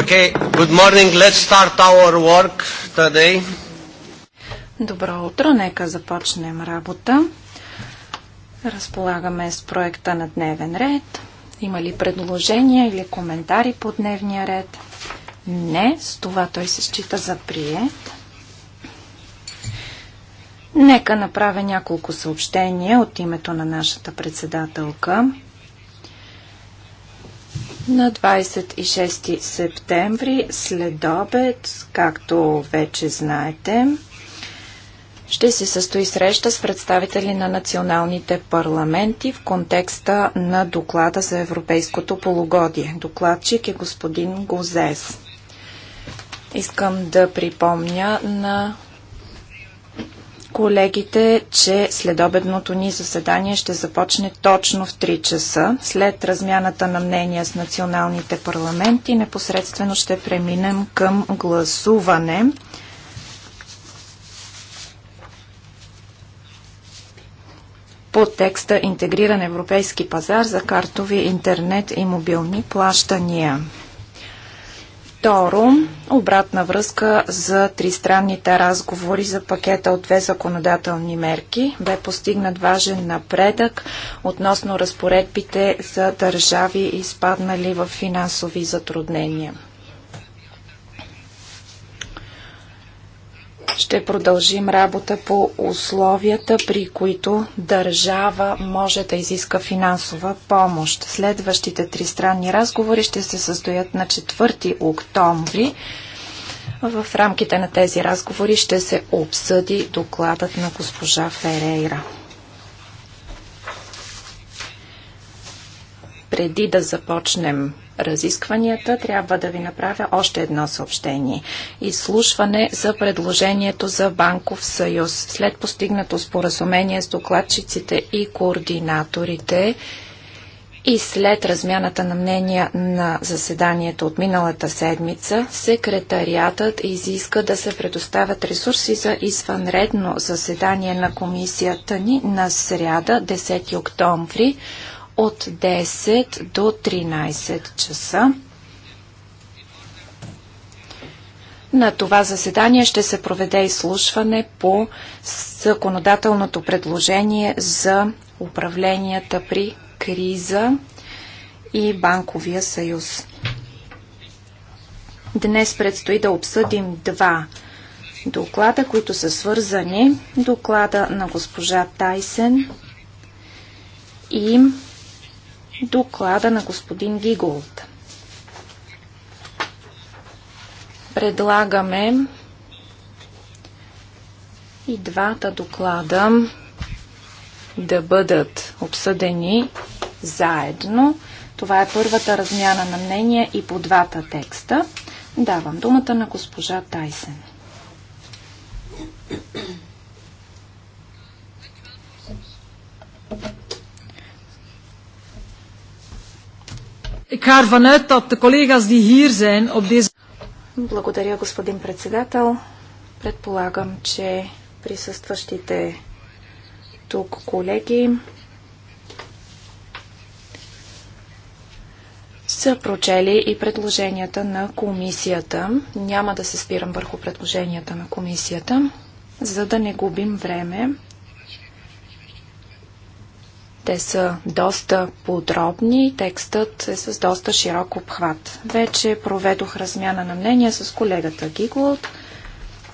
Okay, good morning. Let's start our work today. Добро утро, нека започнем работа. Разполагаме с проекта на дневен ред. Има ли предложения или коментари по дневния ред? Не, с това той се счита за прият. Нека направя няколко съобщения от името на нашата председателка. На 26 септември след обед, както вече знаете, ще се състои среща с представители на националните парламенти в контекста на доклада за европейското полугодие. Докладчик е господин Гозес. Искам да припомня на колегите, че следобедното ни заседание ще започне точно в 3 часа. След размяната на мнения с националните парламенти, непосредствено ще преминем към гласуване. по текста Интегриран европейски пазар за картови, интернет и мобилни плащания. Второ, обратна връзка за тристранните разговори за пакета от две законодателни мерки. Бе постигнат важен напредък относно разпоредбите за държави, изпаднали в финансови затруднения. Ще продължим работа по условията, при които държава може да изиска финансова помощ. Следващите три странни разговори ще се състоят на 4 октомври. В рамките на тези разговори ще се обсъди докладът на госпожа Ферейра. Преди да започнем разискванията, трябва да ви направя още едно съобщение. Изслушване за предложението за банков съюз. След постигнато споразумение с докладчиците и координаторите, и след размяната на мнения на заседанието от миналата седмица, секретариатът изиска да се предоставят ресурси за извънредно заседание на комисията ни на сряда, 10 октомври, от 10 до 13 часа. На това заседание ще се проведе изслушване по законодателното предложение за управленията при криза и банковия съюз. Днес предстои да обсъдим два доклада, които са свързани. Доклада на госпожа Тайсен и доклада на господин Гиголт. Предлагаме и двата доклада да бъдат обсъдени заедно. Това е първата размяна на мнения и по двата текста. Давам думата на госпожа Тайсен. Ik ga ervan uit dat de collega's die hier zijn op deze... Благодаря, господин председател. Предполагам, че присъстващите тук колеги са прочели и предложенията на комисията. Няма да се спирам върху предложенията на комисията, за да не губим време. Те са доста подробни, текстът е с доста широк обхват. Вече проведох размяна на мнения с колегата Гиголд.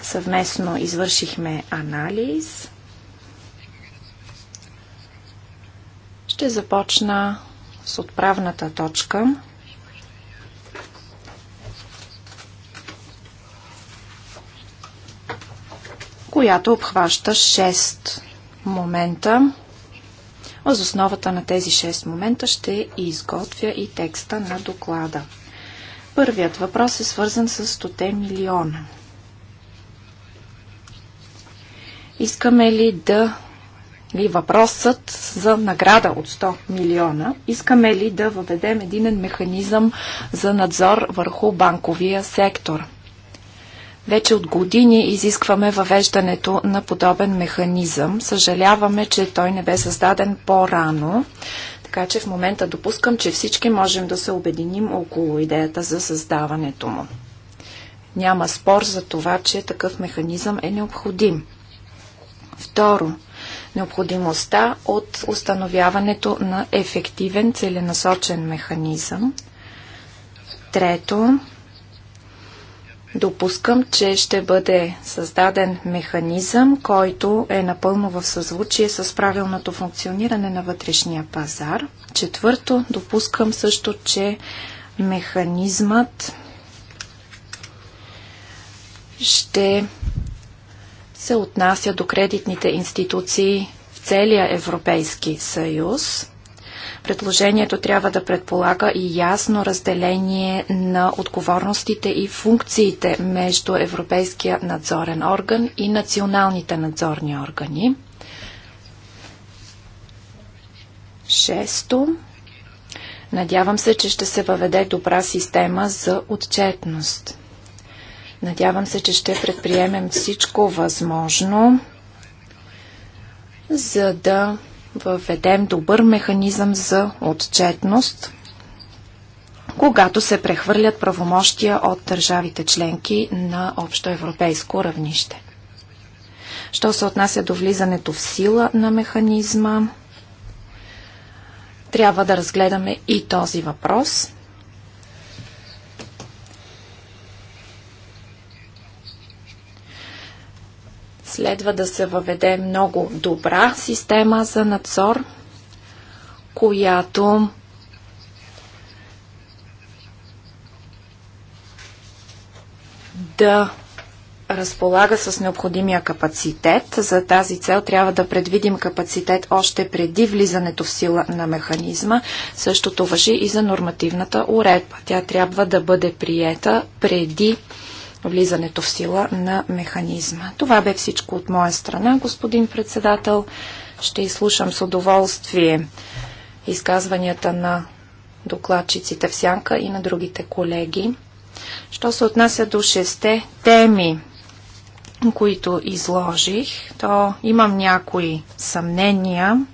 Съвместно извършихме анализ. Ще започна с отправната точка. която обхваща 6 момента, Въз основата на тези 6 момента ще изготвя и текста на доклада. Първият въпрос е свързан с 100 милиона. Искаме ли да ли въпросът за награда от 100 милиона. Искаме ли да въведем единен механизъм за надзор върху банковия сектор? Вече от години изискваме въвеждането на подобен механизъм. Съжаляваме, че той не бе създаден по-рано. Така че в момента допускам, че всички можем да се обединим около идеята за създаването му. Няма спор за това, че такъв механизъм е необходим. Второ, необходимостта от установяването на ефективен целенасочен механизъм. Трето, допускам, че ще бъде създаден механизъм, който е напълно в съзвучие с правилното функциониране на вътрешния пазар. Четвърто, допускам също, че механизмът ще се отнася до кредитните институции в целия Европейски съюз. Предложението трябва да предполага и ясно разделение на отговорностите и функциите между Европейския надзорен орган и националните надзорни органи. Шесто. Надявам се, че ще се въведе добра система за отчетност. Надявам се, че ще предприемем всичко възможно, за да въведем добър механизъм за отчетност, когато се прехвърлят правомощия от държавите членки на общо европейско равнище. Що се отнася до влизането в сила на механизма, трябва да разгледаме и този въпрос – Следва да се въведе много добра система за надзор, която да разполага с необходимия капацитет. За тази цел трябва да предвидим капацитет още преди влизането в сила на механизма. Същото въжи и за нормативната уредба. Тя трябва да бъде приета преди влизането в сила на механизма. Това бе всичко от моя страна, господин председател. Ще изслушам с удоволствие изказванията на докладчиците в сянка и на другите колеги. Що се отнася до шесте теми, които изложих, то имам някои съмнения.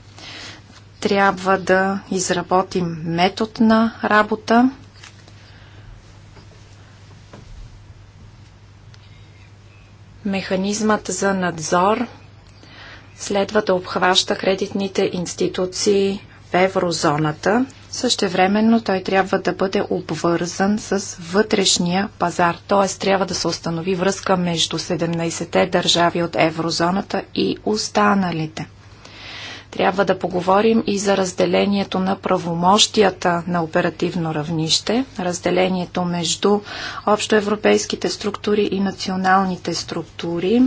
Трябва да изработим метод на работа. Механизмът за надзор следва да обхваща кредитните институции в еврозоната. Същевременно той трябва да бъде обвързан с вътрешния пазар, т.е. трябва да се установи връзка между 17-те държави от еврозоната и останалите. Трябва да поговорим и за разделението на правомощията на оперативно равнище, разделението между общоевропейските структури и националните структури,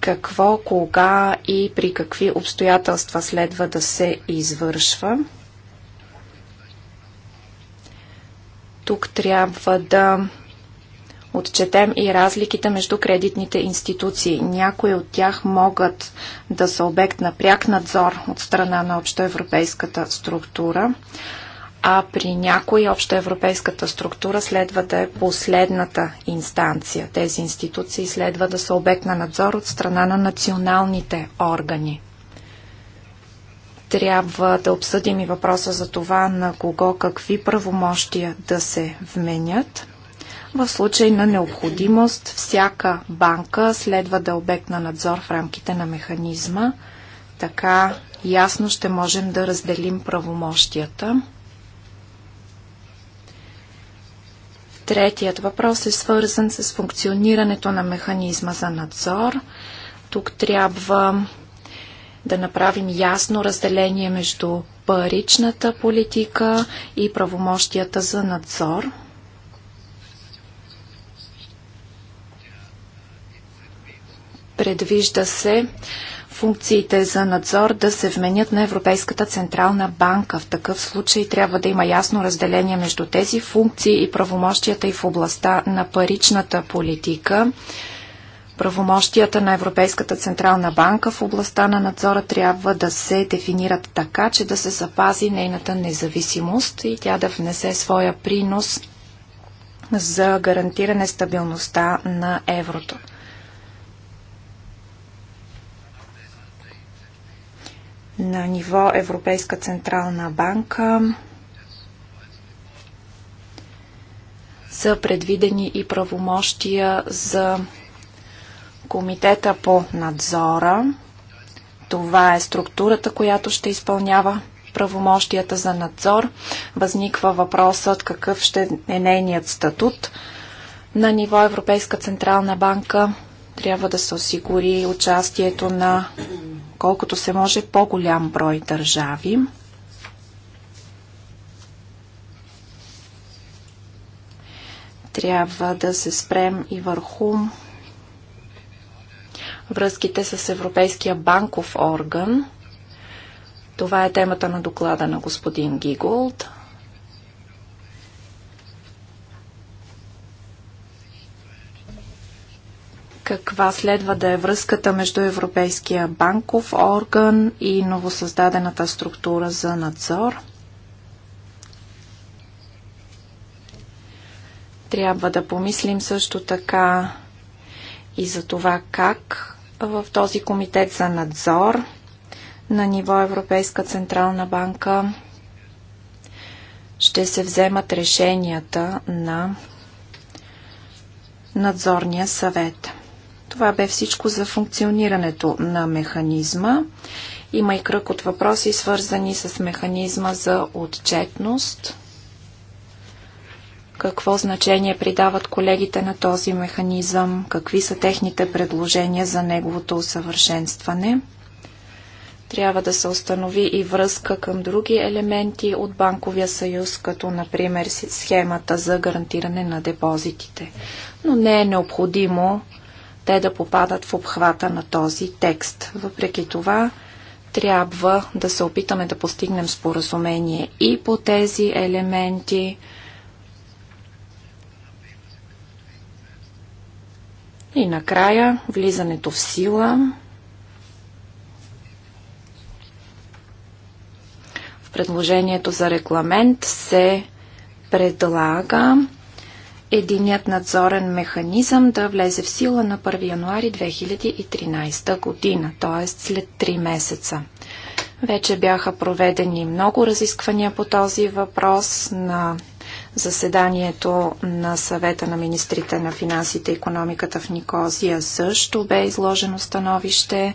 какво, кога и при какви обстоятелства следва да се извършва. Тук трябва да отчетем и разликите между кредитните институции. Някои от тях могат да са обект на пряк надзор от страна на общоевропейската структура, а при някои общоевропейската структура следва да е последната инстанция. Тези институции следва да са обект на надзор от страна на националните органи трябва да обсъдим и въпроса за това на кого какви правомощия да се вменят. В случай на необходимост, всяка банка следва да е обект на надзор в рамките на механизма. Така ясно ще можем да разделим правомощията. Третият въпрос е свързан с функционирането на механизма за надзор. Тук трябва да направим ясно разделение между паричната политика и правомощията за надзор – Предвижда се функциите за надзор да се вменят на Европейската централна банка. В такъв случай трябва да има ясно разделение между тези функции и правомощията и в областта на паричната политика. Правомощията на Европейската централна банка в областта на надзора трябва да се дефинират така, че да се запази нейната независимост и тя да внесе своя принос за гарантиране стабилността на еврото. на ниво Европейска централна банка са предвидени и правомощия за Комитета по надзора. Това е структурата, която ще изпълнява правомощията за надзор. Възниква въпросът какъв ще е нейният статут. На ниво Европейска Централна банка трябва да се осигури участието на колкото се може по-голям брой държави. Трябва да се спрем и върху връзките с Европейския банков орган. Това е темата на доклада на господин Гиголд. каква следва да е връзката между Европейския банков орган и новосъздадената структура за надзор. Трябва да помислим също така и за това как в този комитет за надзор на ниво Европейска Централна банка ще се вземат решенията на надзорния съвет. Това бе всичко за функционирането на механизма. Има и кръг от въпроси, свързани с механизма за отчетност. Какво значение придават колегите на този механизъм? Какви са техните предложения за неговото усъвършенстване? Трябва да се установи и връзка към други елементи от Банковия съюз, като например схемата за гарантиране на депозитите. Но не е необходимо те да попадат в обхвата на този текст. Въпреки това, трябва да се опитаме да постигнем споразумение и по тези елементи. И накрая влизането в сила. В предложението за регламент се предлага единият надзорен механизъм да влезе в сила на 1 януари 2013 година, т.е. след 3 месеца. Вече бяха проведени много разисквания по този въпрос на заседанието на съвета на министрите на финансите и економиката в Никозия също бе изложено становище.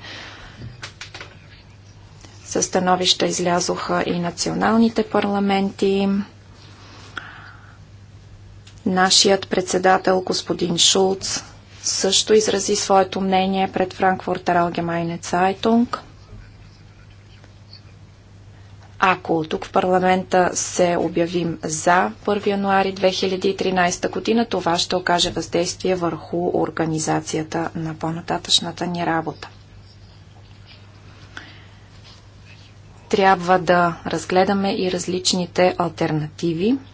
Със становища излязоха и националните парламенти. Нашият председател, господин Шулц, също изрази своето мнение пред Франкфуртер Allgemeine Цайтунг. Ако тук в парламента се обявим за 1 януари 2013 година, това ще окаже въздействие върху организацията на по-нататъчната ни работа. Трябва да разгледаме и различните альтернативи –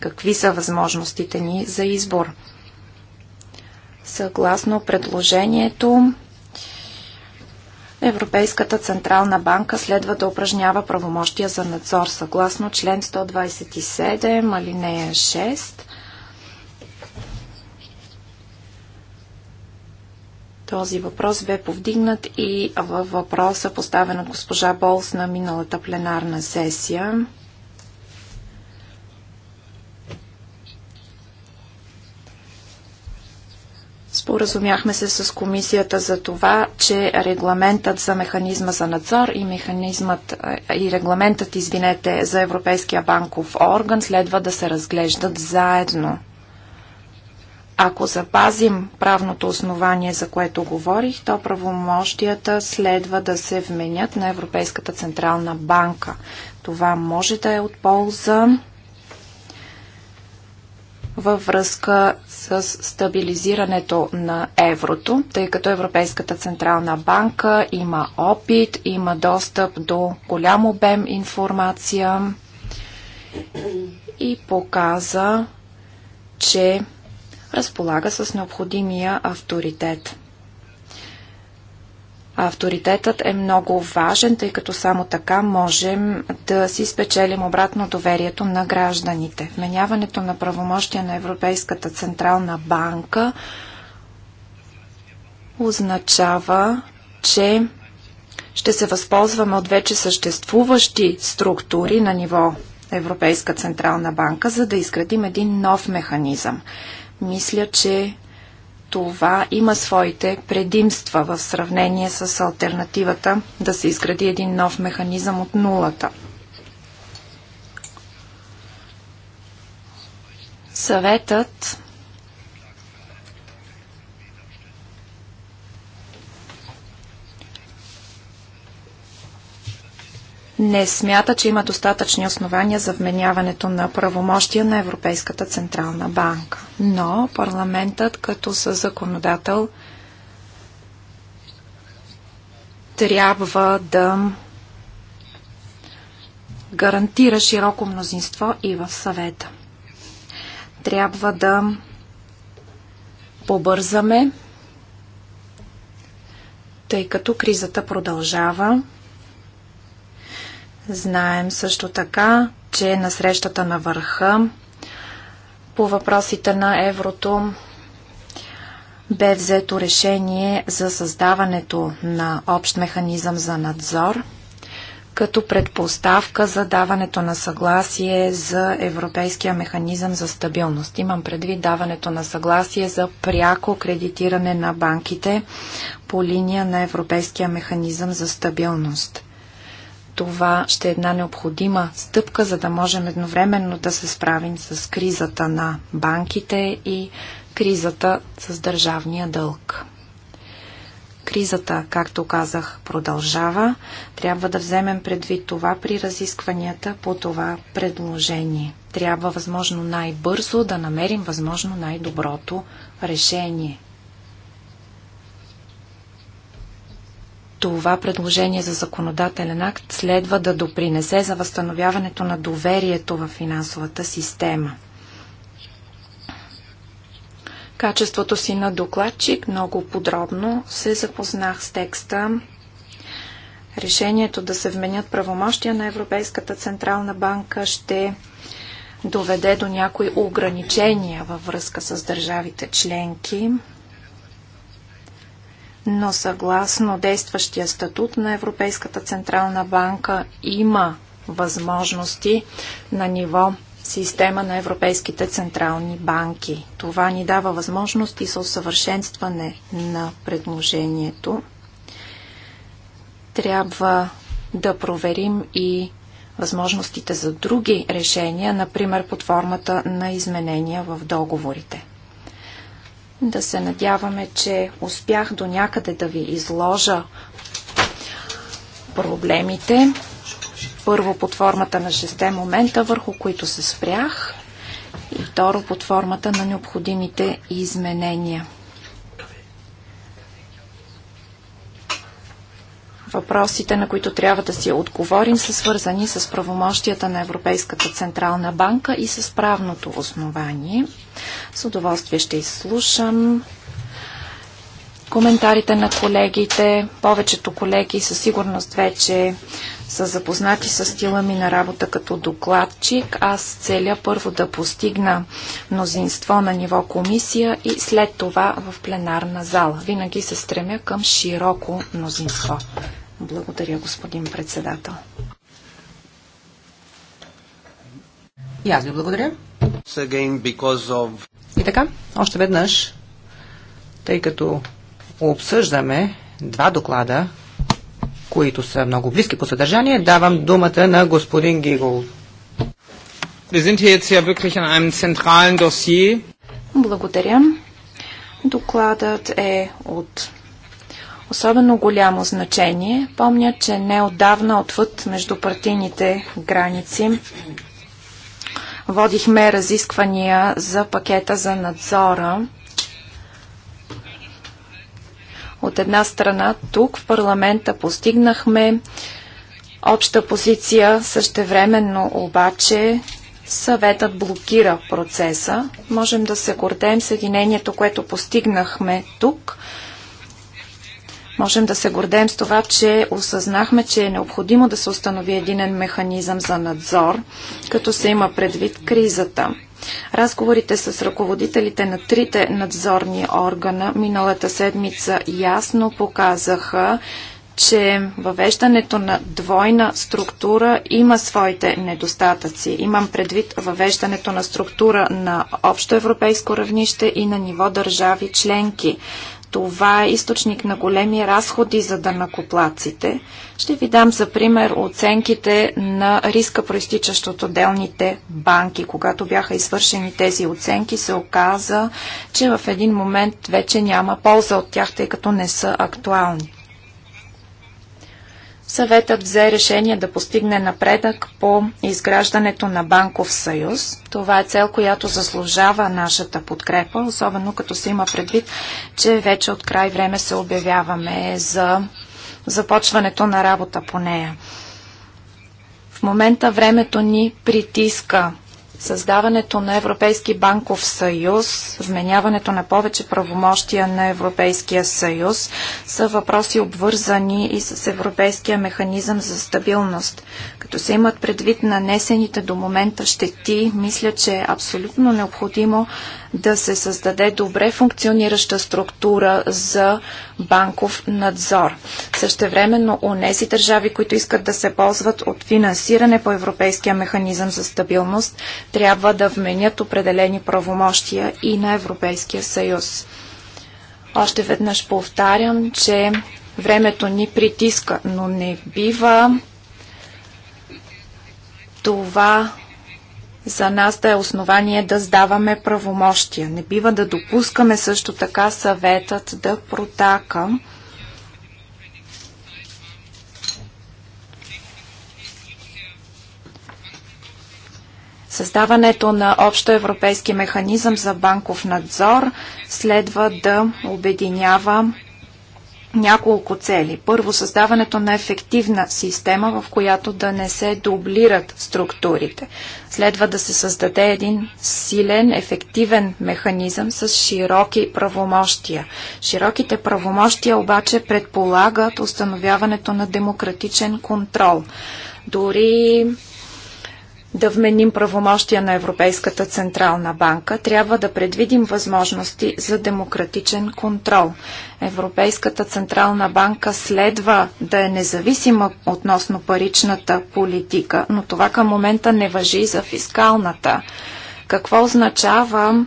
Какви са възможностите ни за избор? Съгласно предложението, Европейската Централна банка следва да упражнява правомощия за надзор съгласно член 127, алинея 6. Този въпрос бе повдигнат и във въпроса, поставен от госпожа Болс на миналата пленарна сесия. Споразумяхме се с комисията за това, че регламентът за механизма за надзор и механизмът е, и регламентът, извинете, за Европейския банков орган следва да се разглеждат заедно. Ако запазим правното основание, за което говорих, то правомощията следва да се вменят на Европейската централна банка. Това може да е от полза във връзка с стабилизирането на еврото, тъй като Европейската Централна банка има опит, има достъп до голям обем информация и показа, че разполага с необходимия авторитет. Авторитетът е много важен, тъй като само така можем да си спечелим обратно доверието на гражданите. Вменяването на правомощия на Европейската Централна банка означава, че ще се възползваме от вече съществуващи структури на ниво Европейска Централна банка, за да изградим един нов механизъм. Мисля, че това има своите предимства в сравнение с альтернативата да се изгради един нов механизъм от нулата. Съветът не смята, че има достатъчни основания за вменяването на правомощия на Европейската Централна банка. Но парламентът като със законодател трябва да гарантира широко мнозинство и в съвета. Трябва да побързаме, тъй като кризата продължава. Знаем също така, че на срещата на върха по въпросите на еврото бе взето решение за създаването на общ механизъм за надзор като предпоставка за даването на съгласие за Европейския механизъм за стабилност. Имам предвид даването на съгласие за пряко кредитиране на банките по линия на Европейския механизъм за стабилност. Това ще е една необходима стъпка, за да можем едновременно да се справим с кризата на банките и кризата с държавния дълг. Кризата, както казах, продължава. Трябва да вземем предвид това при разискванията по това предложение. Трябва възможно най-бързо да намерим възможно най-доброто решение. това предложение за законодателен акт следва да допринесе за възстановяването на доверието в финансовата система. Качеството си на докладчик много подробно се запознах с текста. Решението да се вменят правомощия на Европейската Централна банка ще доведе до някои ограничения във връзка с държавите членки но съгласно действащия статут на Европейската Централна банка има възможности на ниво система на европейските централни банки. Това ни дава възможности за усъвършенстване на предложението. Трябва да проверим и възможностите за други решения, например под формата на изменения в договорите. Да се надяваме, че успях до някъде да ви изложа проблемите. Първо под формата на шесте момента, върху които се спрях, и второ под формата на необходимите изменения. Въпросите, на които трябва да си отговорим, са свързани с правомощията на Европейската Централна банка и с правното основание. С удоволствие ще изслушам коментарите на колегите. Повечето колеги със сигурност вече са запознати с стила ми на работа като докладчик. Аз целя първо да постигна мнозинство на ниво комисия и след това в пленарна зала. Винаги се стремя към широко мнозинство. Благодаря, господин председател. И аз ви благодаря. И така, още веднъж, тъй като обсъждаме два доклада, които са много близки по съдържание. Давам думата на господин Гигол. Благодаря. Докладът е от особено голямо значение. Помня, че отдавна отвъд между партийните граници водихме разисквания за пакета за надзора от една страна, тук в парламента постигнахме обща позиция, същевременно обаче съветът блокира процеса. Можем да се гордеем съединението, което постигнахме тук. Можем да се гордеем с това, че осъзнахме, че е необходимо да се установи единен механизъм за надзор, като се има предвид кризата. Разговорите с ръководителите на трите надзорни органа миналата седмица ясно показаха, че въвеждането на двойна структура има своите недостатъци. Имам предвид въвеждането на структура на общо европейско равнище и на ниво държави членки. Това е източник на големи разходи за дънакоплаците. Ще ви дам за пример оценките на риска, проистичащ от отделните банки. Когато бяха извършени тези оценки, се оказа, че в един момент вече няма полза от тях, тъй като не са актуални. Съветът взе решение да постигне напредък по изграждането на банков съюз. Това е цел, която заслужава нашата подкрепа, особено като се има предвид, че вече от край време се обявяваме за започването на работа по нея. В момента времето ни притиска Създаването на Европейски банков съюз, вменяването на повече правомощия на Европейския съюз са въпроси обвързани и с Европейския механизъм за стабилност. Като се имат предвид нанесените до момента щети, мисля, че е абсолютно необходимо да се създаде добре функционираща структура за банков надзор. Същевременно, нези държави, които искат да се ползват от финансиране по Европейския механизъм за стабилност, трябва да вменят определени правомощия и на Европейския съюз. Още веднъж повтарям, че времето ни притиска, но не бива това за нас да е основание да сдаваме правомощия. Не бива да допускаме също така съветът да протака. Създаването на общо европейски механизъм за банков надзор следва да обединява няколко цели. Първо, създаването на ефективна система, в която да не се дублират структурите. Следва да се създаде един силен, ефективен механизъм с широки правомощия. Широките правомощия обаче предполагат установяването на демократичен контрол. Дори да вменим правомощия на Европейската Централна банка, трябва да предвидим възможности за демократичен контрол. Европейската Централна банка следва да е независима относно паричната политика, но това към момента не въжи за фискалната. Какво означава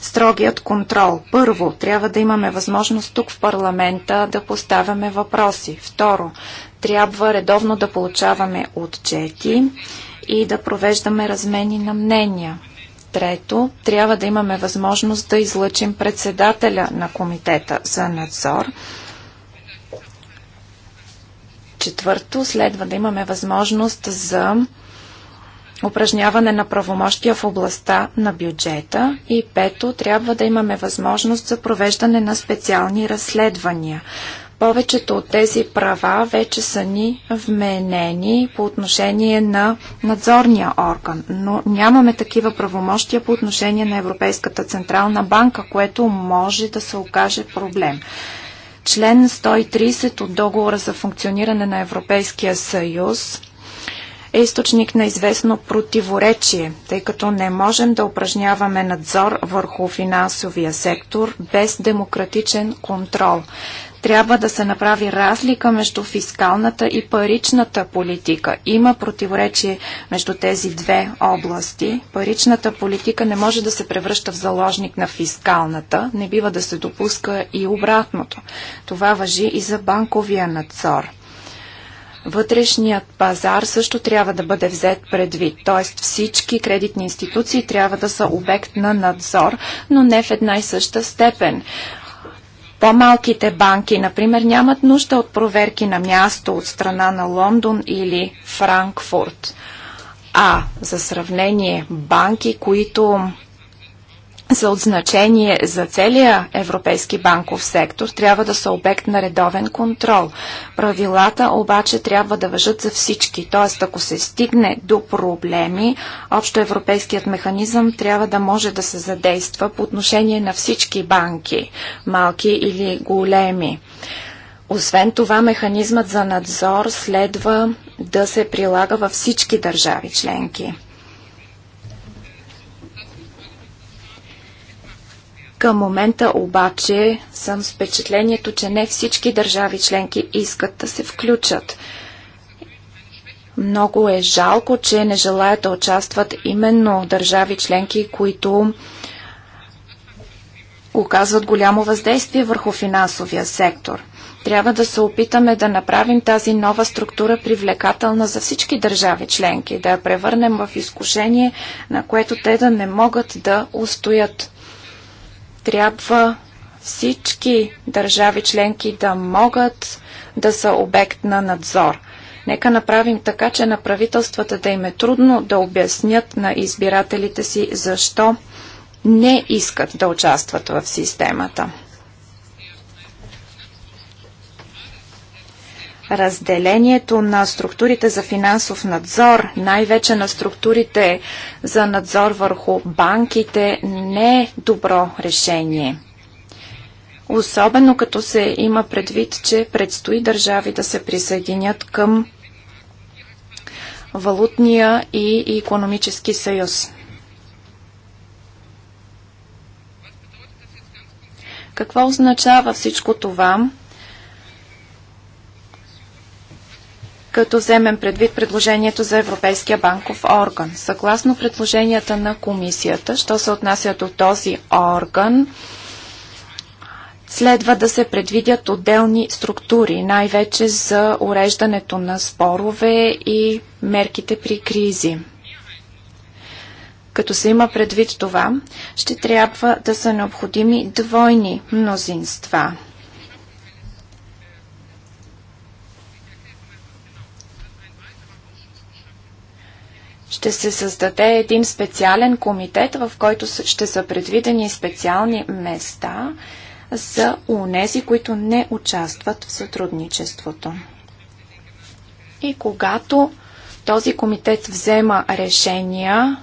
строгият контрол. Първо, трябва да имаме възможност тук в парламента да поставяме въпроси. Второ, трябва редовно да получаваме отчети и да провеждаме размени на мнения. Трето, трябва да имаме възможност да излъчим председателя на комитета за надзор. Четвърто, следва да имаме възможност за упражняване на правомощия в областта на бюджета. И пето, трябва да имаме възможност за провеждане на специални разследвания. Повечето от тези права вече са ни вменени по отношение на надзорния орган, но нямаме такива правомощия по отношение на Европейската Централна банка, което може да се окаже проблем. Член 130 от договора за функциониране на Европейския съюз е източник на известно противоречие, тъй като не можем да упражняваме надзор върху финансовия сектор без демократичен контрол. Трябва да се направи разлика между фискалната и паричната политика. Има противоречие между тези две области. Паричната политика не може да се превръща в заложник на фискалната. Не бива да се допуска и обратното. Това въжи и за банковия надзор вътрешният пазар също трябва да бъде взет предвид. Т.е. всички кредитни институции трябва да са обект на надзор, но не в една и съща степен. По-малките банки, например, нямат нужда от проверки на място от страна на Лондон или Франкфурт. А за сравнение, банки, които са от значение за целия европейски банков сектор, трябва да са обект на редовен контрол. Правилата обаче трябва да въжат за всички, т.е. ако се стигне до проблеми, общо европейският механизъм трябва да може да се задейства по отношение на всички банки, малки или големи. Освен това, механизмът за надзор следва да се прилага във всички държави членки. Към момента обаче съм с впечатлението, че не всички държави членки искат да се включат. Много е жалко, че не желаят да участват именно държави членки, които оказват голямо въздействие върху финансовия сектор. Трябва да се опитаме да направим тази нова структура привлекателна за всички държави членки, да я превърнем в изкушение, на което те да не могат да устоят. Трябва всички държави членки да могат да са обект на надзор. Нека направим така, че на правителствата да им е трудно да обяснят на избирателите си защо не искат да участват в системата. разделението на структурите за финансов надзор, най-вече на структурите за надзор върху банките, не е добро решение. Особено като се има предвид, че предстои държави да се присъединят към валутния и економически съюз. Какво означава всичко това като вземем предвид предложението за Европейския банков орган. Съгласно предложенията на комисията, що се отнася до този орган, следва да се предвидят отделни структури, най-вече за уреждането на спорове и мерките при кризи. Като се има предвид това, ще трябва да са необходими двойни мнозинства – ще се създаде един специален комитет, в който ще са предвидени специални места за унези, които не участват в сътрудничеството. И когато този комитет взема решения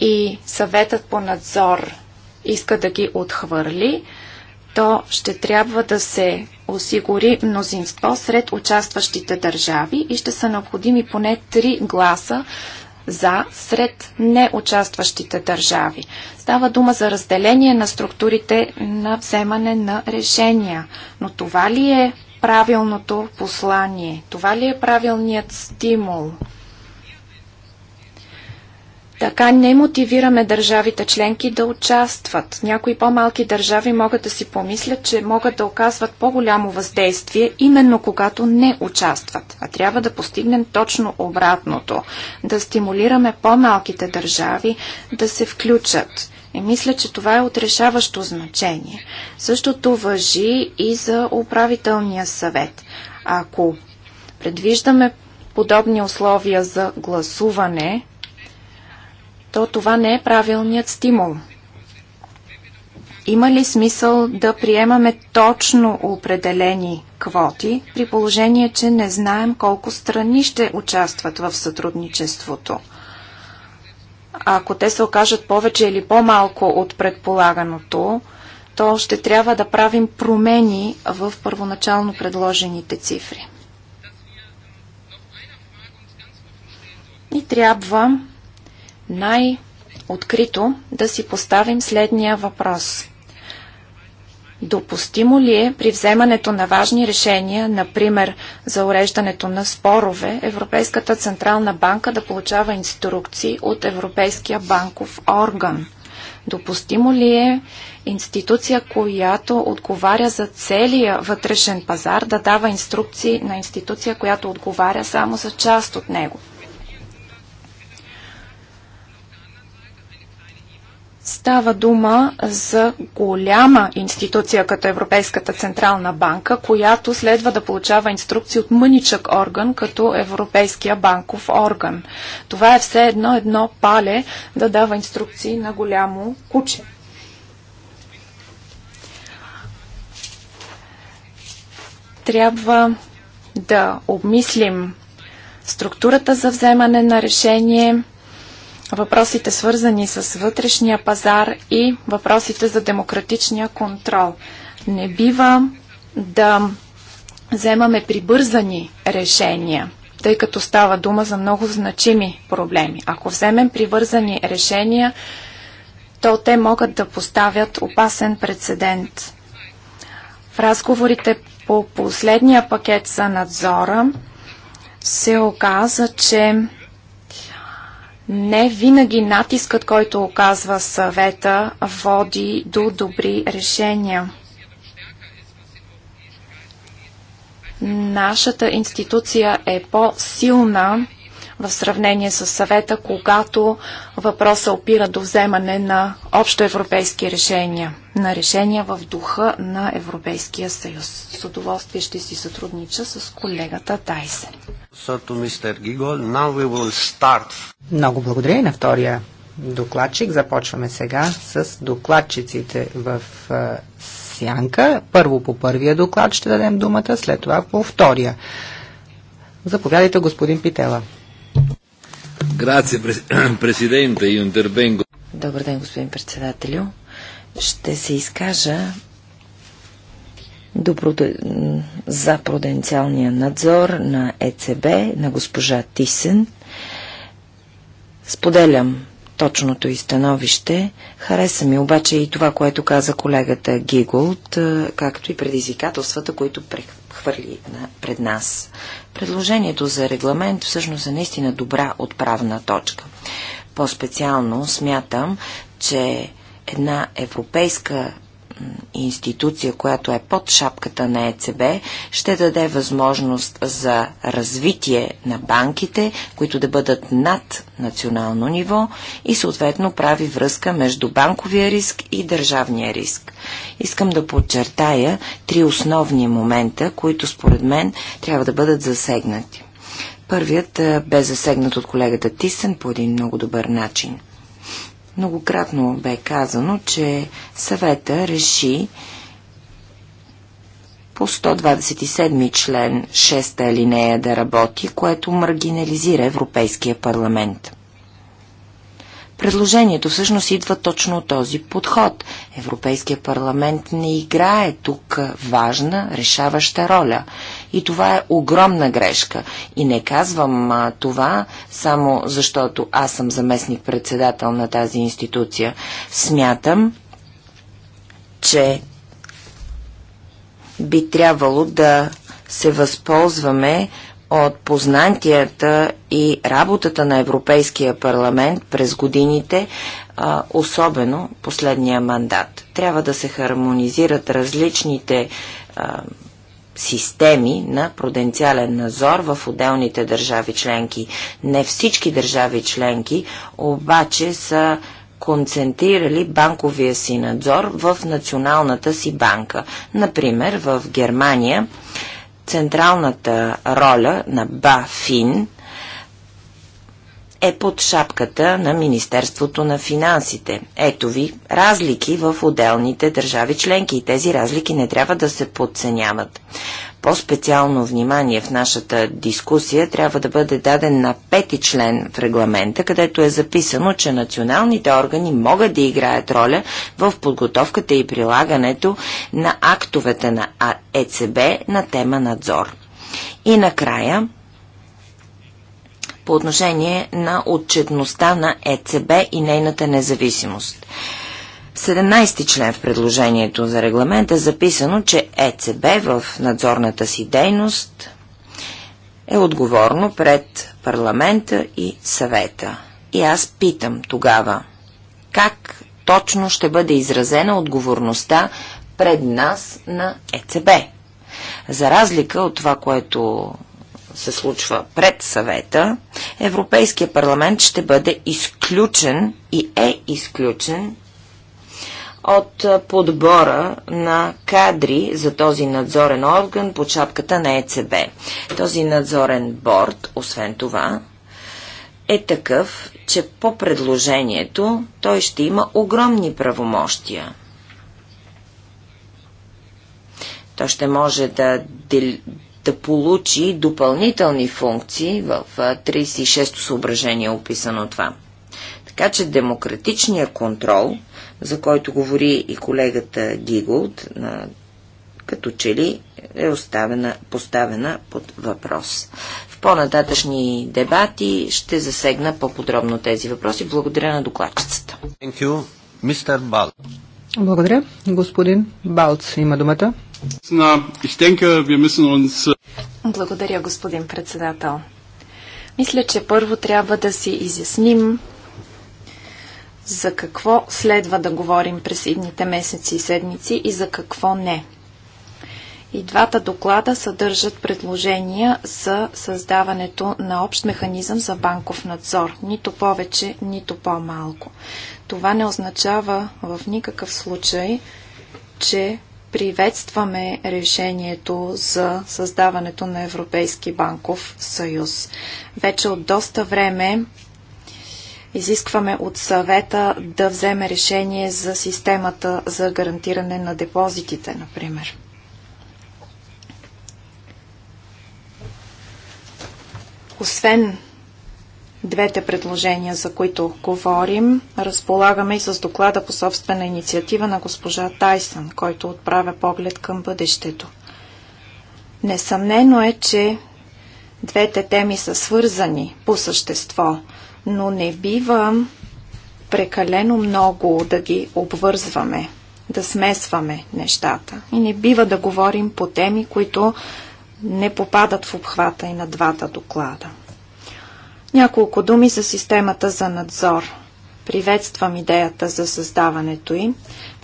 и съветът по надзор иска да ги отхвърли, то ще трябва да се осигури мнозинство сред участващите държави и ще са необходими поне три гласа за сред неучастващите държави. Става дума за разделение на структурите на вземане на решения. Но това ли е правилното послание? Това ли е правилният стимул? Така не мотивираме държавите членки да участват. Някои по-малки държави могат да си помислят, че могат да оказват по-голямо въздействие, именно когато не участват. А трябва да постигнем точно обратното. Да стимулираме по-малките държави да се включат. И мисля, че това е отрешаващо значение. Същото въжи и за управителния съвет. Ако предвиждаме подобни условия за гласуване, то това не е правилният стимул. Има ли смисъл да приемаме точно определени квоти, при положение, че не знаем колко страни ще участват в сътрудничеството? Ако те се окажат повече или по-малко от предполаганото, то ще трябва да правим промени в първоначално предложените цифри. И трябва най-открито да си поставим следния въпрос. Допустимо ли е при вземането на важни решения, например за уреждането на спорове, Европейската Централна банка да получава инструкции от Европейския банков орган? Допустимо ли е институция, която отговаря за целия вътрешен пазар, да дава инструкции на институция, която отговаря само за част от него? Става дума за голяма институция като Европейската Централна банка, която следва да получава инструкции от мъничък орган като Европейския банков орган. Това е все едно едно пале да дава инструкции на голямо куче. Трябва да обмислим структурата за вземане на решение, въпросите свързани с вътрешния пазар и въпросите за демократичния контрол. Не бива да вземаме прибързани решения, тъй като става дума за много значими проблеми. Ако вземем прибързани решения, то те могат да поставят опасен прецедент. В разговорите по последния пакет за надзора се оказа, че не винаги натискът, който оказва съвета, води до добри решения. Нашата институция е по-силна, в сравнение с съвета, когато въпроса опира до вземане на общоевропейски решения, на решения в духа на Европейския съюз. С удоволствие ще си сътруднича с колегата Тайсен. Много благодаря и на втория докладчик. Започваме сега с докладчиците в сянка. Първо по първия доклад ще дадем думата, след това по втория. Заповядайте, господин Питела. Грация, президента, и интервенго. Добър ден, господин председателю. Ще се изкажа за пруденциалния надзор на ЕЦБ, на госпожа Тисен. Споделям точното и становище. Хареса ми обаче и това, което каза колегата Гиголд, както и предизвикателствата, които прехвърли пред нас. Предложението за регламент всъщност е наистина добра отправна точка. По-специално смятам, че една европейска институция, която е под шапката на ЕЦБ, ще даде възможност за развитие на банките, които да бъдат над национално ниво и съответно прави връзка между банковия риск и държавния риск. Искам да подчертая три основни момента, които според мен трябва да бъдат засегнати. Първият бе засегнат от колегата Тисен по един много добър начин – Многократно бе казано, че съвета реши по 127 член 6 линея да работи, което маргинализира Европейския парламент. Предложението всъщност идва точно от този подход. Европейския парламент не играе тук важна, решаваща роля и това е огромна грешка. И не казвам а, това само защото аз съм заместник-председател на тази институция. Смятам, че би трябвало да се възползваме от познанията и работата на Европейския парламент през годините, особено последния мандат. Трябва да се хармонизират различните системи на пруденциален надзор в отделните държави членки. Не всички държави членки обаче са концентрирали банковия си надзор в националната си банка. Например, в Германия централната роля на БАФИН – е под шапката на Министерството на финансите. Ето ви разлики в отделните държави членки и тези разлики не трябва да се подценяват. По-специално внимание в нашата дискусия трябва да бъде даден на пети член в регламента, където е записано, че националните органи могат да играят роля в подготовката и прилагането на актовете на ЕЦБ на тема надзор. И накрая по отношение на отчетността на ЕЦБ и нейната независимост. В 17 член в предложението за регламент е записано, че ЕЦБ в надзорната си дейност е отговорно пред парламента и съвета. И аз питам тогава, как точно ще бъде изразена отговорността пред нас на ЕЦБ? За разлика от това, което се случва пред съвета, Европейския парламент ще бъде изключен и е изключен от подбора на кадри за този надзорен орган по чапката на ЕЦБ. Този надзорен борд, освен това, е такъв, че по предложението той ще има огромни правомощия. Той ще може да да получи допълнителни функции в 36-то съображение е описано това. Така че демократичният контрол, за който говори и колегата Гиголд, като че ли е оставена, поставена под въпрос. В по-нататъчни дебати ще засегна по-подробно тези въпроси. Благодаря на докладчицата. Благодаря. Господин Балц има думата. Äh, Благодаря, господин председател. Мисля, че първо трябва да си изясним за какво следва да говорим през идните месеци и седмици и за какво не. И двата доклада съдържат предложения за създаването на общ механизъм за банков надзор. Нито повече, нито по-малко. Това не означава в никакъв случай, че приветстваме решението за създаването на Европейски банков съюз. Вече от доста време изискваме от съвета да вземе решение за системата за гарантиране на депозитите, например. Освен двете предложения, за които говорим, разполагаме и с доклада по собствена инициатива на госпожа Тайсън, който отправя поглед към бъдещето. Несъмнено е, че двете теми са свързани по същество, но не бива прекалено много да ги обвързваме, да смесваме нещата. И не бива да говорим по теми, които не попадат в обхвата и на двата доклада. Няколко думи за системата за надзор. Приветствам идеята за създаването им.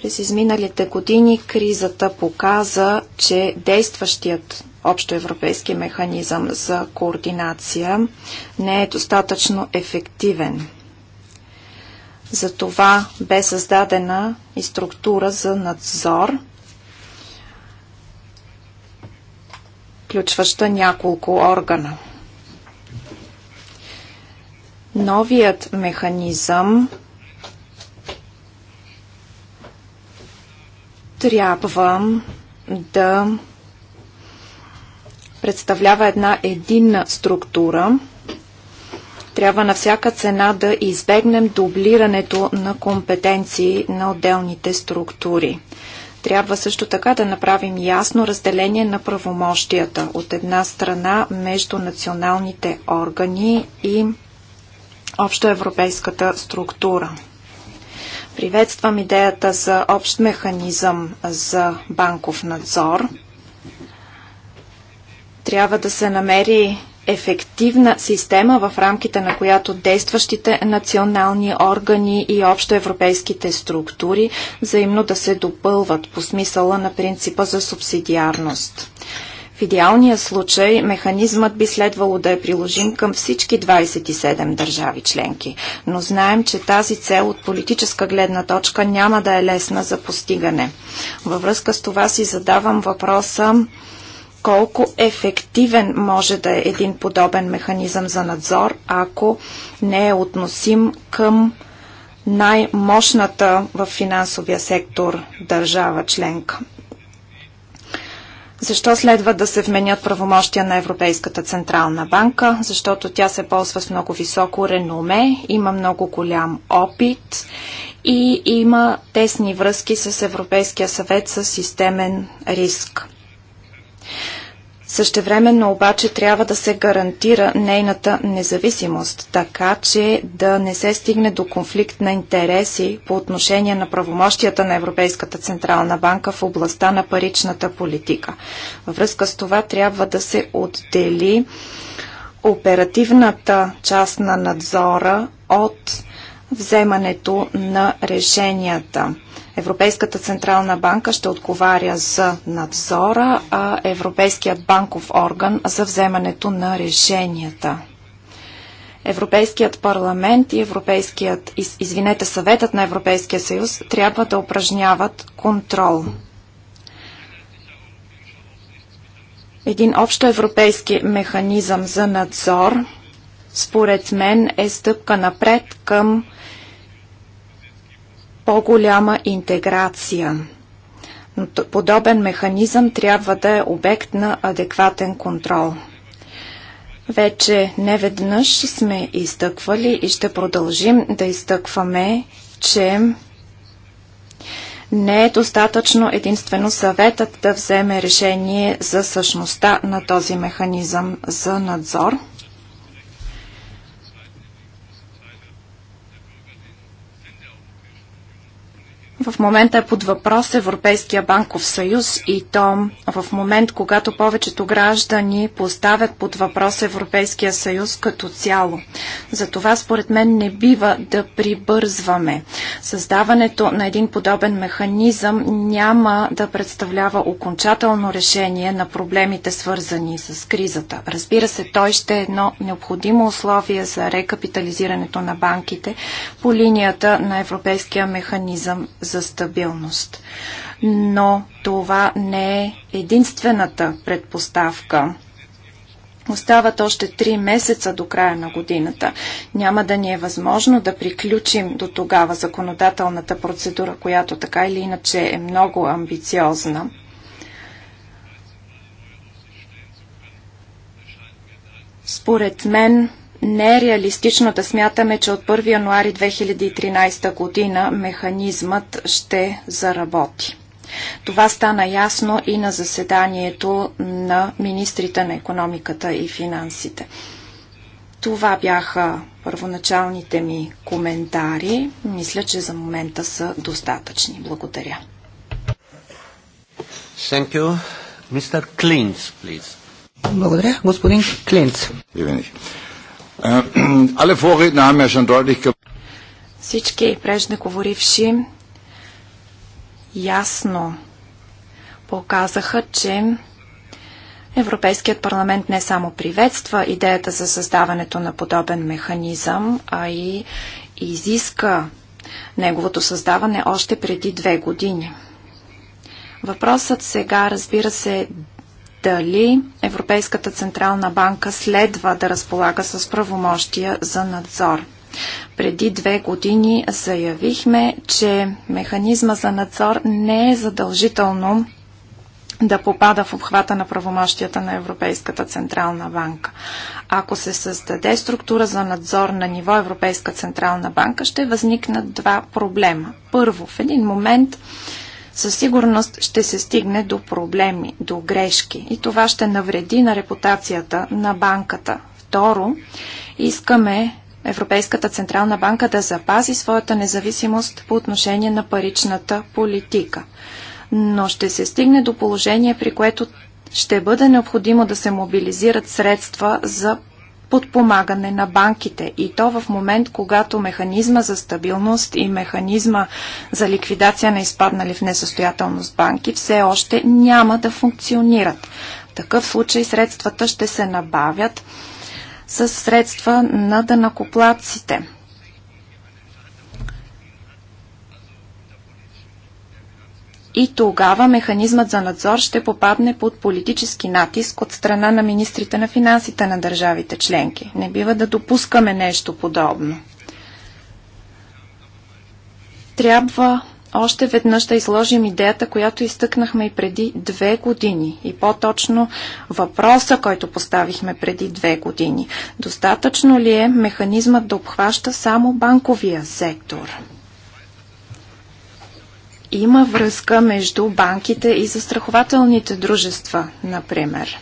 През изминалите години кризата показа, че действащият общоевропейски механизъм за координация не е достатъчно ефективен. Затова бе създадена и структура за надзор, включваща няколко органа. Новият механизъм трябва да представлява една единна структура. Трябва на всяка цена да избегнем дублирането на компетенции на отделните структури. Трябва също така да направим ясно разделение на правомощията от една страна между националните органи и общоевропейската структура. Приветствам идеята за общ механизъм за банков надзор. Трябва да се намери ефективна система, в рамките на която действащите национални органи и общоевропейските структури взаимно да се допълват по смисъла на принципа за субсидиарност. В идеалния случай механизмът би следвало да е приложим към всички 27 държави членки, но знаем, че тази цел от политическа гледна точка няма да е лесна за постигане. Във връзка с това си задавам въпроса колко ефективен може да е един подобен механизъм за надзор, ако не е относим към най-мощната в финансовия сектор държава членка. Защо следва да се вменят правомощия на Европейската Централна банка? Защото тя се ползва с много високо реноме, има много голям опит и има тесни връзки с Европейския съвет с системен риск. Същевременно обаче трябва да се гарантира нейната независимост, така че да не се стигне до конфликт на интереси по отношение на правомощията на Европейската Централна банка в областта на паричната политика. Във връзка с това трябва да се отдели оперативната част на надзора от вземането на решенията. Европейската централна банка ще отговаря за надзора, а Европейският банков орган за вземането на решенията. Европейският парламент и Европейският, извинете, съветът на Европейския съюз трябва да упражняват контрол. Един общо европейски механизъм за надзор, според мен, е стъпка напред към по-голяма интеграция. Но подобен механизъм трябва да е обект на адекватен контрол. Вече неведнъж сме изтъквали и ще продължим да изтъкваме, че не е достатъчно единствено съветът да вземе решение за същността на този механизъм за надзор – В момента е под въпрос Европейския банков съюз и то в момент, когато повечето граждани поставят под въпрос Европейския съюз като цяло. Затова според мен не бива да прибързваме. Създаването на един подобен механизъм няма да представлява окончателно решение на проблемите свързани с кризата. Разбира се, той ще е едно необходимо условие за рекапитализирането на банките по линията на Европейския механизъм за стабилност. Но това не е единствената предпоставка. Остават още три месеца до края на годината. Няма да ни е възможно да приключим до тогава законодателната процедура, която така или иначе е много амбициозна. Според мен не е реалистично да смятаме, че от 1 януари 2013 година механизмът ще заработи. Това стана ясно и на заседанието на министрите на економиката и финансите. Това бяха първоначалните ми коментари. Мисля, че за момента са достатъчни. Благодаря. Thank you. Mr. Klintz, please. Благодаря. Господин Клинц. Äh, Всички преждеговоривши ясно показаха, че Европейският парламент не само приветства идеята за създаването на подобен механизъм, а и изиска неговото създаване още преди две години. Въпросът сега, разбира се, дали Европейската Централна банка следва да разполага с правомощия за надзор. Преди две години заявихме, че механизма за надзор не е задължително да попада в обхвата на правомощията на Европейската Централна банка. Ако се създаде структура за надзор на ниво Европейска Централна банка, ще възникнат два проблема. Първо, в един момент със сигурност ще се стигне до проблеми, до грешки и това ще навреди на репутацията на банката. Второ, искаме Европейската Централна банка да запази своята независимост по отношение на паричната политика. Но ще се стигне до положение, при което ще бъде необходимо да се мобилизират средства за подпомагане на банките. И то в момент, когато механизма за стабилност и механизма за ликвидация на изпаднали в несъстоятелност банки все още няма да функционират. В такъв случай средствата ще се набавят с средства на данакоплаците. И тогава механизмът за надзор ще попадне под политически натиск от страна на министрите на финансите на държавите членки. Не бива да допускаме нещо подобно. Трябва още веднъж да изложим идеята, която изтъкнахме и преди две години. И по-точно въпроса, който поставихме преди две години. Достатъчно ли е механизмът да обхваща само банковия сектор? Има връзка между банките и застрахователните дружества, например.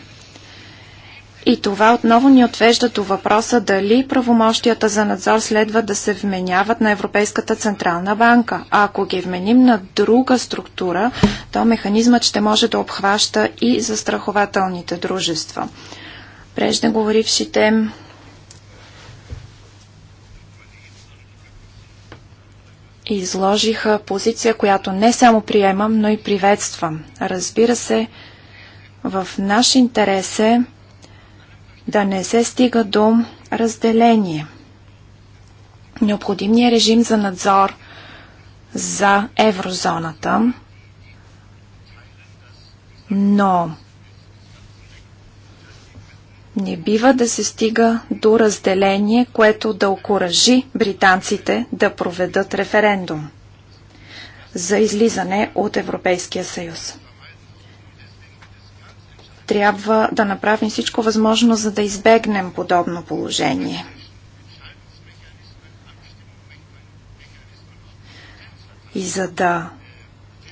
И това отново ни отвежда до въпроса дали правомощията за надзор следва да се вменяват на Европейската Централна банка. А ако ги вменим на друга структура, то механизмът ще може да обхваща и застрахователните дружества. Преждеговорившите изложиха позиция, която не само приемам, но и приветствам. Разбира се, в наш интерес е да не се стига до разделение. Необходимният е режим за надзор за еврозоната, но не бива да се стига до разделение, което да окоръжи британците да проведат референдум за излизане от Европейския съюз. Трябва да направим всичко възможно, за да избегнем подобно положение. И за да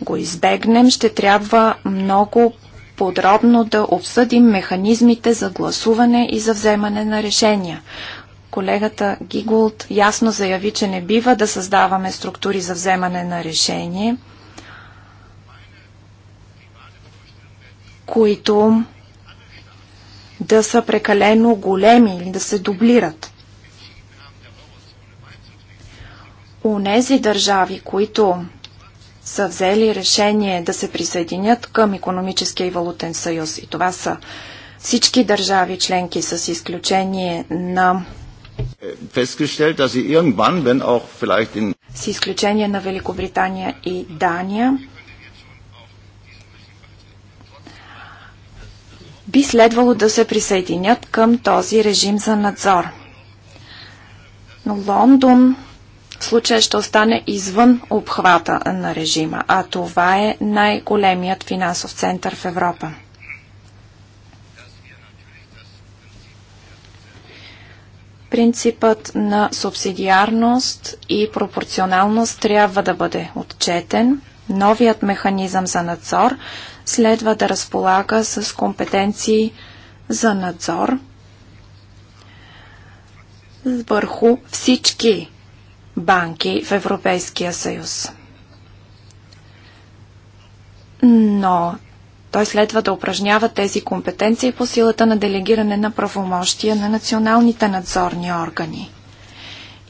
го избегнем, ще трябва много подробно да обсъдим механизмите за гласуване и за вземане на решения. Колегата Гигулт ясно заяви, че не бива да създаваме структури за вземане на решение, които да са прекалено големи или да се дублират. Унези държави, които са взели решение да се присъединят към економическия и валутен съюз. И това са всички държави членки с изключение на с изключение на Великобритания и Дания, би следвало да се присъединят към този режим за надзор. Но Лондон случая ще остане извън обхвата на режима, а това е най-големият финансов център в Европа. Принципът на субсидиарност и пропорционалност трябва да бъде отчетен. Новият механизъм за надзор следва да разполага с компетенции за надзор върху всички банки в Европейския съюз. Но той следва да упражнява тези компетенции по силата на делегиране на правомощия на националните надзорни органи.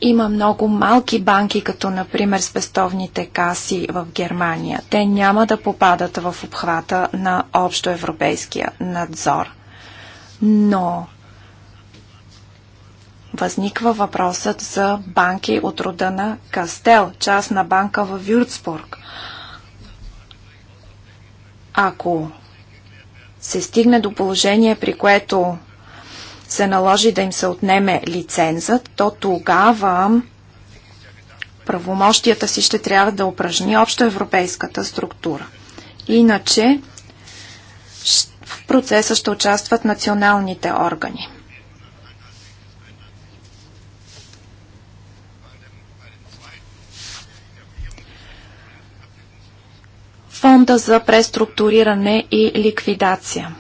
Има много малки банки, като например спестовните каси в Германия. Те няма да попадат в обхвата на общоевропейския надзор. Но възниква въпросът за банки от рода на Кастел, частна банка в Вюрцбург. Ако се стигне до положение, при което се наложи да им се отнеме лицензът, то тогава правомощията си ще трябва да упражни общо европейската структура. Иначе в процеса ще участват националните органи. фонда за преструктуриране и ликвидация.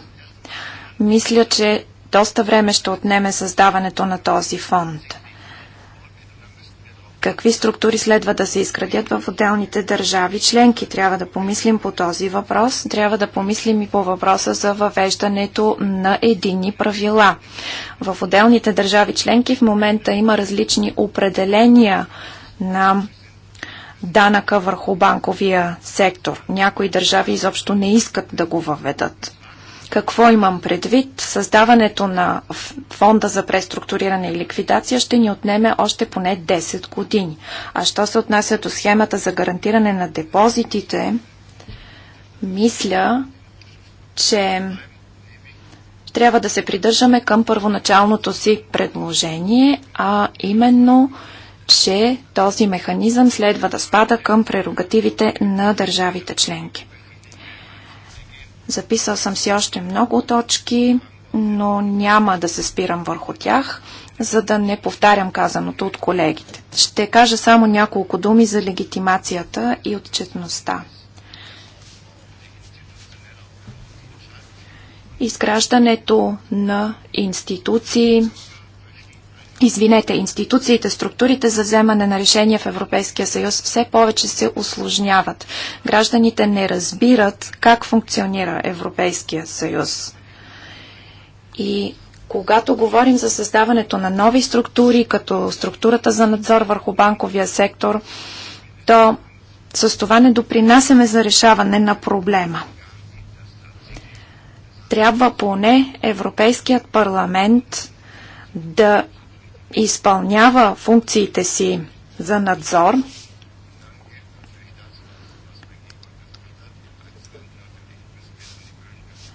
Мисля, че доста време ще отнеме създаването на този фонд. Какви структури следва да се изградят в отделните държави членки? Трябва да помислим по този въпрос. Трябва да помислим и по въпроса за въвеждането на едини правила. В отделните държави членки в момента има различни определения на данъка върху банковия сектор. Някои държави изобщо не искат да го въведат. Какво имам предвид? Създаването на фонда за преструктуриране и ликвидация ще ни отнеме още поне 10 години. А що се отнася до схемата за гарантиране на депозитите, мисля, че трябва да се придържаме към първоначалното си предложение, а именно – че този механизъм следва да спада към прерогативите на държавите членки. Записал съм си още много точки, но няма да се спирам върху тях, за да не повтарям казаното от колегите. Ще кажа само няколко думи за легитимацията и отчетността. Изграждането на институции, извинете, институциите, структурите за вземане на решения в Европейския съюз все повече се усложняват. Гражданите не разбират как функционира Европейския съюз. И когато говорим за създаването на нови структури, като структурата за надзор върху банковия сектор, то с това не допринасяме за решаване на проблема. Трябва поне Европейският парламент да изпълнява функциите си за надзор,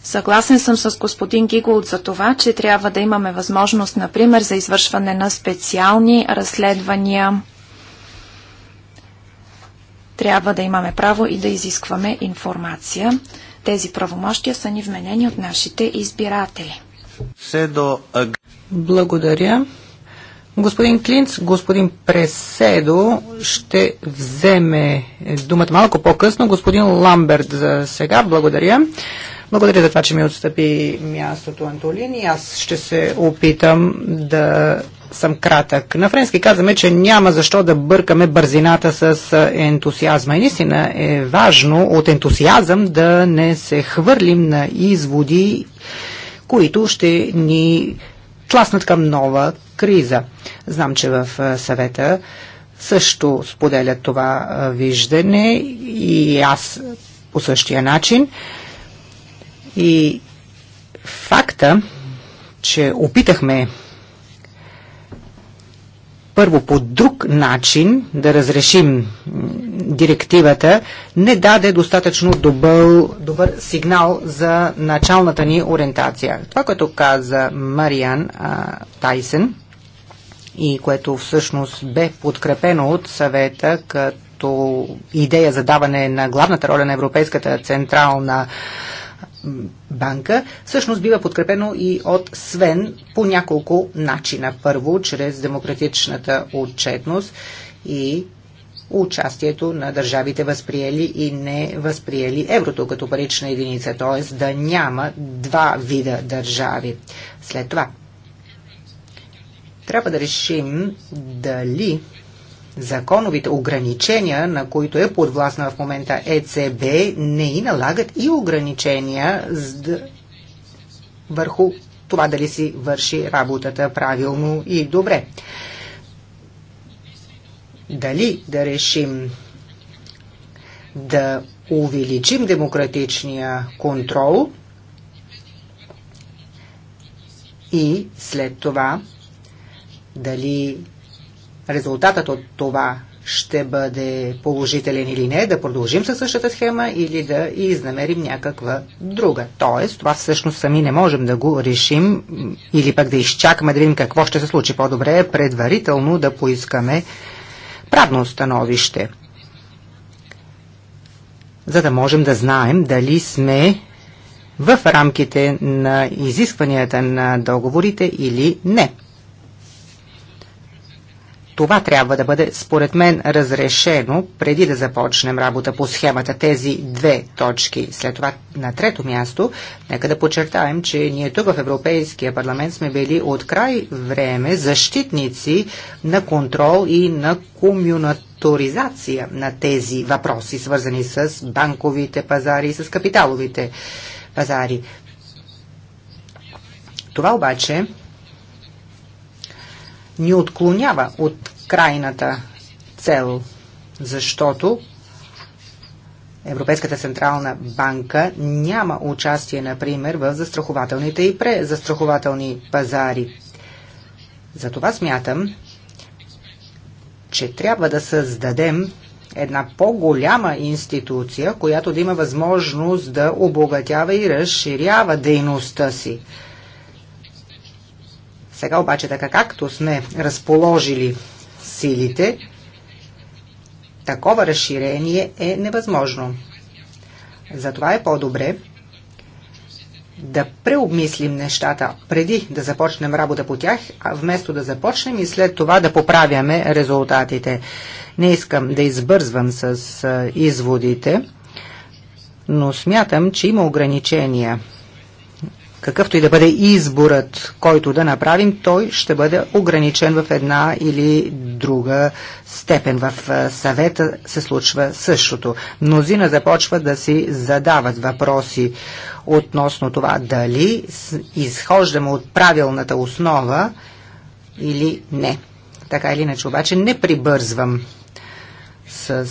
Съгласен съм с господин Гигулт за това, че трябва да имаме възможност, например, за извършване на специални разследвания. Трябва да имаме право и да изискваме информация. Тези правомощия са ни вменени от нашите избиратели. Благодаря. Господин Клинц, господин Преседо ще вземе думата малко по-късно. Господин Ламберт за сега. Благодаря. Благодаря за това, че ми отстъпи мястото Антолини. Аз ще се опитам да съм кратък. На френски казваме, че няма защо да бъркаме бързината с ентусиазма. И наистина е важно от ентусиазъм да не се хвърлим на изводи, които ще ни тласнат към нова криза. Знам, че в съвета също споделят това виждане и аз по същия начин. И факта, че опитахме първо по друг начин да разрешим директивата, не даде достатъчно добър, добър сигнал за началната ни ориентация. Това, което каза Мариан а, Тайсен и което всъщност бе подкрепено от съвета като идея за даване на главната роля на Европейската централна банка, всъщност бива подкрепено и от Свен по няколко начина. Първо, чрез демократичната отчетност и участието на държавите възприели и не възприели еврото като парична единица, т.е. да няма два вида държави. След това, трябва да решим дали законовите ограничения, на които е подвластна в момента ЕЦБ, не и налагат и ограничения върху това дали си върши работата правилно и добре. Дали да решим да увеличим демократичния контрол и след това дали резултатът от това ще бъде положителен или не, да продължим със същата схема или да изнамерим някаква друга. Тоест, това всъщност сами не можем да го решим или пък да изчакаме да видим какво ще се случи. По-добре е предварително да поискаме правно становище, за да можем да знаем дали сме в рамките на изискванията на договорите или не. Това трябва да бъде, според мен, разрешено преди да започнем работа по схемата тези две точки. След това, на трето място, нека да подчертаем, че ние тук в Европейския парламент сме били от край време защитници на контрол и на комюнаторизация на тези въпроси, свързани с банковите пазари и с капиталовите пазари. Това обаче ни отклонява от крайната цел, защото Европейската централна банка няма участие, например, в застрахователните и презастрахователни пазари. Затова смятам, че трябва да създадем една по-голяма институция, която да има възможност да обогатява и разширява дейността си. Сега обаче, така както сме разположили силите, такова разширение е невъзможно. Затова е по-добре да преобмислим нещата преди да започнем работа по тях, а вместо да започнем и след това да поправяме резултатите. Не искам да избързвам с изводите, но смятам, че има ограничения какъвто и да бъде изборът, който да направим, той ще бъде ограничен в една или друга степен. В съвета се случва същото. Мнозина започва да си задават въпроси относно това дали изхождаме от правилната основа или не. Така или иначе, обаче не прибързвам с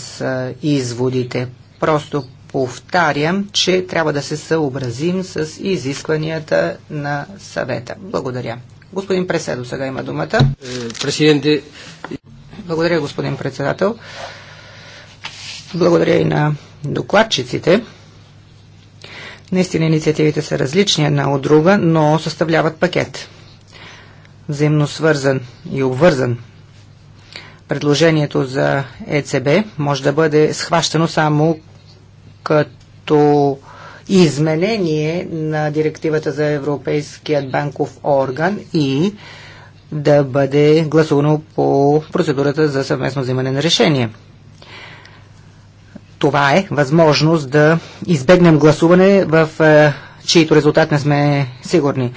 изводите. Просто повтарям, че трябва да се съобразим с изискванията на съвета. Благодаря. Господин Преседо сега има думата. Президенте. Благодаря, господин председател. Благодаря и на докладчиците. Наистина инициативите са различни една от друга, но съставляват пакет. Взаимно свързан и обвързан. Предложението за ЕЦБ може да бъде схващано само като изменение на директивата за Европейският банков орган и да бъде гласувано по процедурата за съвместно взимане на решение. Това е възможност да избегнем гласуване, в е, чието резултат не сме сигурни.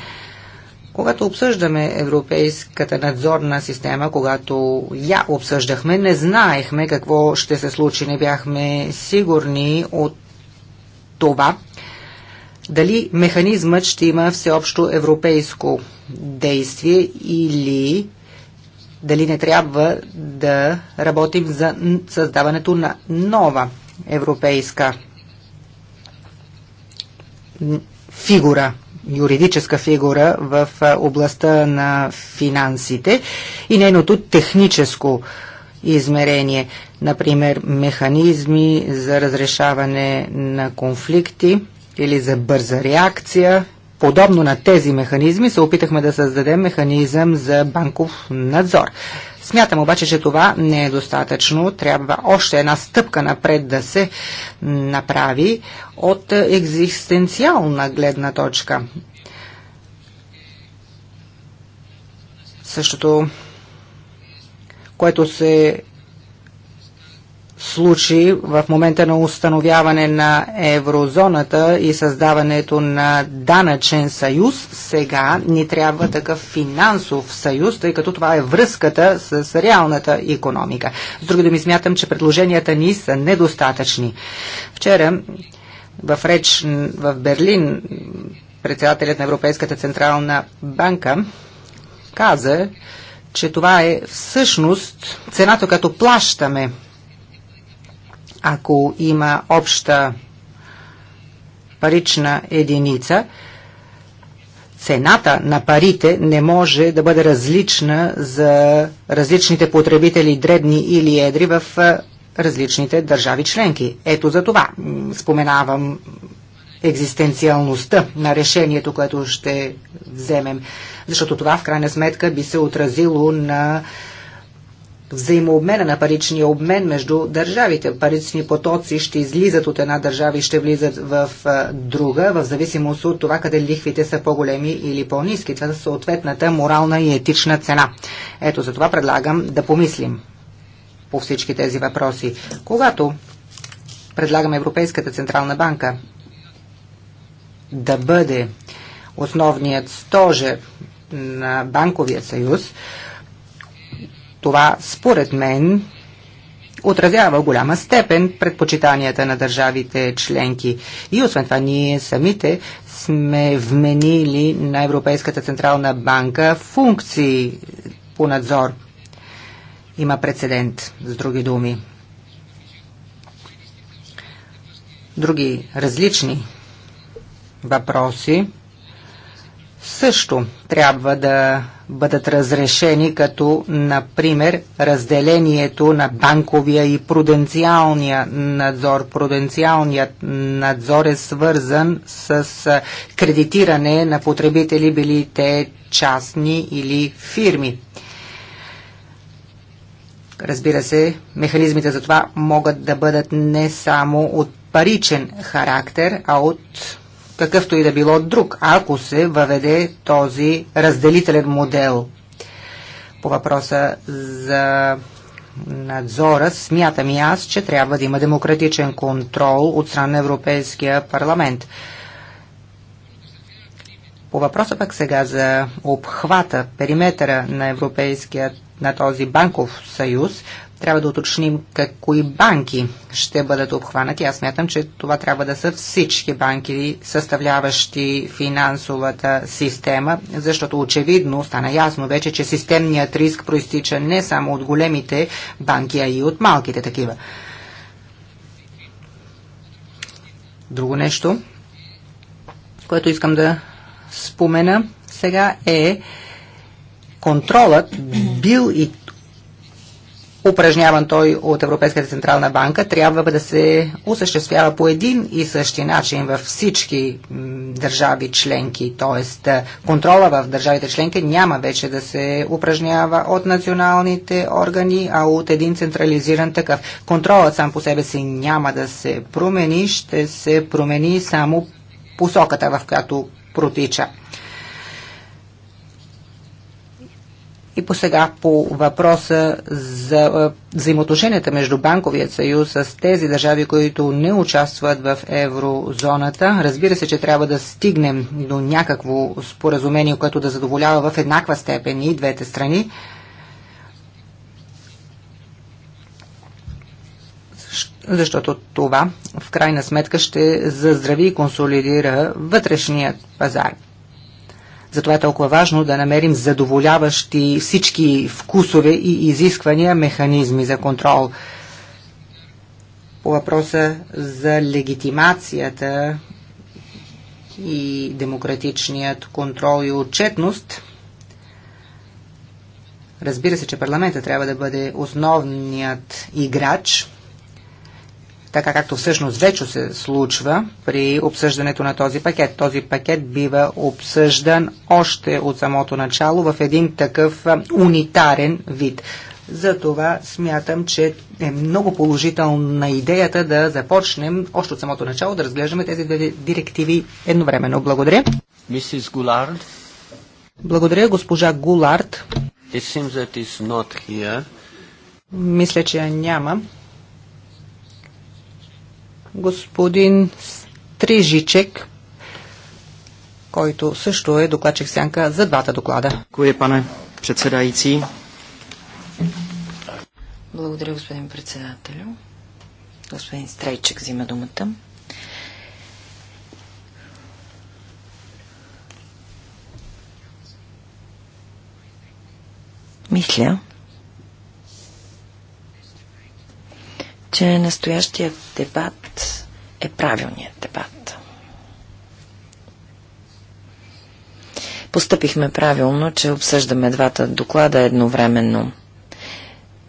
Когато обсъждаме европейската надзорна система, когато я обсъждахме, не знаехме какво ще се случи, не бяхме сигурни от това, дали механизмът ще има всеобщо европейско действие или дали не трябва да работим за създаването на нова европейска фигура юридическа фигура в областта на финансите и нейното техническо измерение, например механизми за разрешаване на конфликти или за бърза реакция. Подобно на тези механизми се опитахме да създадем механизъм за банков надзор. Смятам обаче, че това не е достатъчно. Трябва още една стъпка напред да се направи от екзистенциална гледна точка. Същото, което се случаи в момента на установяване на еврозоната и създаването на данъчен съюз, сега ни трябва такъв финансов съюз, тъй като това е връзката с реалната економика. С други думи, смятам, че предложенията ни са недостатъчни. Вчера в реч в Берлин председателят на Европейската централна банка каза, че това е всъщност цената, като плащаме ако има обща парична единица, цената на парите не може да бъде различна за различните потребители, дребни или едри, в различните държави членки. Ето за това споменавам екзистенциалността на решението, което ще вземем. Защото това в крайна сметка би се отразило на взаимообмена на паричния обмен между държавите. Парични потоци ще излизат от една държава и ще влизат в друга, в зависимост от това къде лихвите са по-големи или по-низки. Това са е съответната морална и етична цена. Ето за това предлагам да помислим по всички тези въпроси. Когато предлагам Европейската Централна банка да бъде основният стожер на Банковия съюз, това, според мен, отразява в голяма степен предпочитанията на държавите членки. И освен това, ние самите сме вменили на Европейската Централна банка функции по надзор. Има прецедент, с други думи. Други различни въпроси също трябва да бъдат разрешени, като например разделението на банковия и пруденциалния надзор. Пруденциалният надзор е свързан с кредитиране на потребители, били те частни или фирми. Разбира се, механизмите за това могат да бъдат не само от паричен характер, а от какъвто и да било друг, ако се въведе този разделителен модел. По въпроса за надзора, смятам и аз, че трябва да има демократичен контрол от страна на Европейския парламент. По въпроса пък сега за обхвата, периметъра на Европейския на този банков съюз, трябва да уточним как, кои банки ще бъдат обхванати. Аз смятам, че това трябва да са всички банки, съставляващи финансовата система, защото очевидно стана ясно вече, че системният риск проистича не само от големите банки, а и от малките такива. Друго нещо, което искам да спомена сега е, контролът бил и упражняван той от Европейската централна банка, трябва да се осъществява по един и същи начин във всички държави членки. Тоест контрола в държавите членки няма вече да се упражнява от националните органи, а от един централизиран такъв. Контролът сам по себе си няма да се промени, ще се промени само посоката, в която протича. И по сега по въпроса за е, взаимоотношенията между Банковият съюз с тези държави, които не участват в еврозоната. Разбира се, че трябва да стигнем до някакво споразумение, което да задоволява в еднаква степен и двете страни. защото това в крайна сметка ще заздрави и консолидира вътрешният пазар. Затова е толкова важно да намерим задоволяващи всички вкусове и изисквания механизми за контрол. По въпроса за легитимацията и демократичният контрол и отчетност, разбира се, че парламента трябва да бъде основният играч – така както всъщност вече се случва при обсъждането на този пакет. Този пакет бива обсъждан още от самото начало в един такъв унитарен вид. Затова смятам, че е много положителна идеята да започнем още от самото начало да разглеждаме тези директиви едновременно. Благодаря. Мисис Гулард. Благодаря, госпожа Гулард. Мисля, че я няма господин Стрижичек, който също е докладчик сянка за двата доклада. Кое пане председайци? Благодаря, господин председателю. Господин Стрейчек взима думата. Мисля, че настоящият дебат дебат е правилният дебат. Постъпихме правилно, че обсъждаме двата доклада едновременно.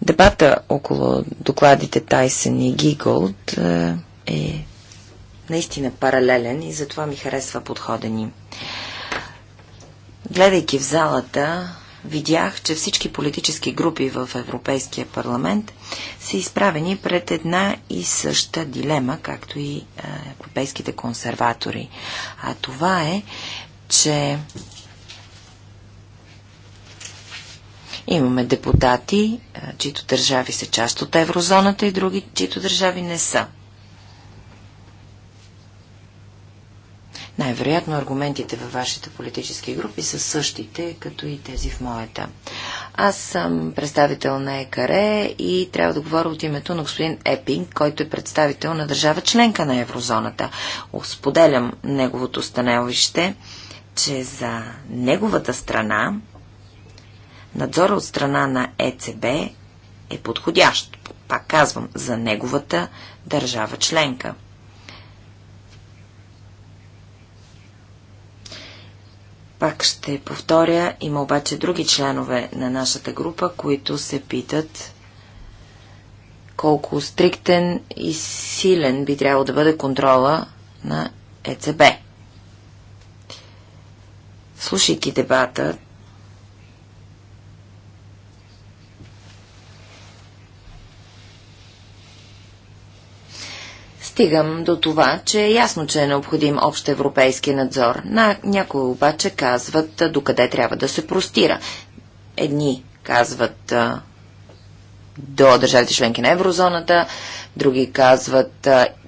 Дебата около докладите Тайсен и Гиголд е, е наистина паралелен и затова ми харесва подхода ни. Гледайки в залата, видях, че всички политически групи в Европейския парламент са изправени пред една и съща дилема, както и е, европейските консерватори. А това е, че имаме депутати, е, чието държави са част от еврозоната и други, чието държави не са. Най-вероятно аргументите във вашите политически групи са същите, като и тези в моята. Аз съм представител на ЕКАРЕ и трябва да говоря от името на господин Епинг, който е представител на държава членка на еврозоната. Споделям неговото становище, че за неговата страна надзора от страна на ЕЦБ е подходящ, пак казвам, за неговата държава членка. Пак ще повторя, има обаче други членове на нашата група, които се питат колко стриктен и силен би трябвало да бъде контрола на ЕЦБ. Слушайки дебата, стигам до това, че е ясно, че е необходим общ европейски надзор. На някои обаче казват докъде трябва да се простира. Едни казват до държавите членки на еврозоната, други казват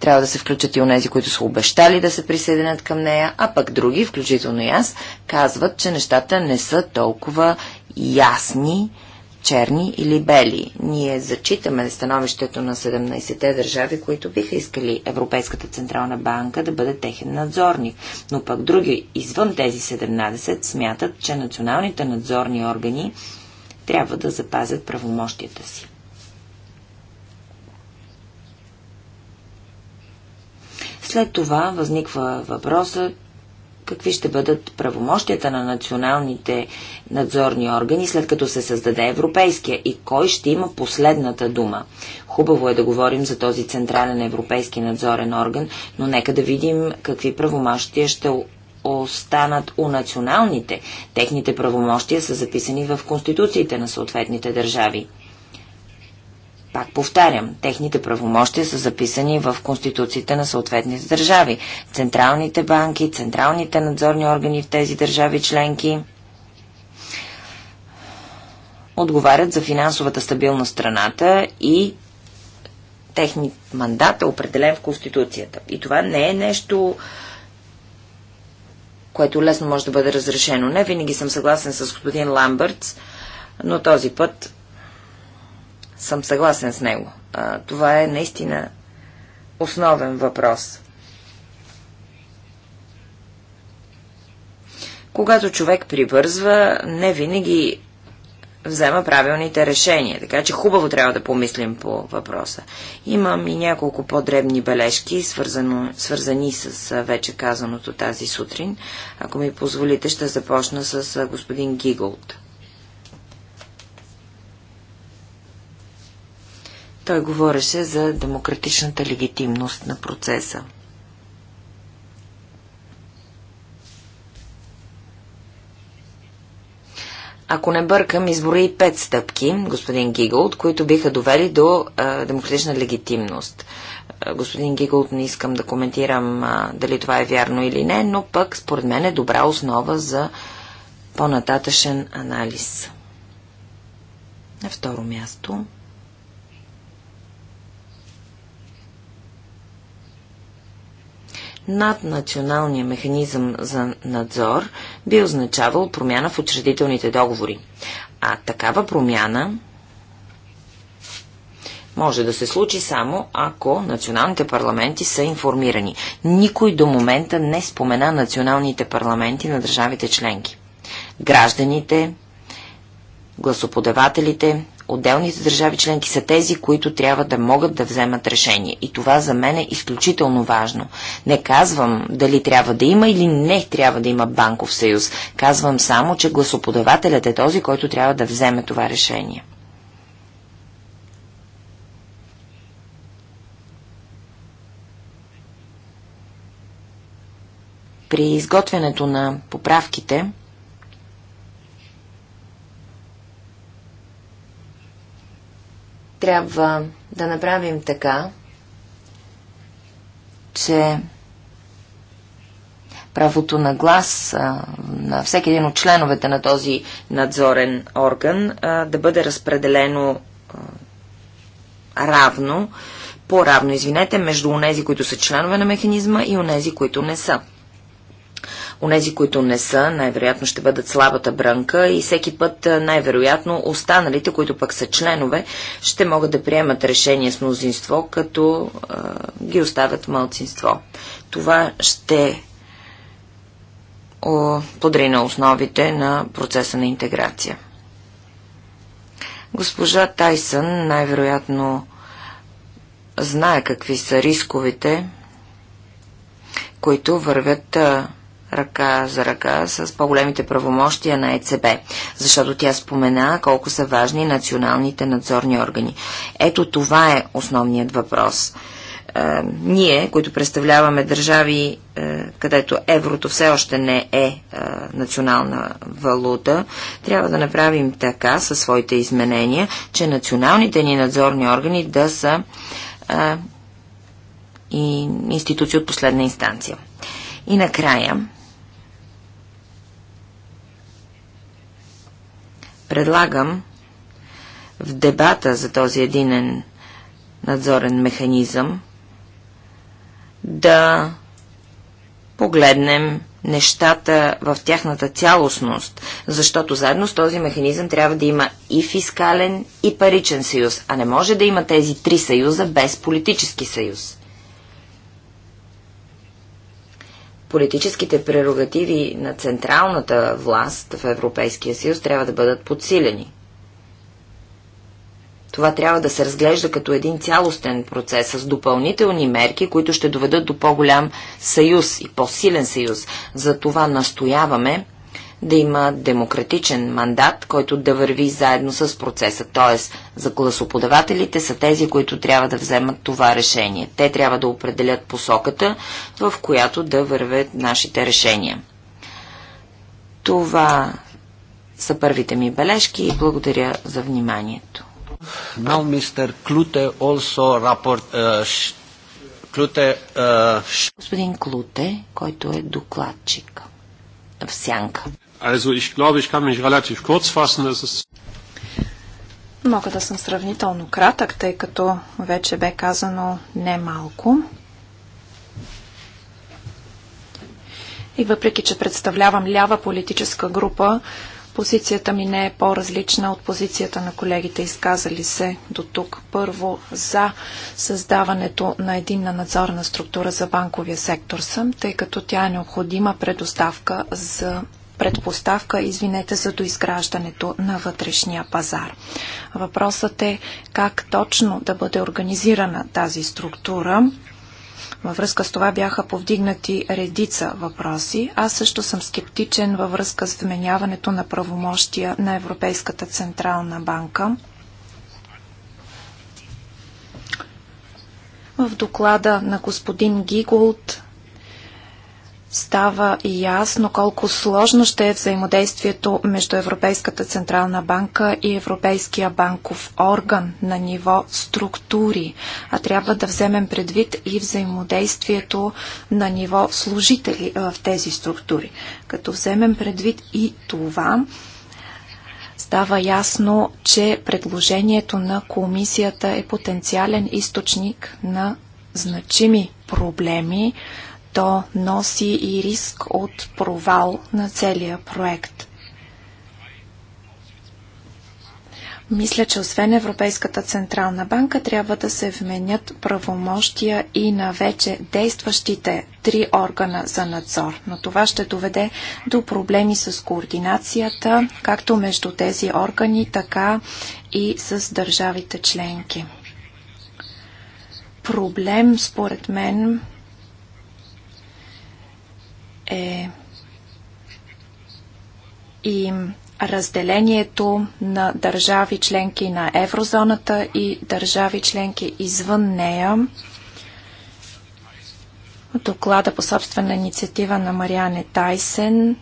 трябва да се включат и онези, които са обещали да се присъединят към нея, а пък други, включително и аз, казват, че нещата не са толкова ясни, черни или бели. Ние зачитаме становището на 17-те държави, които биха искали Европейската Централна банка да бъде техен надзорник, но пък други извън тези 17 смятат, че националните надзорни органи трябва да запазят правомощията си. След това възниква въпросът какви ще бъдат правомощията на националните надзорни органи, след като се създаде европейския и кой ще има последната дума. Хубаво е да говорим за този централен европейски надзорен орган, но нека да видим какви правомощия ще останат у националните. Техните правомощия са записани в конституциите на съответните държави. Пак повтарям, техните правомощия са записани в конституциите на съответните държави. Централните банки, централните надзорни органи в тези държави членки отговарят за финансовата стабилност страната и техни мандат е определен в Конституцията. И това не е нещо, което лесно може да бъде разрешено. Не винаги съм съгласен с господин Ламбъртс, но този път съм съгласен с него. А, това е наистина основен въпрос. Когато човек прибързва, не винаги взема правилните решения. Така че хубаво трябва да помислим по въпроса. Имам и няколко по-дребни бележки, свързано, свързани с вече казаното тази сутрин. Ако ми позволите, ще започна с господин Гиголт. Той говореше за демократичната легитимност на процеса. Ако не бъркам, и пет стъпки, господин Гиголд, които биха довели до а, демократична легитимност. А, господин Гиголд, не искам да коментирам а, дали това е вярно или не, но пък според мен е добра основа за по нататъшен анализ. На второ място. над националния механизъм за надзор би означавал промяна в учредителните договори. А такава промяна може да се случи само ако националните парламенти са информирани. Никой до момента не спомена националните парламенти на държавите членки. Гражданите, гласоподавателите, Отделните държави членки са тези, които трябва да могат да вземат решение. И това за мен е изключително важно. Не казвам дали трябва да има или не трябва да има банков съюз. Казвам само, че гласоподавателят е този, който трябва да вземе това решение. При изготвянето на поправките, Трябва да направим така, че правото на глас а, на всеки един от членовете на този надзорен орган а, да бъде разпределено а, равно, по-равно, извинете, между онези, които са членове на механизма и онези, които не са. Онези, които не са, най-вероятно ще бъдат слабата брънка и всеки път най-вероятно останалите, които пък са членове, ще могат да приемат решение с мнозинство, като а, ги оставят малцинство. Това ще на основите на процеса на интеграция. Госпожа Тайсън най-вероятно знае какви са рисковете, които вървят а, ръка за ръка с по-големите правомощия на ЕЦБ, защото тя спомена колко са важни националните надзорни органи. Ето това е основният въпрос е, ние, които представляваме държави, е, където еврото все още не е, е национална валута, трябва да направим така със своите изменения, че националните ни надзорни органи да са институции от последна инстанция. И накрая, Предлагам в дебата за този единен надзорен механизъм да погледнем нещата в тяхната цялостност, защото заедно с този механизъм трябва да има и фискален, и паричен съюз, а не може да има тези три съюза без политически съюз. политическите прерогативи на централната власт в Европейския съюз трябва да бъдат подсилени. Това трябва да се разглежда като един цялостен процес с допълнителни мерки, които ще доведат до по-голям съюз и по-силен съюз. За това настояваме да има демократичен мандат, който да върви заедно с процеса. Т.е. за гласоподавателите са тези, които трябва да вземат това решение. Те трябва да определят посоката, в която да вървят нашите решения. Това са първите ми бележки и благодаря за вниманието. Now Mr. Klute also report, uh, Klute, Uh... Господин Клуте, който е докладчик в Сянка. Also ich glaube, ich kann mich relativ kurz fassen. Das ist... Мога да съм сравнително кратък, тъй като вече бе казано не малко. И въпреки, че представлявам лява политическа група, позицията ми не е по-различна от позицията на колегите, изказали се до тук. Първо, за създаването на единна надзорна структура за банковия сектор съм, тъй като тя е необходима предоставка за предпоставка, извинете, за доизграждането на вътрешния пазар. Въпросът е как точно да бъде организирана тази структура. Във връзка с това бяха повдигнати редица въпроси. Аз също съм скептичен във връзка с вменяването на правомощия на Европейската Централна банка. В доклада на господин Гиголд става ясно колко сложно ще е взаимодействието между Европейската Централна банка и Европейския банков орган на ниво структури, а трябва да вземем предвид и взаимодействието на ниво служители в тези структури. Като вземем предвид и това, става ясно, че предложението на комисията е потенциален източник на значими проблеми, то носи и риск от провал на целия проект. Мисля, че освен Европейската Централна банка трябва да се вменят правомощия и на вече действащите три органа за надзор. Но това ще доведе до проблеми с координацията, както между тези органи, така и с държавите членки. Проблем, според мен, е и разделението на държави членки на еврозоната и държави членки извън нея. Доклада по собствена инициатива на Мариане Тайсен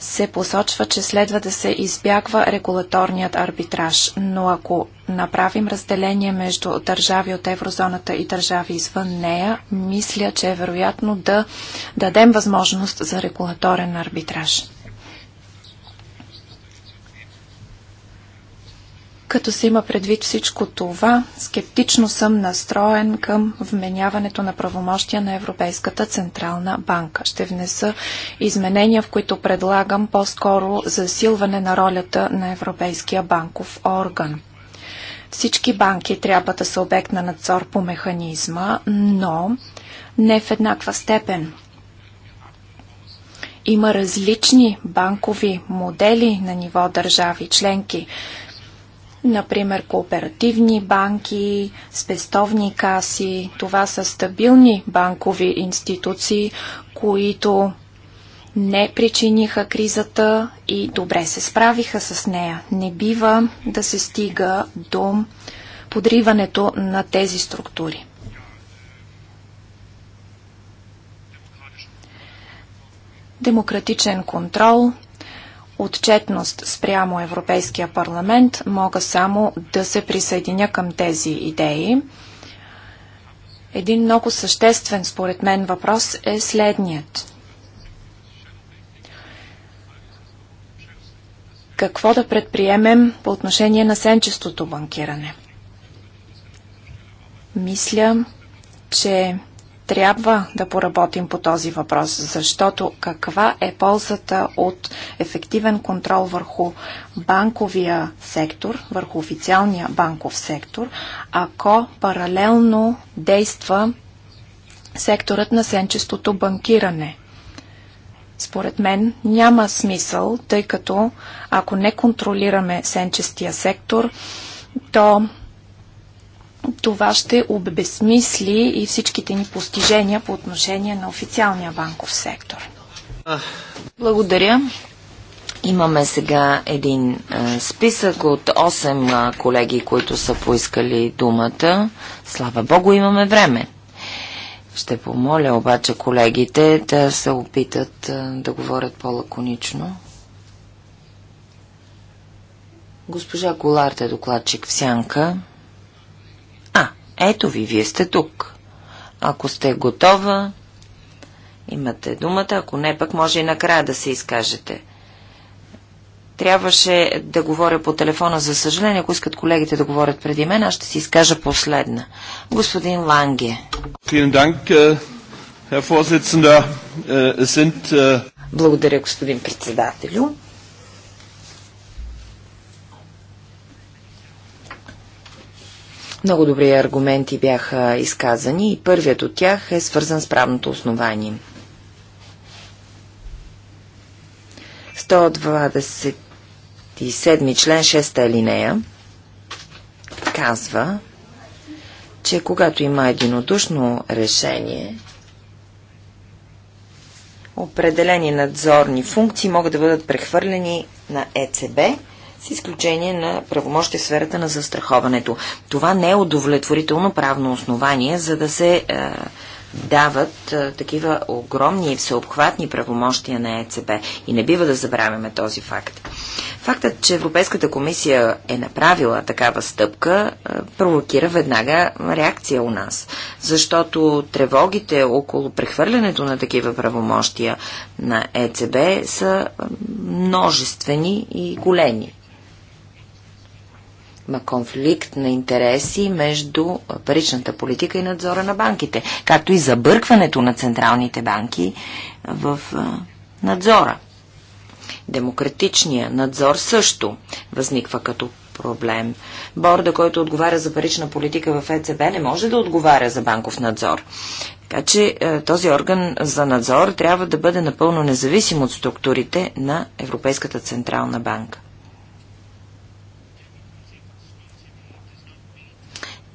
се посочва, че следва да се избягва регулаторният арбитраж, но ако направим разделение между държави от еврозоната и държави извън нея, мисля, че е вероятно да дадем възможност за регулаторен арбитраж. Като се има предвид всичко това, скептично съм настроен към вменяването на правомощия на Европейската Централна банка. Ще внеса изменения, в които предлагам по-скоро засилване на ролята на Европейския банков орган. Всички банки трябва да са обект на надзор по механизма, но не в еднаква степен има различни банкови модели на ниво държави членки. Например, кооперативни банки, спестовни каси. Това са стабилни банкови институции, които не причиниха кризата и добре се справиха с нея. Не бива да се стига до подриването на тези структури. Демократичен контрол, отчетност спрямо Европейския парламент, мога само да се присъединя към тези идеи. Един много съществен, според мен, въпрос е следният. Какво да предприемем по отношение на сенчестото банкиране? Мисля, че трябва да поработим по този въпрос, защото каква е ползата от ефективен контрол върху банковия сектор, върху официалния банков сектор, ако паралелно действа секторът на сенчестото банкиране? Според мен няма смисъл, тъй като ако не контролираме сенчестия сектор, то това ще обезмисли и всичките ни постижения по отношение на официалния банков сектор. Благодаря. Имаме сега един е, списък от 8 е, колеги, които са поискали думата. Слава Богу, имаме време. Ще помоля обаче колегите да се опитат е, да говорят по-лаконично. Госпожа Голарт е докладчик в Сянка. Ето ви, вие сте тук. Ако сте готова, имате думата, ако не, пък може и накрая да се изкажете. Трябваше да говоря по телефона, за съжаление, ако искат колегите да говорят преди мен, аз ще си изкажа последна. Господин Ланге. Äh, äh, äh, Благодаря, господин председателю. Много добри аргументи бяха изказани и първият от тях е свързан с правното основание. 127 член 6 линея казва, че когато има единодушно решение, определени надзорни функции могат да бъдат прехвърлени на ЕЦБ – с изключение на правомощи в сферата на застраховането. Това не е удовлетворително правно основание, за да се е, дават е, такива огромни и всеобхватни правомощия на ЕЦБ. И не бива да забравяме този факт. Фактът, че Европейската комисия е направила такава стъпка, е, провокира веднага реакция у нас, защото тревогите около прехвърлянето на такива правомощия на ЕЦБ са е, множествени и големи. Има конфликт на интереси между паричната политика и надзора на банките, както и забъркването на централните банки в надзора. Демократичният надзор също възниква като проблем. Борда, който отговаря за парична политика в ЕЦБ, не може да отговаря за банков надзор. Така че е, този орган за надзор трябва да бъде напълно независим от структурите на Европейската Централна банка.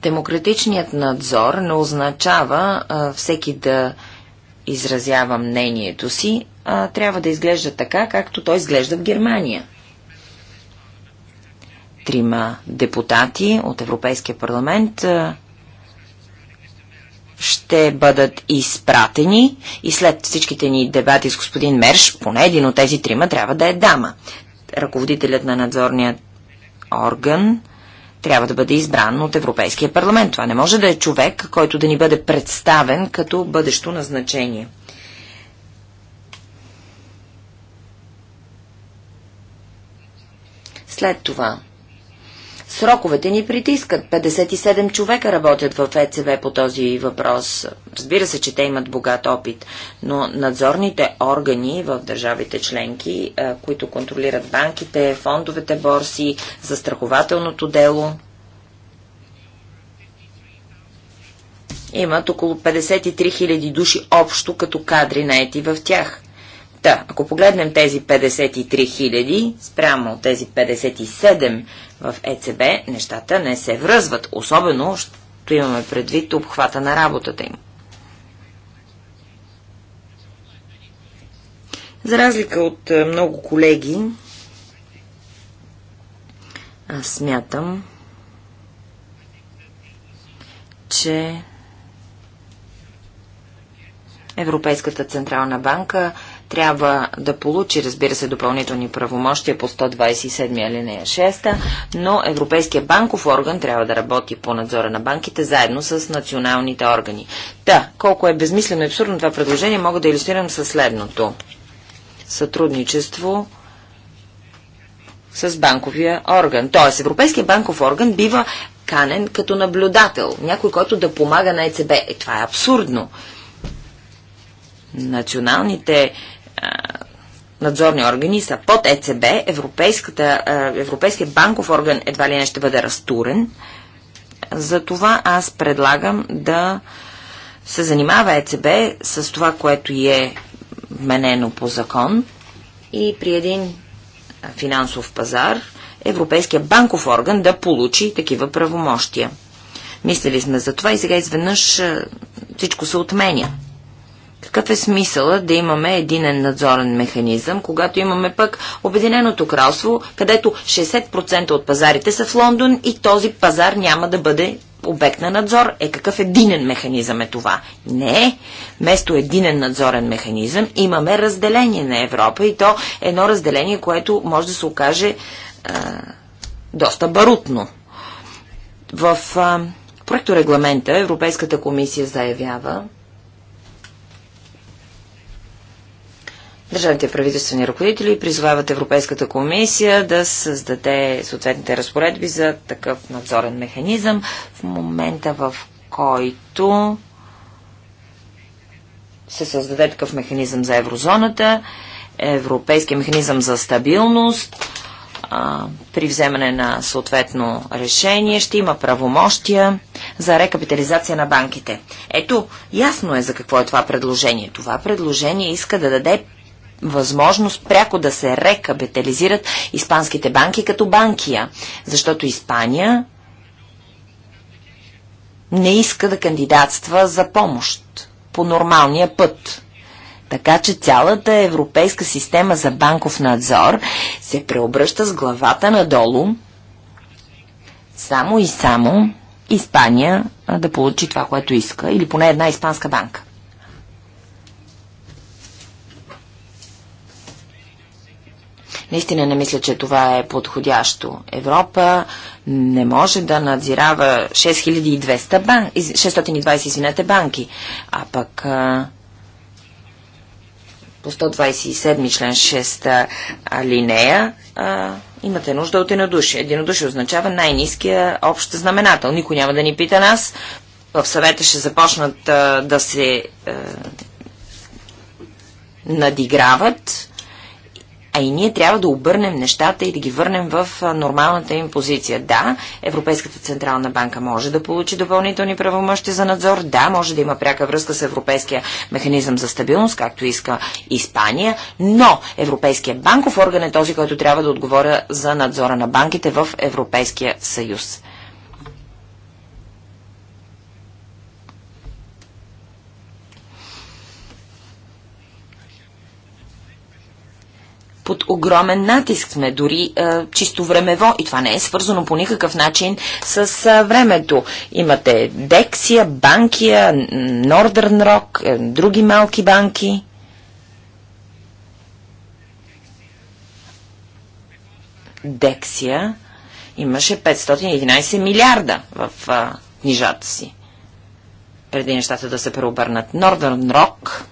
Демократичният надзор не означава а, всеки да изразява мнението си, а трябва да изглежда така, както той изглежда в Германия. Трима депутати от Европейския парламент а, ще бъдат изпратени и след всичките ни дебати с господин Мерш, поне един от тези трима трябва да е дама. Ръководителят на надзорният орган трябва да бъде избран от Европейския парламент. Това не може да е човек, който да ни бъде представен като бъдещо назначение. След това Сроковете ни притискат. 57 човека работят в ЕЦВ по този въпрос. Разбира се, че те имат богат опит, но надзорните органи в държавите членки, които контролират банките, фондовете борси, застрахователното дело, имат около 53 000 души общо като кадри наети в тях – Та, ако погледнем тези 53 000 спрямо тези 57 в ЕЦБ, нещата не се връзват, особено, що имаме предвид обхвата на работата им. За разлика от много колеги, аз смятам, че Европейската Централна банка трябва да получи, разбира се, допълнителни правомощия по 127 алинея 6, но Европейския банков орган трябва да работи по надзора на банките заедно с националните органи. Та, да, колко е безмислено и абсурдно това предложение, мога да иллюстрирам със следното. Сътрудничество с банковия орган. Тоест, Европейския банков орган бива канен като наблюдател, някой, който да помага на ЕЦБ. Е, това е абсурдно. Националните надзорни органи са под ЕЦБ, Европейската, Европейския банков орган едва ли не ще бъде разтурен. Затова аз предлагам да се занимава ЕЦБ с това, което е вменено по закон и при един финансов пазар Европейския банков орган да получи такива правомощия. Мислили сме за това и сега изведнъж всичко се отменя. Какъв е смисъла да имаме единен надзорен механизъм, когато имаме пък Обединеното кралство, където 60% от пазарите са в Лондон и този пазар няма да бъде обект на надзор. Е какъв единен механизъм е това? Не. Вместо единен надзорен механизъм имаме разделение на Европа и то едно разделение, което може да се окаже а, доста барутно. В а, проекторегламента Европейската комисия заявява, Държавните правителствени ръководители призовават Европейската комисия да създаде съответните разпоредби за такъв надзорен механизъм в момента в който се създаде такъв механизъм за еврозоната, европейския механизъм за стабилност, при вземане на съответно решение ще има правомощия за рекапитализация на банките. Ето, ясно е за какво е това предложение. Това предложение иска да даде възможност пряко да се рекапитализират испанските банки като банкия, защото Испания не иска да кандидатства за помощ по нормалния път. Така че цялата европейска система за банков надзор се преобръща с главата надолу, само и само Испания да получи това, което иска, или поне една испанска банка. Наистина не мисля, че това е подходящо. Европа не може да надзирава 6200 бан... 620 извинете, банки, а пък а... по 127 член 6 алинея а... имате нужда от единодушие. Единодушие означава най-низкия общ знаменател. Никой няма да ни пита нас. В съвета ще започнат а, да се а надиграват а и ние трябва да обърнем нещата и да ги върнем в нормалната им позиция. Да, Европейската Централна банка може да получи допълнителни правомощи за надзор. Да, може да има пряка връзка с Европейския механизъм за стабилност, както иска Испания. Но Европейския банков орган е този, който трябва да отговоря за надзора на банките в Европейския съюз. под огромен натиск сме, дори е, чисто времево и това не е свързано по никакъв начин с е, времето. Имате Дексия, Банкия, Northern Rock, е, други малки банки. Дексия имаше 511 милиарда в е, книжата си. Преди нещата да се преобърнат. Нордърн Рок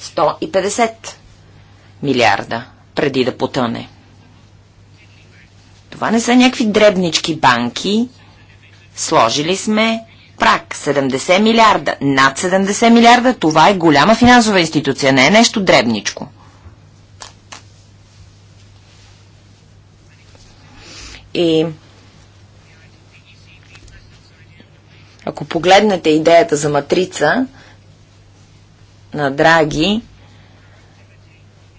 150 милиарда преди да потъне. Това не са някакви дребнички банки. Сложили сме прак 70 милиарда. Над 70 милиарда това е голяма финансова институция, не е нещо дребничко. И ако погледнете идеята за матрица на Драги,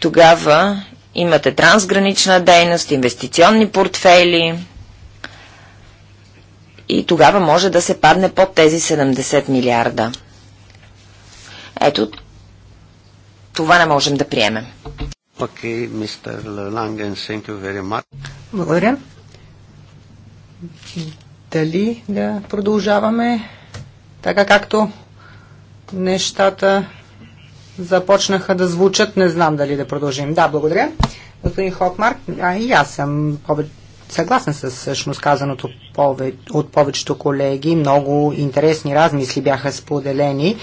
тогава имате трансгранична дейност, инвестиционни портфели и тогава може да се падне под тези 70 милиарда. Ето, това не можем да приемем. Okay, Mr. Langen, thank you very much. Благодаря. Дали да продължаваме така както нещата започнаха да звучат. Не знам дали да продължим. Да, благодаря. Господин Хокмарк, а и аз съм съгласен с всъщност казаното пове... от повечето колеги. Много интересни размисли бяха споделени.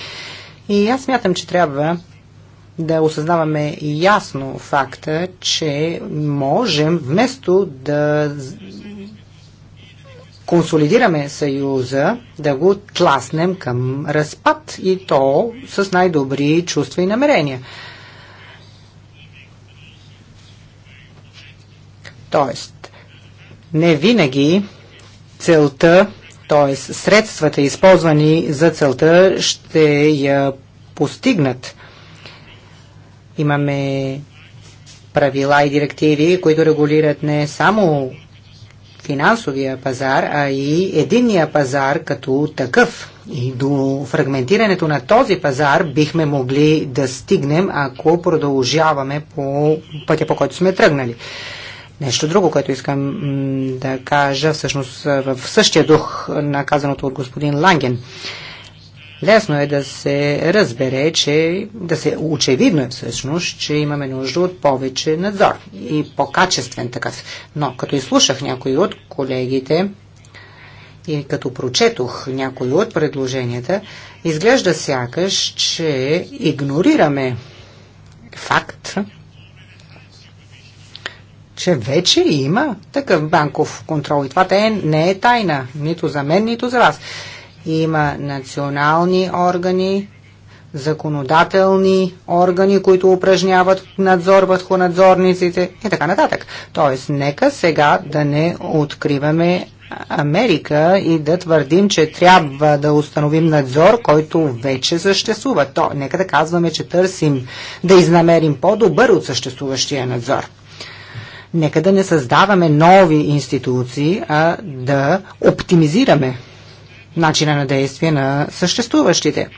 И аз смятам, че трябва да осъзнаваме ясно факта, че можем вместо да консолидираме Съюза, да го тласнем към разпад и то с най-добри чувства и намерения. Тоест, не винаги целта, т.е. средствата, използвани за целта, ще я постигнат. Имаме правила и директиви, които регулират не само финансовия пазар, а и единния пазар като такъв. И до фрагментирането на този пазар бихме могли да стигнем, ако продължаваме по пътя, по който сме тръгнали. Нещо друго, което искам да кажа, всъщност в същия дух на казаното от господин Ланген. Лесно е да се разбере, че да се очевидно е всъщност, че имаме нужда от повече надзор и по-качествен такъв. Но като изслушах някои от колегите, и като прочетох някои от предложенията, изглежда сякаш, че игнорираме факт, че вече има такъв банков контрол. И това не е тайна, нито за мен, нито за вас. Има национални органи, законодателни органи, които упражняват надзор върху надзорниците и така нататък. Тоест, нека сега да не откриваме Америка и да твърдим, че трябва да установим надзор, който вече съществува. То, нека да казваме, че търсим да изнамерим по-добър от съществуващия надзор. Нека да не създаваме нови институции, а да оптимизираме начина на действие на съществуващите.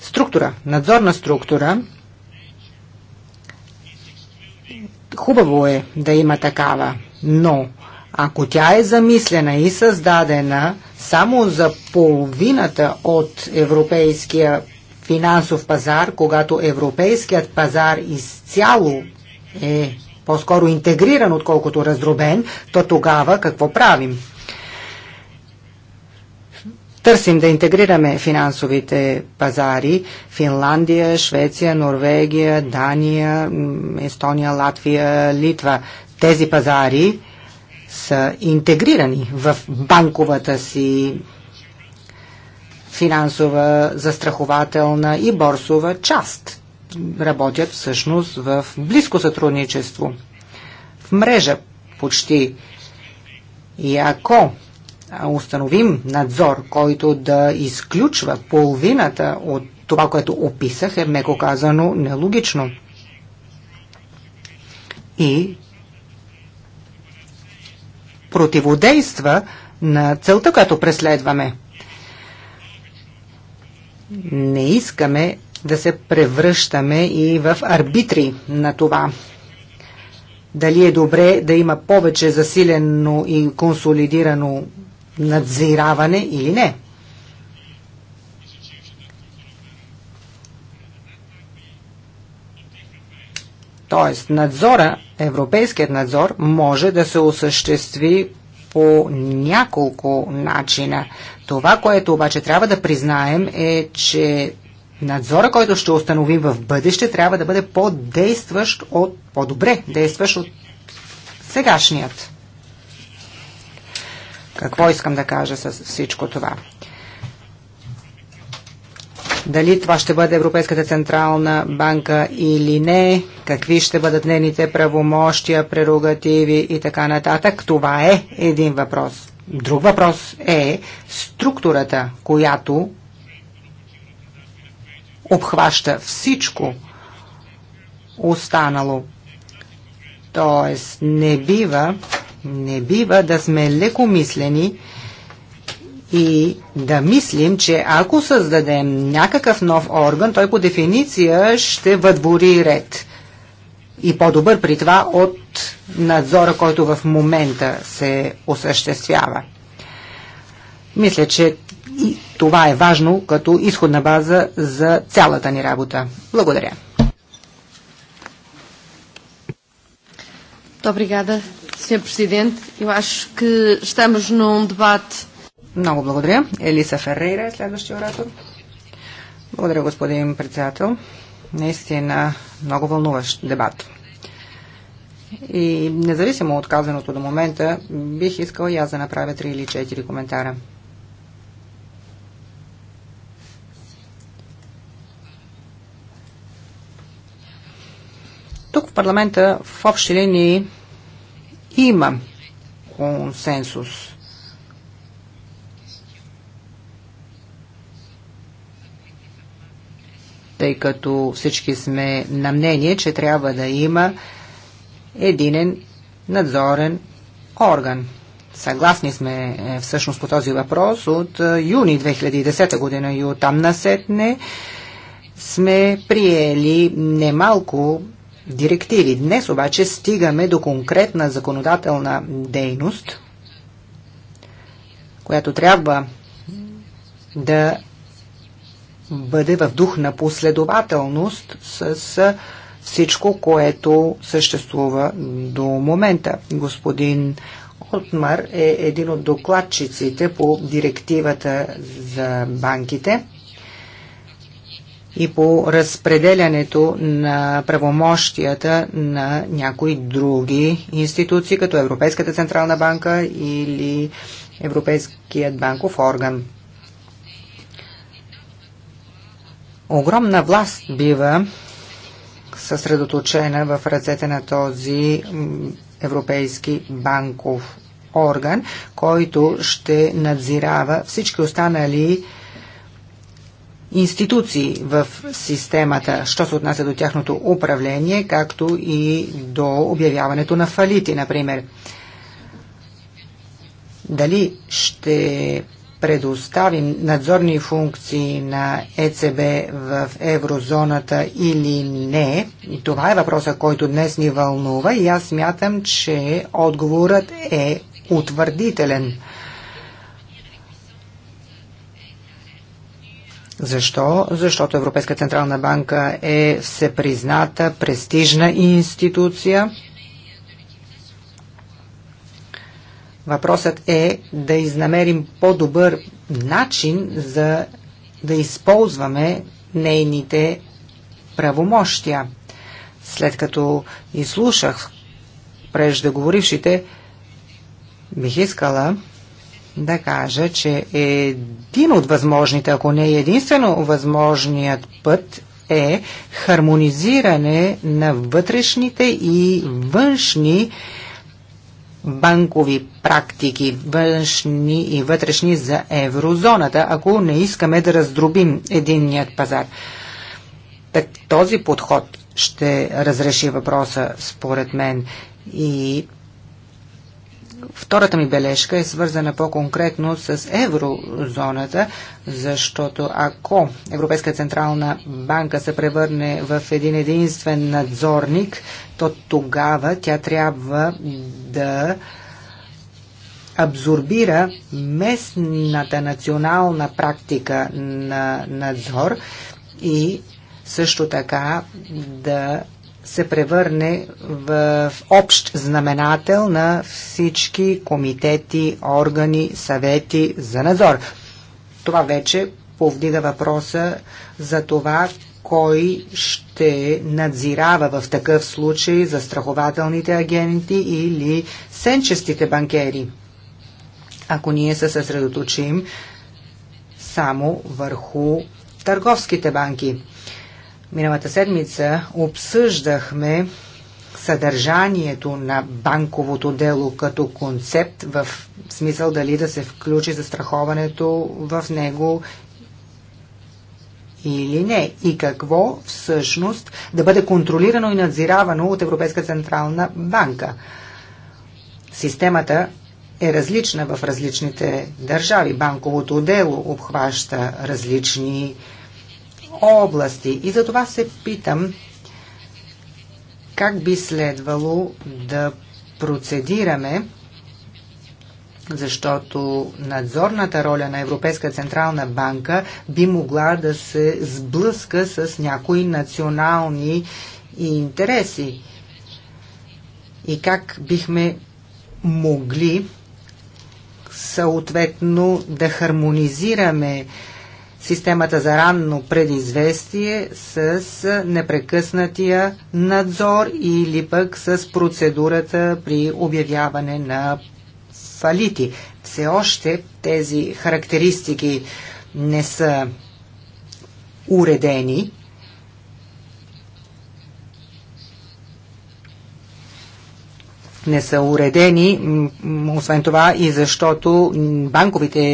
Структура, надзорна структура, хубаво е да има такава, но ако тя е замислена и създадена само за половината от европейския финансов пазар, когато европейският пазар изцяло е по-скоро интегриран, отколкото раздробен, то тогава какво правим? Търсим да интегрираме финансовите пазари Финландия, Швеция, Норвегия, Дания, Естония, Латвия, Литва. Тези пазари са интегрирани в банковата си финансова, застрахователна и борсова част. Работят всъщност в близко сътрудничество. В мрежа почти. И ако установим надзор, който да изключва половината от това, което описах, е меко казано нелогично. И противодейства на целта, която преследваме. Не искаме да се превръщаме и в арбитри на това. Дали е добре да има повече засилено и консолидирано надзираване или не. Тоест, надзора, европейският надзор може да се осъществи по няколко начина. Това, което обаче трябва да признаем е, че надзора, който ще установим в бъдеще, трябва да бъде по-действащ от, по-добре действащ от сегашният. Какво искам да кажа с всичко това? Дали това ще бъде Европейската централна банка или не, какви ще бъдат нейните правомощия, прерогативи и така нататък, това е един въпрос. Друг въпрос е структурата, която обхваща всичко останало. Тоест не бива не бива да сме лекомислени и да мислим, че ако създадем някакъв нов орган, той по дефиниция ще въдвори ред. И по-добър при това от надзора, който в момента се осъществява. Мисля, че и това е важно като изходна база за цялата ни работа. Благодаря. Obrigada, Sr. Президент, eu acho que estamos num debate... Много благодаря. Елиса Феррейра е следващия оратор. Благодаря, господин председател. Наистина много вълнуващ дебат. И независимо от казаното до момента, бих искал и аз да направя три или четири коментара. Тук в парламента в общи линии има консенсус. Тъй като всички сме на мнение, че трябва да има единен надзорен орган. Съгласни сме е, всъщност по този въпрос от е, юни 2010 година и от там насетне сме приели немалко директиви. Днес обаче стигаме до конкретна законодателна дейност, която трябва да бъде в дух на последователност с всичко, което съществува до момента. Господин Отмар е един от докладчиците по директивата за банките и по разпределянето на правомощията на някои други институции, като Европейската Централна банка или Европейският банков орган. Огромна власт бива съсредоточена в ръцете на този Европейски банков орган, който ще надзирава всички останали институции в системата, що се отнася до тяхното управление, както и до обявяването на фалити, например. Дали ще предоставим надзорни функции на ЕЦБ в еврозоната или не? Това е въпроса, който днес ни вълнува и аз смятам, че отговорът е утвърдителен. Защо? Защото Европейска Централна банка е всепризната, престижна институция. Въпросът е да изнамерим по-добър начин за да използваме нейните правомощия. След като изслушах преждеговорившите, бих искала да кажа, че един от възможните, ако не е единствено възможният път е хармонизиране на вътрешните и външни банкови практики, външни и вътрешни за еврозоната, ако не искаме да раздробим единният пазар. Так, този подход ще разреши въпроса, според мен. И Втората ми бележка е свързана по-конкретно с еврозоната, защото ако Европейска централна банка се превърне в един единствен надзорник, то тогава тя трябва да абсорбира местната национална практика на надзор и също така да се превърне в общ знаменател на всички комитети, органи, съвети за надзор. Това вече повдига въпроса за това, кой ще надзирава в такъв случай застрахователните агенти или сенчестите банкери, ако ние се съсредоточим само върху търговските банки. Миналата седмица обсъждахме съдържанието на банковото дело като концепт в смисъл дали да се включи застраховането в него или не и какво всъщност да бъде контролирано и надзиравано от Европейска централна банка. Системата е различна в различните държави. Банковото дело обхваща различни области. И за това се питам как би следвало да процедираме, защото надзорната роля на Европейска Централна банка би могла да се сблъска с някои национални интереси. И как бихме могли съответно да хармонизираме системата за ранно предизвестие с непрекъснатия надзор или пък с процедурата при обявяване на фалити. Все още тези характеристики не са уредени. не са уредени, освен това и защото банковите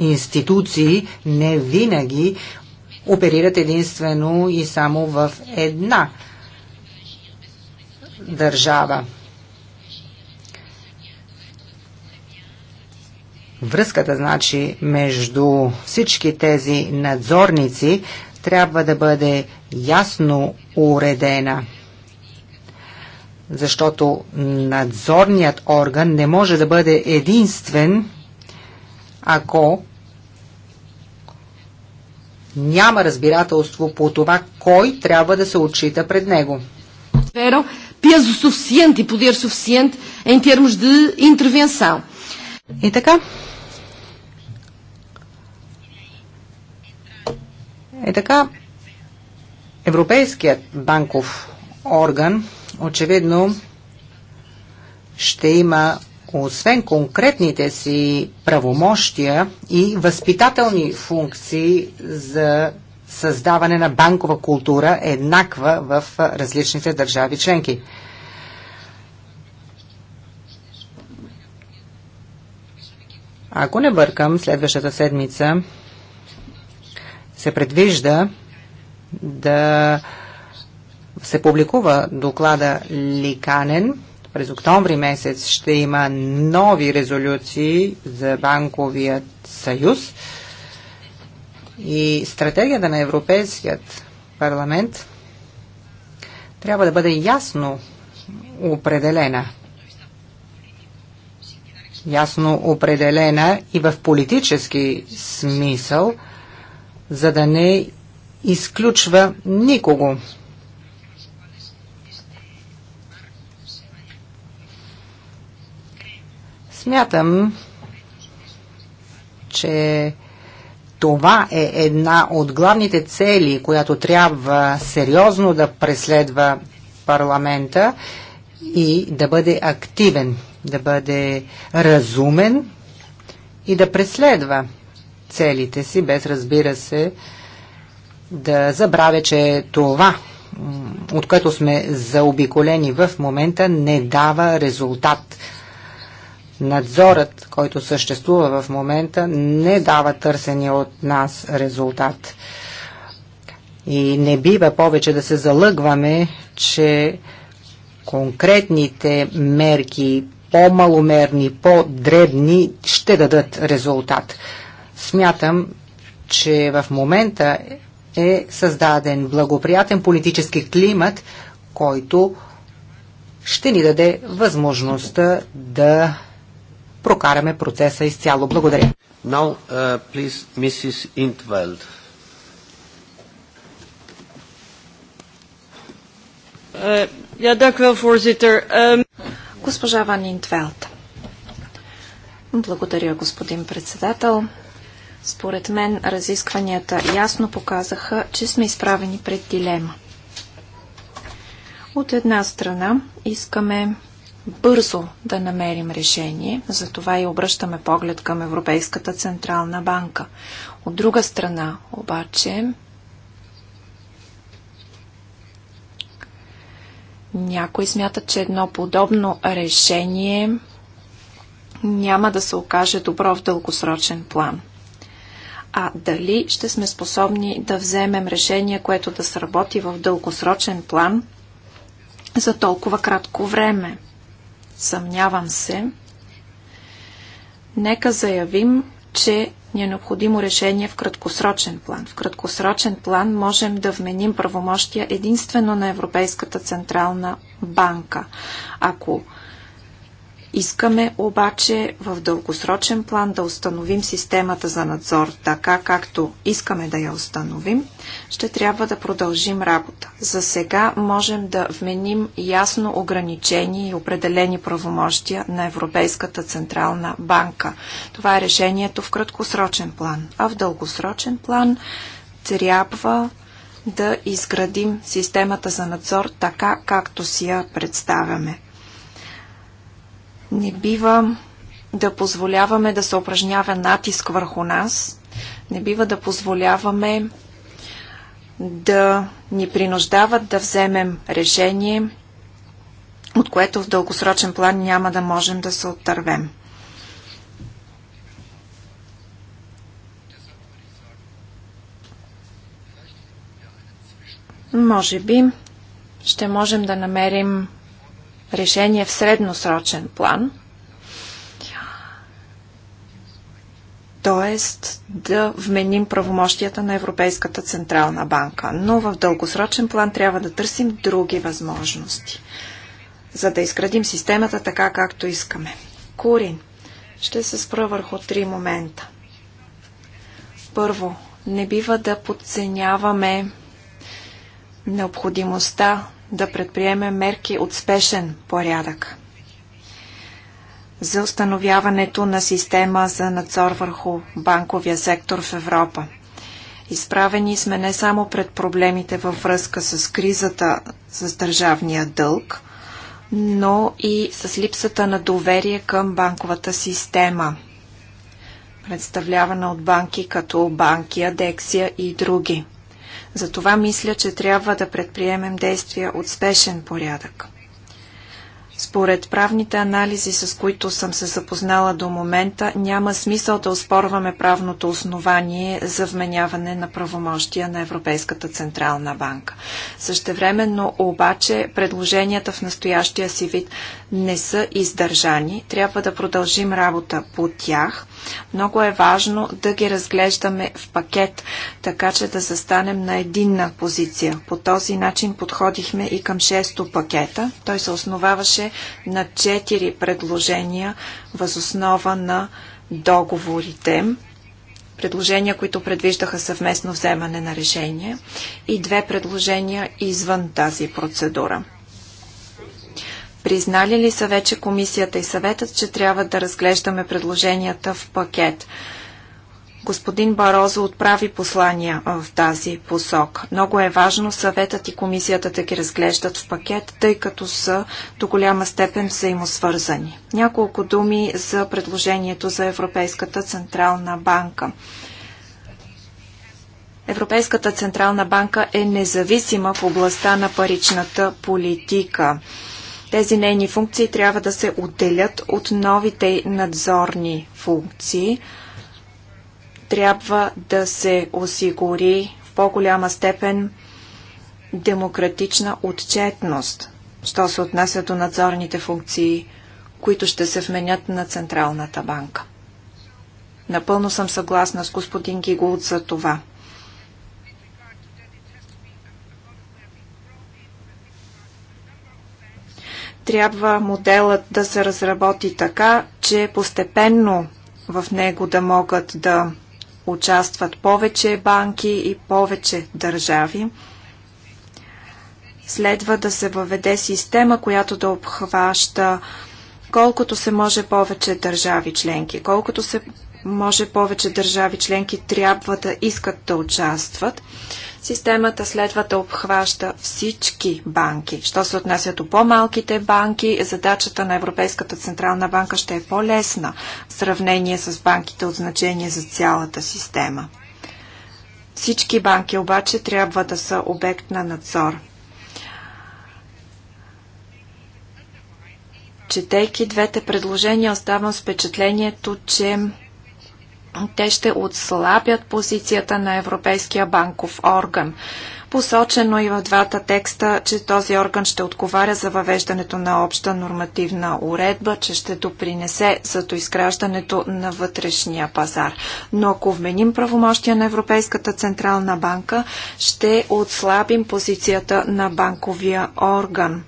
институции не винаги оперират единствено и само в една държава. Връзката, значи, между всички тези надзорници трябва да бъде ясно уредена, защото надзорният орган не може да бъде единствен, ако няма разбирателство по това кой трябва да се отчита пред него. и е И така. И така, Европейският банков орган очевидно ще има освен конкретните си правомощия и възпитателни функции за създаване на банкова култура еднаква в различните държави членки. Ако не бъркам, следващата седмица се предвижда да се публикува доклада Ликанен – през октомври месец ще има нови резолюции за банковият съюз и стратегията на Европейският парламент трябва да бъде ясно определена. Ясно определена и в политически смисъл, за да не изключва никого. Смятам, че това е една от главните цели, която трябва сериозно да преследва парламента и да бъде активен, да бъде разумен и да преследва целите си, без разбира се да забравя, че това, от което сме заобиколени в момента, не дава резултат надзорът, който съществува в момента, не дава търсения от нас резултат. И не бива повече да се залъгваме, че конкретните мерки, по-маломерни, по-дребни, ще дадат резултат. Смятам, че в момента е създаден благоприятен политически климат, който ще ни даде възможността да прокараме процеса изцяло. Благодаря. Now, uh, please, Mrs. Intveld. Uh, um, Госпожа Ван Интвелт. Благодаря, господин председател. Според мен разискванията ясно показаха, че сме изправени пред дилема. От една страна искаме бързо да намерим решение, затова и обръщаме поглед към Европейската Централна банка. От друга страна, обаче, някои смятат, че едно подобно решение няма да се окаже добро в дългосрочен план. А дали ще сме способни да вземем решение, което да сработи в дългосрочен план за толкова кратко време – Съмнявам се. Нека заявим, че ни е необходимо решение в краткосрочен план. В краткосрочен план можем да вменим правомощия единствено на Европейската централна банка. Ако Искаме обаче в дългосрочен план да установим системата за надзор така, както искаме да я установим, ще трябва да продължим работа. За сега можем да вменим ясно ограничени и определени правомощия на Европейската Централна банка. Това е решението в краткосрочен план. А в дългосрочен план трябва да изградим системата за надзор така, както си я представяме. Не бива да позволяваме да се упражнява натиск върху нас. Не бива да позволяваме да ни принуждават да вземем решение, от което в дългосрочен план няма да можем да се оттървем. Може би ще можем да намерим решение в средносрочен план, т.е. да вменим правомощията на Европейската Централна банка. Но в дългосрочен план трябва да търсим други възможности, за да изградим системата така, както искаме. Курин, ще се спра върху три момента. Първо, не бива да подценяваме необходимостта да предприеме мерки от спешен порядък за установяването на система за надзор върху банковия сектор в Европа. Изправени сме не само пред проблемите във връзка с кризата с държавния дълг, но и с липсата на доверие към банковата система, представлявана от банки като Банкия, Дексия и други – затова мисля, че трябва да предприемем действия от спешен порядък. Според правните анализи, с които съм се запознала до момента, няма смисъл да оспорваме правното основание за вменяване на правомощия на Европейската Централна банка. Същевременно обаче предложенията в настоящия си вид не са издържани. Трябва да продължим работа по тях – много е важно да ги разглеждаме в пакет, така че да застанем на единна позиция. По този начин подходихме и към шесто пакета. Той се основаваше на четири предложения възоснова на договорите предложения, които предвиждаха съвместно вземане на решение и две предложения извън тази процедура. Признали ли са вече комисията и съветът, че трябва да разглеждаме предложенията в пакет? Господин Барозо отправи послания в тази посок. Много е важно съветът и комисията да ги разглеждат в пакет, тъй като са до голяма степен взаимосвързани. Няколко думи за предложението за Европейската централна банка. Европейската централна банка е независима в областта на паричната политика. Тези нейни функции трябва да се отделят от новите надзорни функции. Трябва да се осигури в по-голяма степен демократична отчетност, що се отнася до надзорните функции, които ще се вменят на Централната банка. Напълно съм съгласна с господин Гигулт за това – Трябва моделът да се разработи така, че постепенно в него да могат да участват повече банки и повече държави. Следва да се въведе система, която да обхваща колкото се може повече държави членки. Колкото се може повече държави членки трябва да искат да участват. Системата следва да обхваща всички банки. Що се отнася до по-малките банки, задачата на Европейската Централна банка ще е по-лесна в сравнение с банките от значение за цялата система. Всички банки обаче трябва да са обект на надзор. Четейки двете предложения, оставам с впечатлението, че те ще отслабят позицията на Европейския банков орган. Посочено и в двата текста, че този орган ще отговаря за въвеждането на обща нормативна уредба, че ще допринесе за доизграждането на вътрешния пазар. Но ако вменим правомощия на Европейската централна банка, ще отслабим позицията на банковия орган.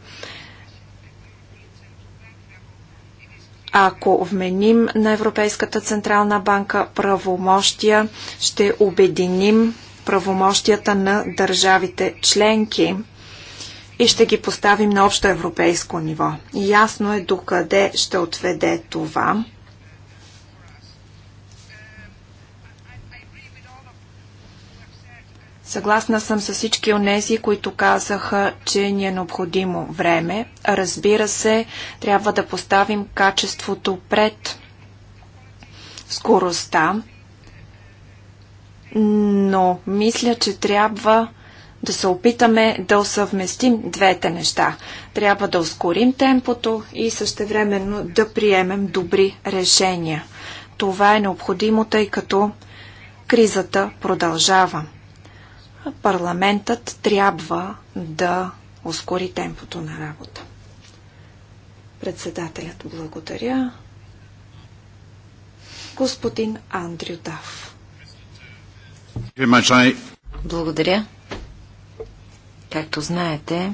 Ако вменим на Европейската Централна банка правомощия, ще обединим правомощията на държавите членки и ще ги поставим на общо европейско ниво. Ясно е докъде ще отведе това. Съгласна съм с всички онези, които казаха, че ни е необходимо време. Разбира се, трябва да поставим качеството пред скоростта, но мисля, че трябва да се опитаме да усъвместим двете неща. Трябва да ускорим темпото и същевременно да приемем добри решения. Това е необходимо, тъй като кризата продължава парламентът трябва да ускори темпото на работа. Председателят благодаря. Господин Андрю Дав. Благодаря. Както знаете,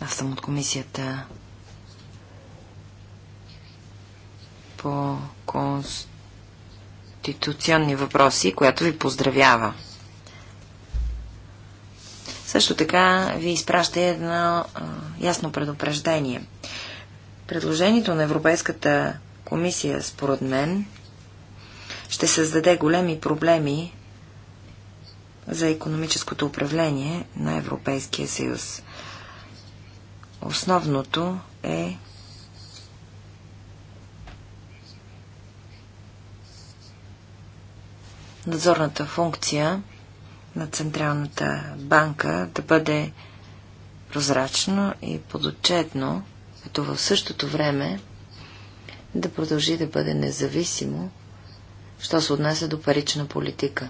аз съм от комисията по конст конституционни въпроси, която ви поздравява. Също така ви изпраща едно ясно предупреждение. Предложението на Европейската комисия, според мен, ще създаде големи проблеми за економическото управление на Европейския съюз. Основното е надзорната функция на Централната банка да бъде прозрачно и подотчетно, като в същото време да продължи да бъде независимо, що се отнася до парична политика.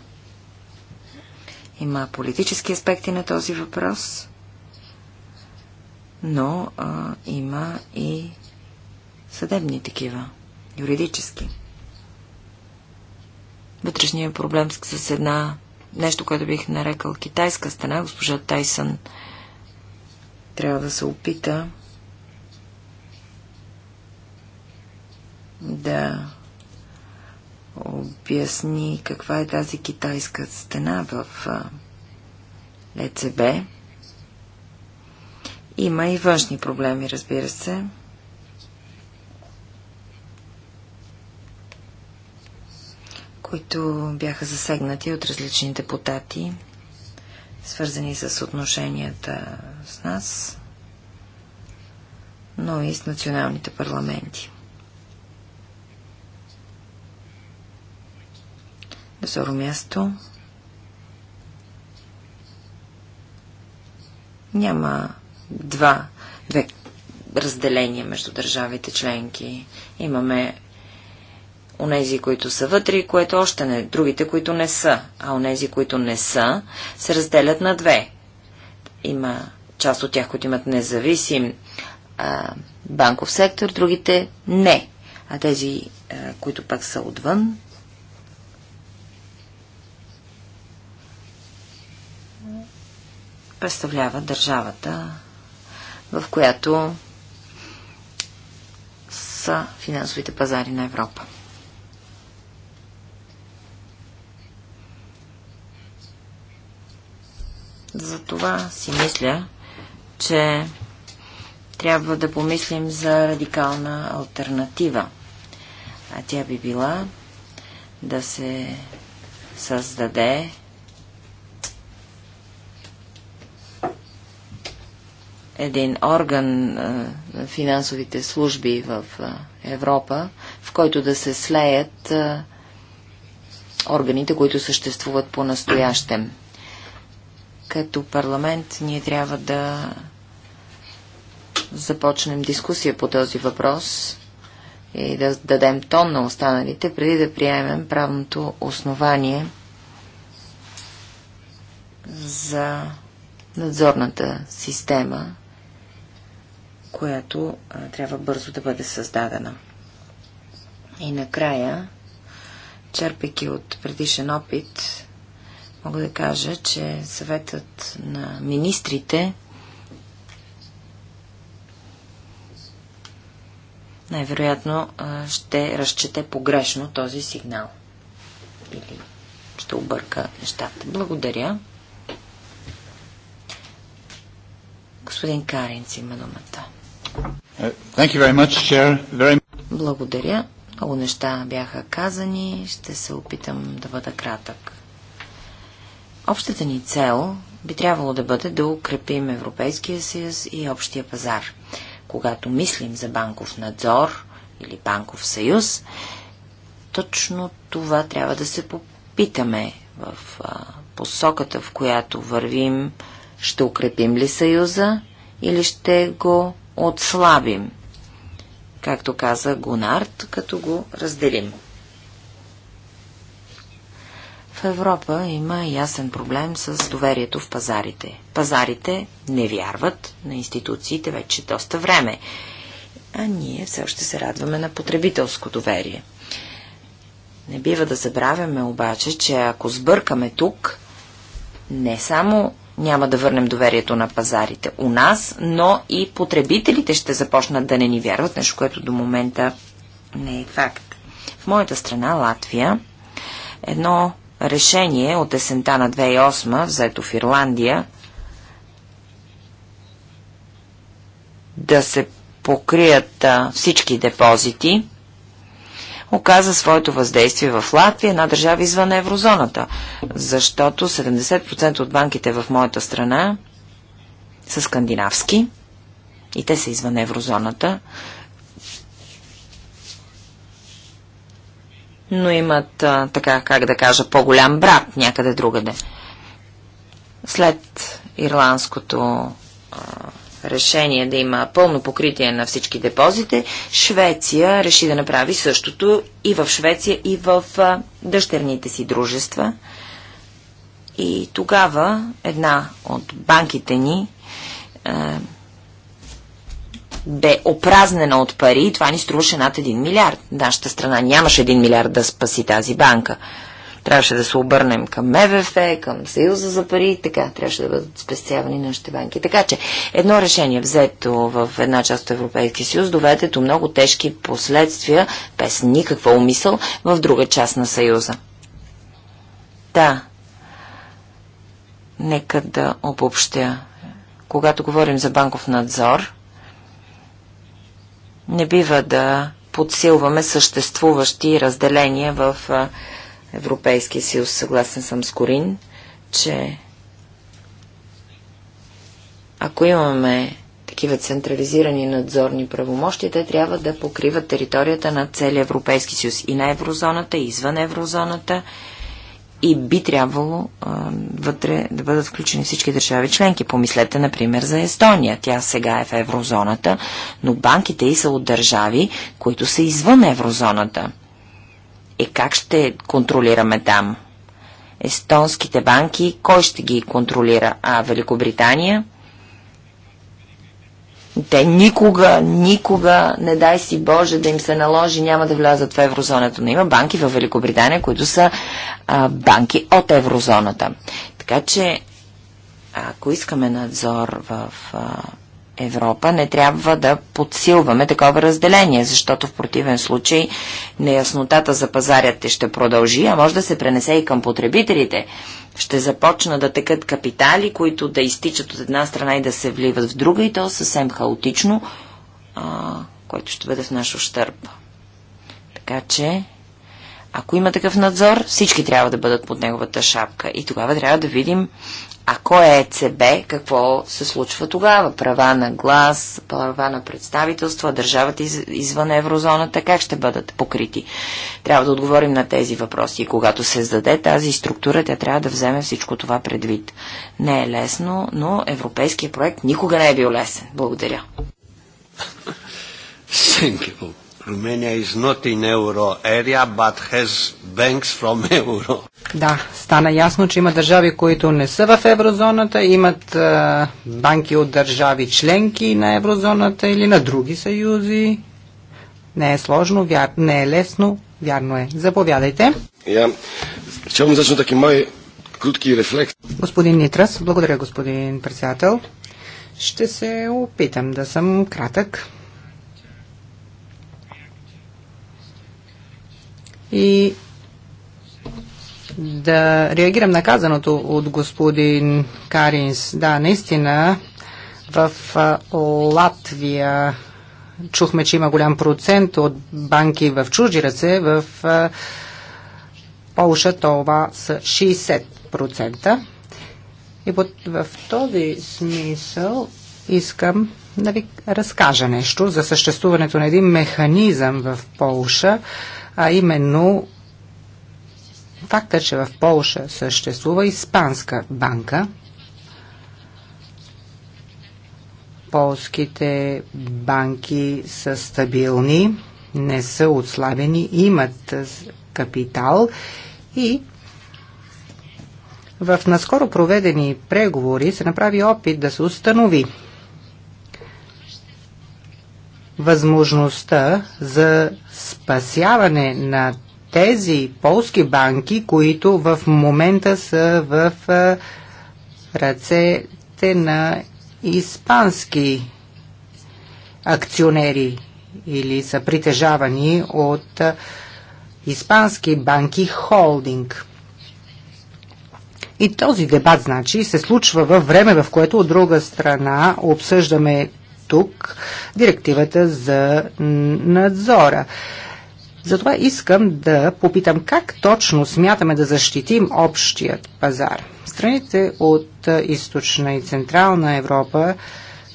Има политически аспекти на този въпрос, но а, има и съдебни такива, юридически вътрешния проблем с една нещо, което бих нарекал китайска стена, Госпожа Тайсън трябва да се опита да обясни каква е тази китайска стена в ЕЦБ. Има и външни проблеми, разбира се. които бяха засегнати от различни депутати, свързани с отношенията с нас, но и с националните парламенти. На второ място няма два, две разделения между държавите членки. Имаме онези, които са вътре и което още не, другите, които не са. А онези, които не са, се разделят на две. Има част от тях, които имат независим а, банков сектор, другите не. А тези, а, които пък са отвън, представлява държавата, в която са финансовите пазари на Европа. Затова си мисля, че трябва да помислим за радикална альтернатива. А тя би била да се създаде един орган на финансовите служби в Европа, в който да се слеят органите, които съществуват по-настоящем като парламент ние трябва да започнем дискусия по този въпрос и да дадем тон на останалите, преди да приемем правното основание за надзорната система, която а, трябва бързо да бъде създадена. И накрая, черпайки от предишен опит, мога да кажа, че съветът на министрите най-вероятно ще разчете погрешно този сигнал. Или ще обърка нещата. Благодаря. Господин Каринц има думата. Uh, much, very... Благодаря. Много неща бяха казани. Ще се опитам да бъда кратък. Общата ни цел би трябвало да бъде да укрепим Европейския съюз и общия пазар. Когато мислим за банков надзор или банков съюз, точно това трябва да се попитаме в посоката, в която вървим, ще укрепим ли съюза или ще го отслабим, както каза Гонард, като го разделим. В Европа има ясен проблем с доверието в пазарите. Пазарите не вярват на институциите вече доста време, а ние все още се радваме на потребителско доверие. Не бива да забравяме обаче, че ако сбъркаме тук, не само няма да върнем доверието на пазарите у нас, но и потребителите ще започнат да не ни вярват, нещо, което до момента не е факт. В моята страна, Латвия, едно решение от есента на 2008, взето в Ирландия, да се покрият а, всички депозити, оказа своето въздействие в Латвия, една държава извън еврозоната, защото 70% от банките в моята страна са скандинавски и те са извън еврозоната, но имат, а, така как да кажа, по-голям брат някъде другаде. След ирландското а, решение да има пълно покритие на всички депозите, Швеция реши да направи същото и в Швеция, и в а, дъщерните си дружества. И тогава една от банките ни бе опразнена от пари и това ни струваше над 1 милиард. Нашата страна нямаше 1 милиард да спаси тази банка. Трябваше да се обърнем към МВФ, към Съюза за пари и така. Трябваше да бъдат спестявани нашите банки. Така че едно решение, взето в една част от Европейския съюз, доведе до много тежки последствия, без никаква умисъл, в друга част на Съюза. Да. Нека да обобщя. Когато говорим за банков надзор, не бива да подсилваме съществуващи разделения в Европейския съюз. Съгласен съм с Корин, че ако имаме такива централизирани надзорни правомощи, те трябва да покриват територията на целия Европейски съюз и на еврозоната, и извън еврозоната, и би трябвало а, вътре да бъдат включени всички държави членки. Помислете, например, за Естония. Тя сега е в еврозоната, но банките и са от държави, които са извън еврозоната. Е как ще контролираме там? Естонските банки, кой ще ги контролира? А Великобритания? Те никога, никога, не дай си Боже, да им се наложи, няма да влязат в еврозоната. Но има банки в Великобритания, които са а, банки от еврозоната. Така че, ако искаме надзор в а, Европа, не трябва да подсилваме такова разделение, защото в противен случай неяснотата за пазарите ще продължи, а може да се пренесе и към потребителите. Ще започна да текат капитали, които да изтичат от една страна и да се вливат в друга и то съвсем хаотично, а, което ще бъде в наш ощърп. Така че, ако има такъв надзор, всички трябва да бъдат под неговата шапка и тогава трябва да видим а кой е ЕЦБ? Какво се случва тогава? Права на глас, права на представителство, държавата извън еврозоната, как ще бъдат покрити? Трябва да отговорим на тези въпроси. И когато се зададе тази структура, тя трябва да вземе всичко това предвид. Не е лесно, но европейския проект никога не е бил лесен. Благодаря. Thank you. Romania is not in euro area, but has banks from euro. Да, стана ясно, че има държави, които не са в еврозоната, имат е, банки от държави членки на еврозоната или на други съюзи. Не е сложно, вяр... не е лесно, вярно е. Заповядайте. Я chciałbym zacząć таки мои крутки рефлекс. Господин Нитрас, благодаря господин председател. Ще се опитам да съм кратък. и да реагирам на казаното от господин Каринс. Да, наистина в Латвия чухме, че има голям процент от банки в чужди ръце, в Полша това са 60%. И в този смисъл искам да ви разкажа нещо за съществуването на един механизъм в Полша, а именно факта, че в Полша съществува Испанска банка, полските банки са стабилни, не са отслабени, имат капитал и в наскоро проведени преговори се направи опит да се установи възможността за спасяване на тези полски банки, които в момента са в ръцете на испански акционери или са притежавани от испански банки холдинг. И този дебат, значи, се случва във време, в което от друга страна обсъждаме тук директивата за надзора. Затова искам да попитам как точно смятаме да защитим общият пазар. Страните от източна и централна Европа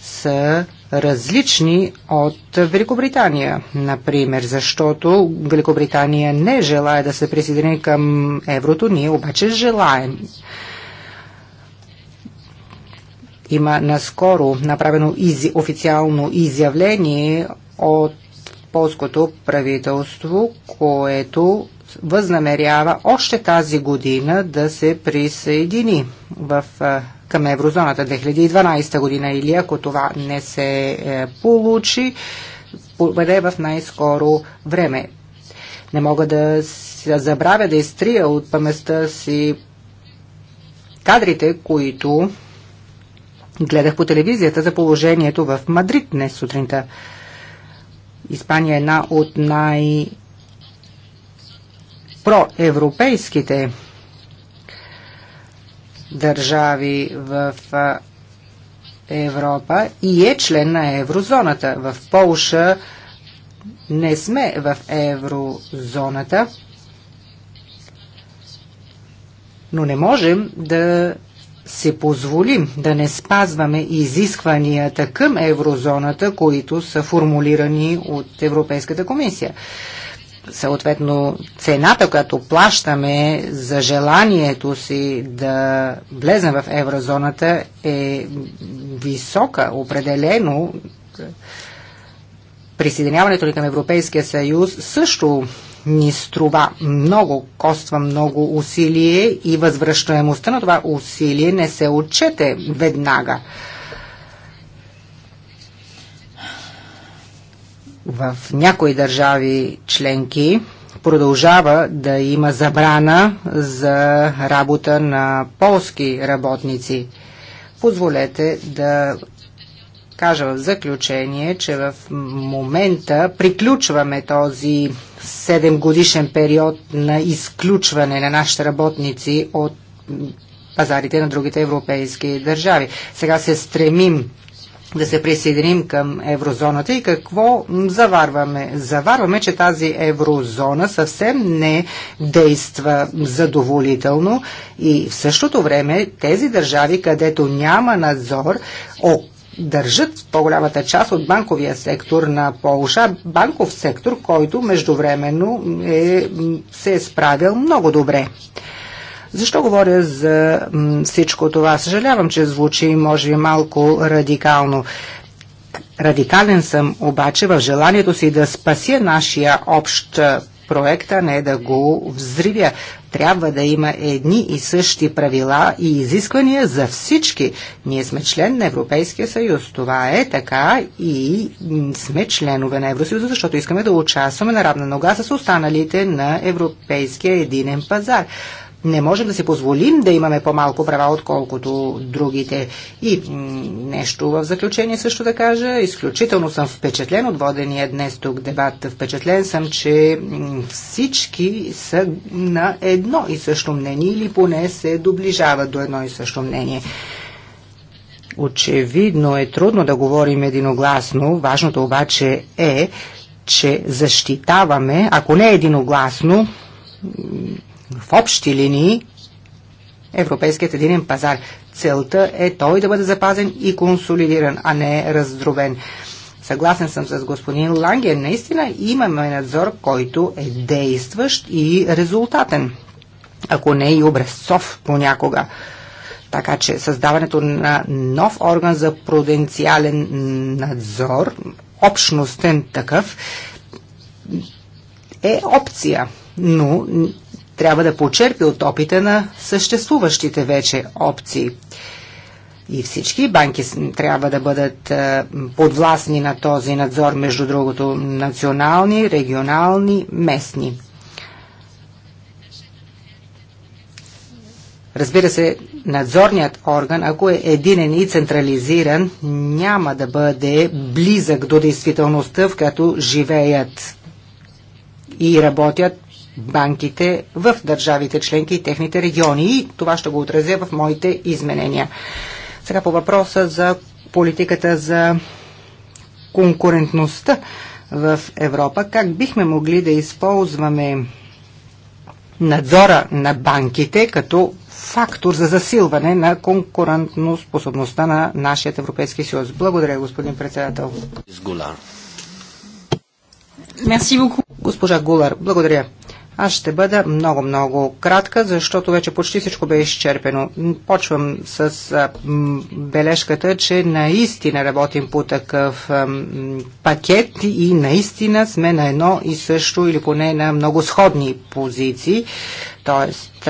са различни от Великобритания, например, защото Великобритания не желая да се присъедини към еврото, ние обаче желаем. Има наскоро направено изи, официално изявление от полското правителство, което възнамерява още тази година да се присъедини в, към еврозоната 2012 година или ако това не се е, получи, бъде в най-скоро време. Не мога да забравя да изтрия от паместа си кадрите, които Гледах по телевизията за положението в Мадрид днес сутринта. Испания е една от най- проевропейските държави в Европа и е член на еврозоната. В Полша не сме в еврозоната, но не можем да си позволим да не спазваме изискванията към еврозоната, които са формулирани от Европейската комисия. Съответно, цената, която плащаме за желанието си да влезем в еврозоната е висока, определено присъединяването ни към Европейския съюз също ни струва много, коства много усилие и възвръщаемостта на това усилие не се отчете веднага. В някои държави членки продължава да има забрана за работа на полски работници. Позволете да кажа в заключение, че в момента приключваме този 7 годишен период на изключване на нашите работници от пазарите на другите европейски държави. Сега се стремим да се присъединим към еврозоната и какво заварваме? Заварваме, че тази еврозона съвсем не действа задоволително и в същото време тези държави, където няма надзор, държат по-голямата част от банковия сектор на Полша, банков сектор, който междувременно е, се е справил много добре. Защо говоря за всичко това? Съжалявам, че звучи може би малко радикално. Радикален съм обаче в желанието си да спася нашия общ проект, а не да го взривя трябва да има едни и същи правила и изисквания за всички. Ние сме член на Европейския съюз. Това е така и сме членове на Евросъюза, защото искаме да участваме на равна нога с останалите на Европейския единен пазар не можем да си позволим да имаме по-малко права, отколкото другите. И нещо в заключение също да кажа. Изключително съм впечатлен от водения днес тук дебат. Впечатлен съм, че всички са на едно и също мнение или поне се доближават до едно и също мнение. Очевидно е трудно да говорим единогласно. Важното обаче е, че защитаваме, ако не единогласно, в общи линии Европейският единен пазар. Целта е той да бъде запазен и консолидиран, а не раздробен. Съгласен съм с господин Ланген. Наистина имаме надзор, който е действащ и резултатен, ако не и образцов понякога. Така че създаването на нов орган за пруденциален надзор, общностен такъв, е опция, но трябва да почерпи от опита на съществуващите вече опции. И всички банки трябва да бъдат е, подвластни на този надзор, между другото, национални, регионални, местни. Разбира се, надзорният орган, ако е единен и централизиран, няма да бъде близък до действителността, в която живеят и работят банките в държавите членки и техните региони. И това ще го отразя в моите изменения. Сега по въпроса за политиката за конкурентността в Европа, как бихме могли да използваме надзора на банките като фактор за засилване на конкурентно способността на нашия Европейски съюз. Благодаря, господин председател. Госпожа Гулар, благодаря. Аз ще бъда много-много кратка, защото вече почти всичко бе изчерпено. Почвам с бележката, че наистина работим по такъв пакет и наистина сме на едно и също или поне на много сходни позиции. Тоест,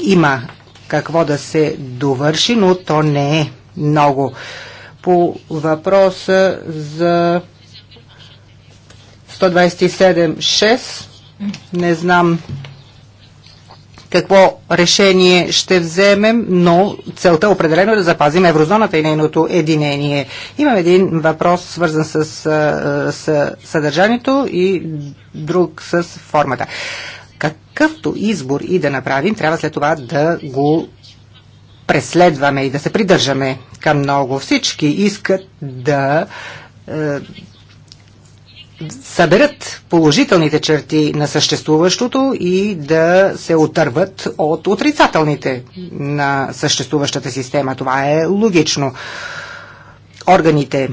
има какво да се довърши, но то не е много. По въпроса за 127.6 не знам какво решение ще вземем, но целта е определено е да запазим еврозоната и нейното единение. Имам един въпрос, свързан с, с съдържанието и друг с формата. Какъвто избор и да направим, трябва след това да го преследваме и да се придържаме към много. Всички искат да е, съберат положителните черти на съществуващото и да се отърват от отрицателните на съществуващата система. Това е логично. Органите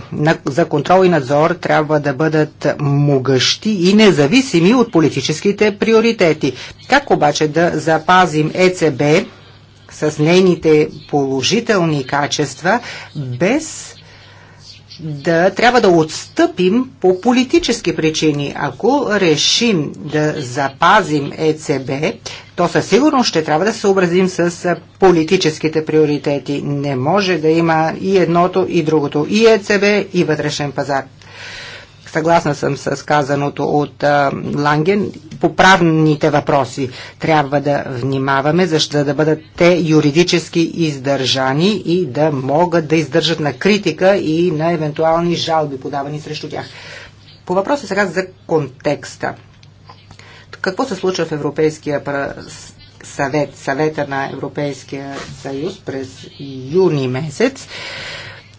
за контрол и надзор трябва да бъдат могъщи и независими от политическите приоритети. Как обаче да запазим ЕЦБ с нейните положителни качества без да трябва да отстъпим по политически причини. Ако решим да запазим ЕЦБ, то със сигурност ще трябва да се съобразим с политическите приоритети. Не може да има и едното, и другото. И ЕЦБ, и вътрешен пазар съгласна съм с казаното от а, Ланген. По правните въпроси трябва да внимаваме, защото да бъдат те юридически издържани и да могат да издържат на критика и на евентуални жалби, подавани срещу тях. По въпроса сега за контекста. Какво се случва в Европейския съвет, съвета на Европейския съюз през юни месец?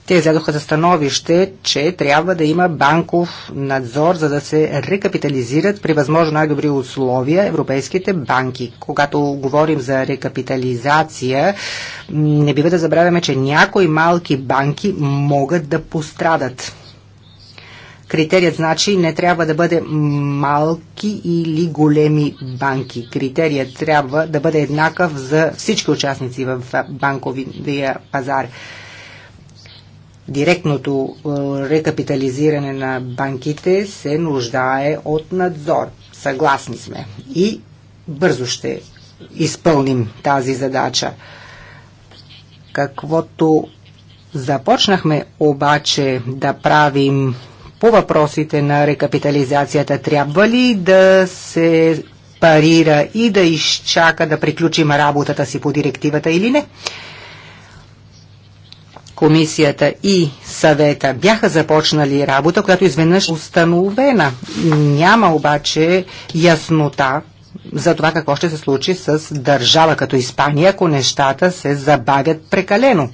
Те излядоха за становище, че трябва да има банков надзор, за да се рекапитализират при възможно най-добри условия европейските банки. Когато говорим за рекапитализация, не бива да забравяме, че някои малки банки могат да пострадат. Критерият значи не трябва да бъде малки или големи банки. Критерият трябва да бъде еднакъв за всички участници в банковия пазар директното е, рекапитализиране на банките се нуждае от надзор. Съгласни сме. И бързо ще изпълним тази задача. Каквото започнахме обаче да правим по въпросите на рекапитализацията, трябва ли да се парира и да изчака да приключим работата си по директивата или не? комисията и съвета бяха започнали работа, която изведнъж установена. Няма обаче яснота за това какво ще се случи с държава като Испания, ако нещата се забавят прекалено.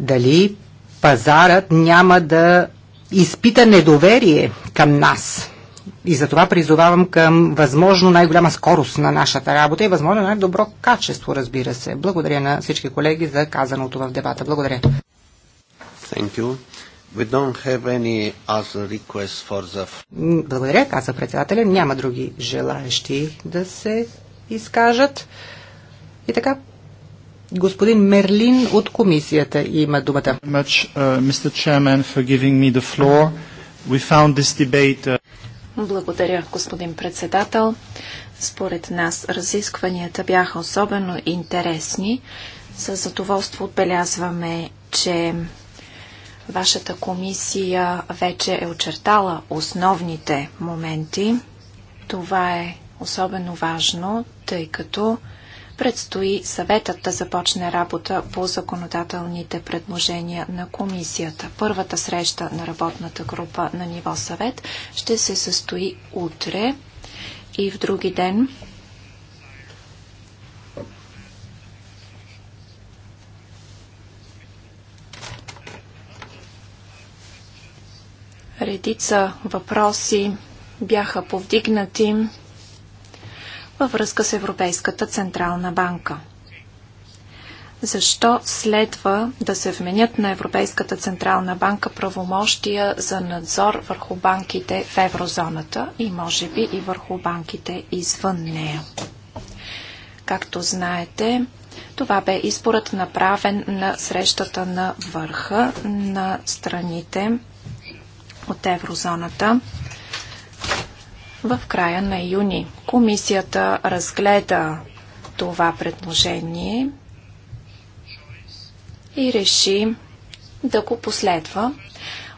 Дали пазарът няма да изпита недоверие към нас? И за това призовавам към възможно най-голяма скорост на нашата работа и възможно най-добро качество, разбира се. Благодаря на всички колеги за казаното в дебата. Благодаря. Thank you. We don't have any other request for the... Благодаря, каза председателя. Няма други желаещи да се изкажат. И така, господин Мерлин от комисията има думата. Much, uh, Mr. Chairman, for giving me the floor. We found this debate... Uh... Благодаря, господин председател. Според нас разискванията бяха особено интересни. С задоволство отбелязваме, че вашата комисия вече е очертала основните моменти. Това е особено важно, тъй като Предстои съветът да започне работа по законодателните предложения на комисията. Първата среща на работната група на ниво съвет ще се състои утре и в други ден. Редица въпроси бяха повдигнати във връзка с Европейската Централна банка. Защо следва да се вменят на Европейската Централна банка правомощия за надзор върху банките в еврозоната и може би и върху банките извън нея? Както знаете, това бе изборът направен на срещата на върха на страните от еврозоната – в края на юни комисията разгледа това предложение и реши да го последва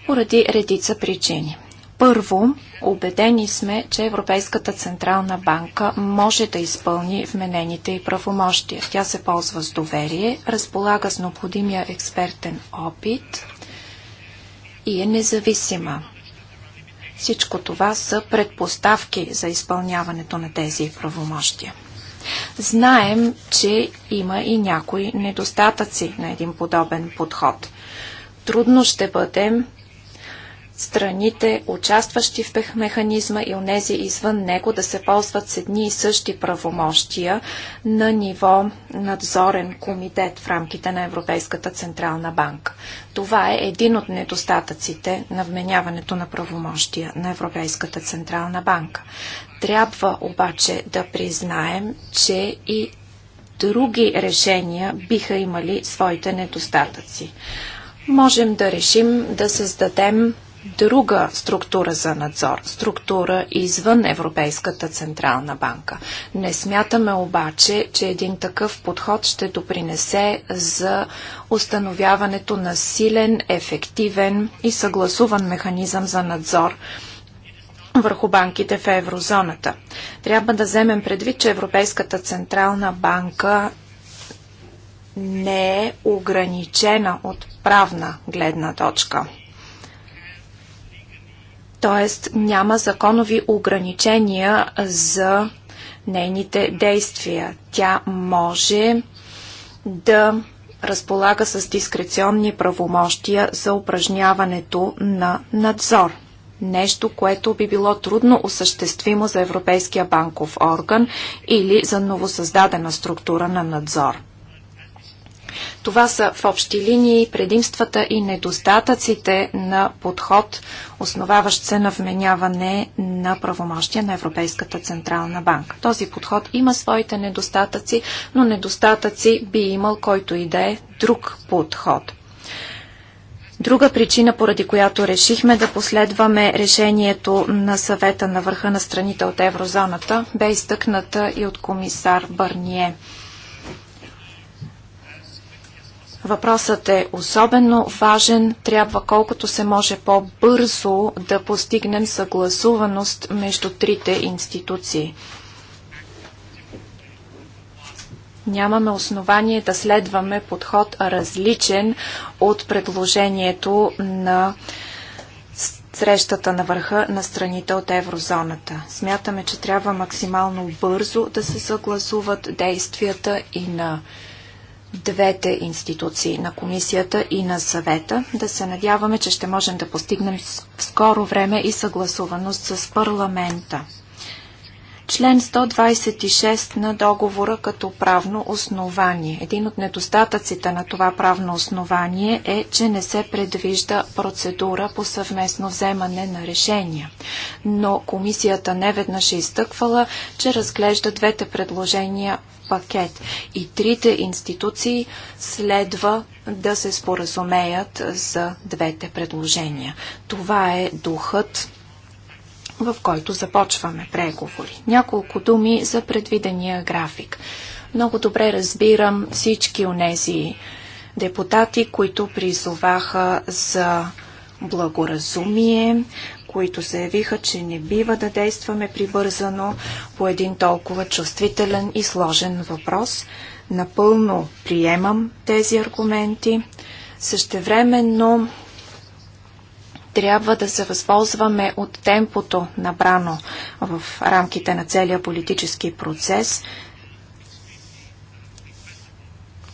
поради редица причини. Първо, убедени сме, че Европейската Централна банка може да изпълни вменените и правомощия. Тя се ползва с доверие, разполага с необходимия експертен опит и е независима. Всичко това са предпоставки за изпълняването на тези правомощия. Знаем, че има и някои недостатъци на един подобен подход. Трудно ще бъдем страните, участващи в механизма и онези извън него да се ползват с едни и същи правомощия на ниво надзорен комитет в рамките на Европейската Централна банка. Това е един от недостатъците на вменяването на правомощия на Европейската Централна банка. Трябва обаче да признаем, че и други решения биха имали своите недостатъци можем да решим да създадем друга структура за надзор, структура извън Европейската централна банка. Не смятаме обаче, че един такъв подход ще допринесе за установяването на силен, ефективен и съгласуван механизъм за надзор върху банките в еврозоната. Трябва да вземем предвид, че Европейската централна банка не е ограничена от правна гледна точка. Тоест няма законови ограничения за нейните действия. Тя може да разполага с дискреционни правомощия за упражняването на надзор. Нещо, което би било трудно осъществимо за Европейския банков орган или за новосъздадена структура на надзор. Това са в общи линии предимствата и недостатъците на подход, основаващ се на вменяване на правомощия на Европейската Централна банка. Този подход има своите недостатъци, но недостатъци би имал който и да е друг подход. Друга причина, поради която решихме да последваме решението на съвета на върха на страните от еврозоната, бе изтъкната и от комисар Бърние – Въпросът е особено важен. Трябва колкото се може по-бързо да постигнем съгласуваност между трите институции. Нямаме основание да следваме подход различен от предложението на срещата на върха на страните от еврозоната. Смятаме, че трябва максимално бързо да се съгласуват действията и на двете институции на комисията и на съвета. Да се надяваме, че ще можем да постигнем в скоро време и съгласуваност с парламента. Член 126 на договора като правно основание. Един от недостатъците на това правно основание е, че не се предвижда процедура по съвместно вземане на решения. Но комисията неведнъж е изтъквала, че разглежда двете предложения в пакет и трите институции следва да се споразумеят за двете предложения. Това е духът в който започваме преговори. Няколко думи за предвидения график. Много добре разбирам всички онези депутати, които призоваха за благоразумие, които заявиха, че не бива да действаме прибързано по един толкова чувствителен и сложен въпрос. Напълно приемам тези аргументи. Същевременно трябва да се възползваме от темпото набрано в рамките на целия политически процес.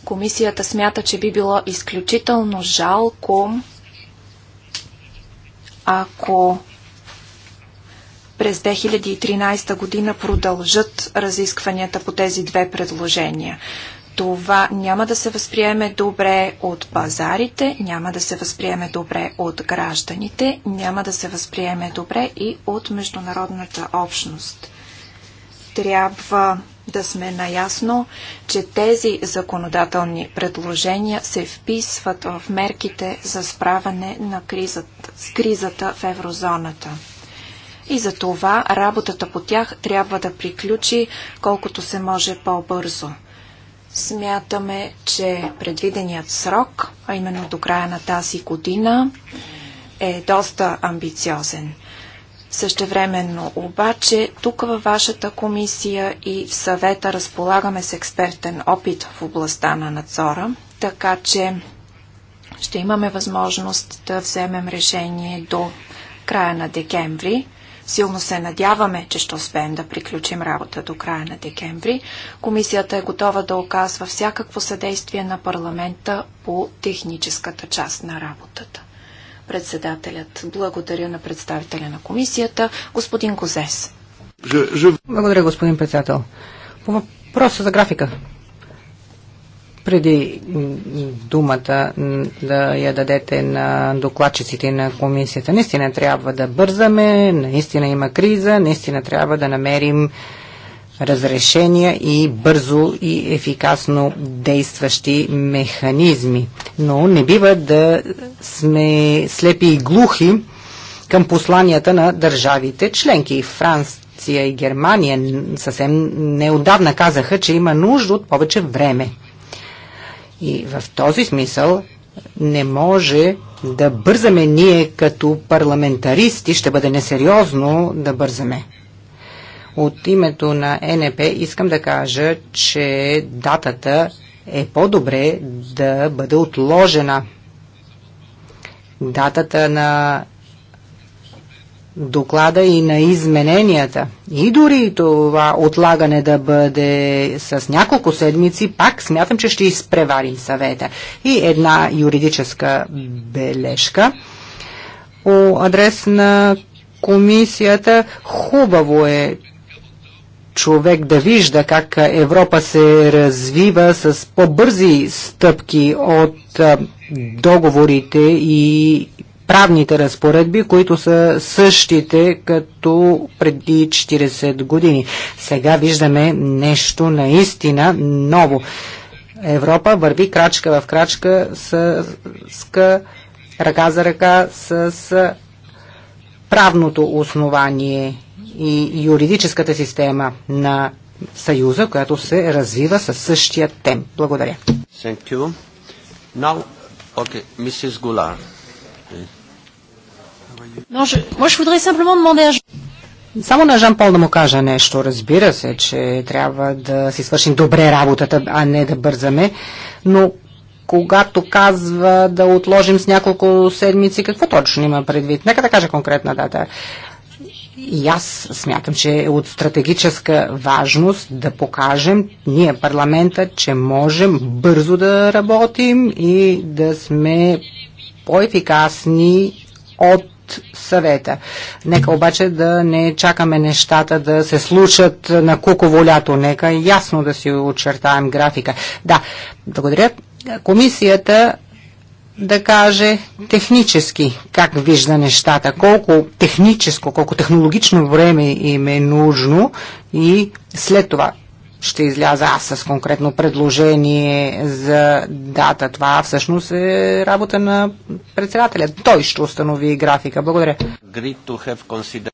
Комисията смята, че би било изключително жалко, ако през 2013 година продължат разискванията по тези две предложения това няма да се възприеме добре от пазарите, няма да се възприеме добре от гражданите, няма да се възприеме добре и от международната общност. Трябва да сме наясно, че тези законодателни предложения се вписват в мерките за справяне на кризата, с кризата в еврозоната и за това работата по тях трябва да приключи колкото се може по-бързо. Смятаме, че предвиденият срок, а именно до края на тази година, е доста амбициозен. Същевременно обаче тук във вашата комисия и в съвета разполагаме с експертен опит в областта на надзора, така че ще имаме възможност да вземем решение до края на декември. Силно се надяваме, че ще успеем да приключим работа до края на декември. Комисията е готова да оказва всякакво съдействие на парламента по техническата част на работата. Председателят благодаря на представителя на комисията, господин Козес. Благодаря, господин председател. По въпроса за графика преди думата да я дадете на докладчиците на комисията. Наистина трябва да бързаме, наистина има криза, наистина трябва да намерим разрешения и бързо и ефикасно действащи механизми. Но не бива да сме слепи и глухи към посланията на държавите членки. Франция и Германия съвсем неодавна казаха, че има нужда от повече време. И в този смисъл не може да бързаме ние като парламентаристи, ще бъде несериозно да бързаме. От името на НП искам да кажа, че датата е по-добре да бъде отложена. Датата на доклада и на измененията. И дори това отлагане да бъде с няколко седмици, пак смятам, че ще изпреварим съвета. И една юридическа бележка по адрес на комисията. Хубаво е човек да вижда как Европа се развива с по-бързи стъпки от договорите и правните разпоредби, които са същите като преди 40 години. Сега виждаме нещо наистина ново. Европа върви крачка в крачка с, с ръка за ръка с, с правното основание и юридическата система на Съюза, която се развива със същия темп. Благодаря. Thank you. Now, okay, Mrs. Goulart. Но, je, moi, je voudrais simplement demander à... Само на Жан Пол да му кажа нещо. Разбира се, че трябва да си свършим добре работата, а не да бързаме. Но когато казва да отложим с няколко седмици, какво точно има предвид? Нека да кажа конкретна дата. И аз смятам, че е от стратегическа важност да покажем ние парламента, че можем бързо да работим и да сме по-ефикасни от съвета. Нека обаче да не чакаме нещата да се случат на куково лято. Нека ясно да си очертаем графика. Да, благодаря. Комисията да каже технически как вижда нещата, колко техническо, колко технологично време им е нужно и след това ще изляза аз с конкретно предложение за дата. Това всъщност е работа на председателя. Той ще установи графика. Благодаря.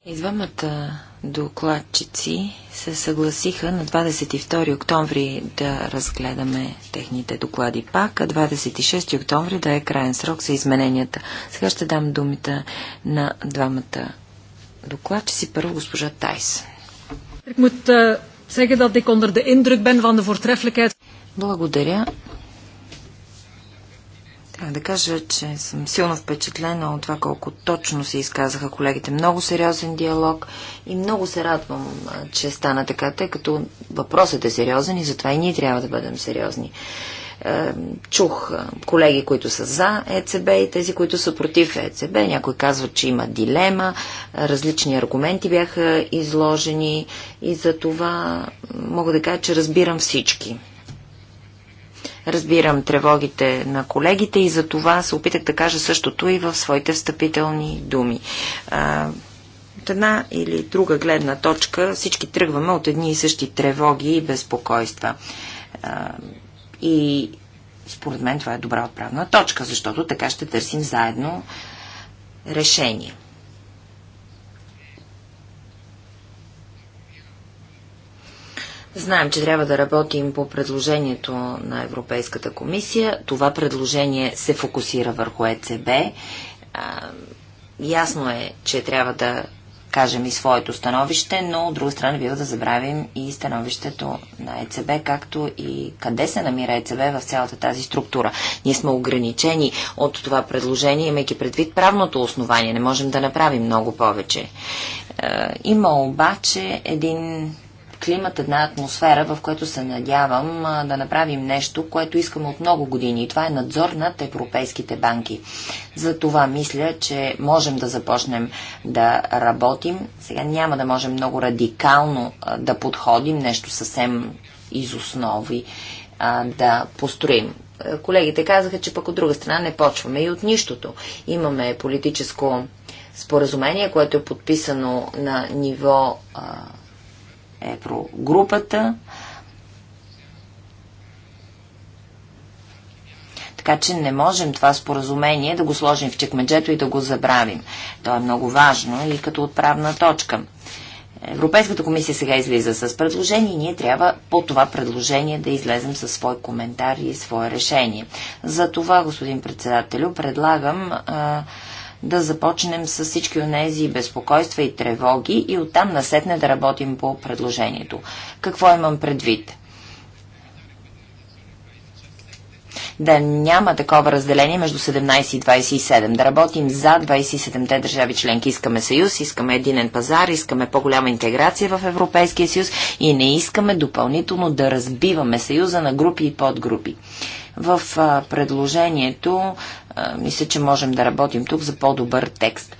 Извамата докладчици се съгласиха на 22 октомври да разгледаме техните доклади пак, а 26 октомври да е крайен срок за измененията. Сега ще дам думите на двамата докладчици. Първо госпожа Тайс zeggen dat ik onder de indruk ben van de voortreffelijkheid. Благодаря. Трябва да кажа, че съм силно впечатлена от това колко точно се изказаха колегите. Много сериозен диалог и много се радвам, че стана така, тъй като въпросът е сериозен и затова и ние трябва да бъдем сериозни. Е, чух е, колеги, които са за ЕЦБ и тези, които са против ЕЦБ. Някои казват, че има дилема, различни аргументи бяха изложени и за това мога да кажа, че разбирам всички. Разбирам тревогите на колегите и за това се опитах да кажа същото и в своите встъпителни думи. Е, от една или друга гледна точка всички тръгваме от едни и същи тревоги и безпокойства и според мен това е добра отправна точка, защото така ще търсим заедно решение. Знаем, че трябва да работим по предложението на Европейската комисия. Това предложение се фокусира върху ЕЦБ. А, ясно е, че трябва да кажем и своето становище, но от друга страна бива да забравим и становището на ЕЦБ, както и къде се намира ЕЦБ в цялата тази структура. Ние сме ограничени от това предложение, имайки предвид правното основание. Не можем да направим много повече. Е, има обаче един климат, една атмосфера, в която се надявам да направим нещо, което искам от много години. И това е надзор над европейските банки. За това мисля, че можем да започнем да работим. Сега няма да можем много радикално да подходим, нещо съвсем из основи да построим колегите казаха, че пък от друга страна не почваме и от нищото. Имаме политическо споразумение, което е подписано на ниво а, еврогрупата. Така че не можем това споразумение да го сложим в чекмеджето и да го забравим. То е много важно и като отправна точка. Европейската комисия сега излиза с предложение и ние трябва по това предложение да излезем със свой коментар и свое решение. За това, господин председателю, предлагам а, да започнем с всички онези безпокойства и тревоги и оттам насетне да работим по предложението. Какво имам предвид? да няма такова разделение между 17 и 27, да работим за 27-те държави членки. Искаме съюз, искаме единен пазар, искаме по-голяма интеграция в Европейския съюз и не искаме допълнително да разбиваме съюза на групи и подгрупи. В а, предложението мисля, че можем да работим тук за по-добър текст.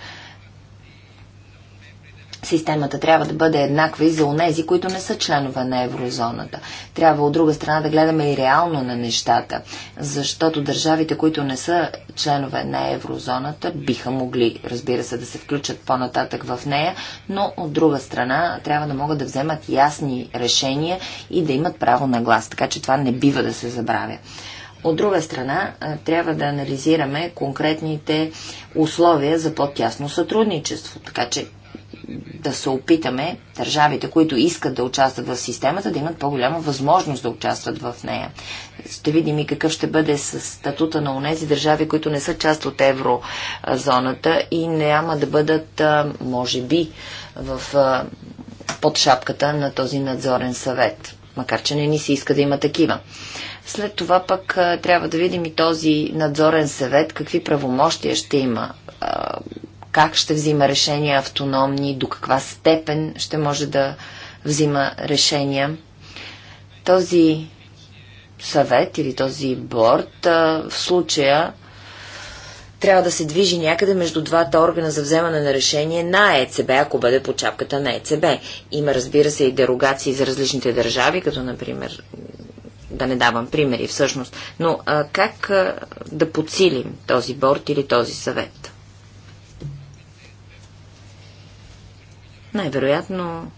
Системата трябва да бъде еднаква и за онези, които не са членове на еврозоната. Трябва от друга страна да гледаме и реално на нещата, защото държавите, които не са членове на еврозоната, биха могли, разбира се, да се включат по-нататък в нея, но от друга страна трябва да могат да вземат ясни решения и да имат право на глас, така че това не бива да се забравя. От друга страна, трябва да анализираме конкретните условия за по-тясно сътрудничество, така че да се опитаме държавите, които искат да участват в системата, да имат по-голяма възможност да участват в нея. Ще видим и какъв ще бъде с статута на унези държави, които не са част от еврозоната и няма да бъдат, може би, в, под шапката на този надзорен съвет. Макар, че не ни се иска да има такива. След това пък трябва да видим и този надзорен съвет, какви правомощия ще има, как ще взима решения автономни, до каква степен ще може да взима решения. Този съвет или този борт в случая трябва да се движи някъде между двата органа за вземане на решение на ЕЦБ, ако бъде по чапката на ЕЦБ. Има, разбира се, и дерогации за различните държави, като, например, да не давам примери всъщност, но а, как а, да подсилим този борт или този съвет? Най-вероятно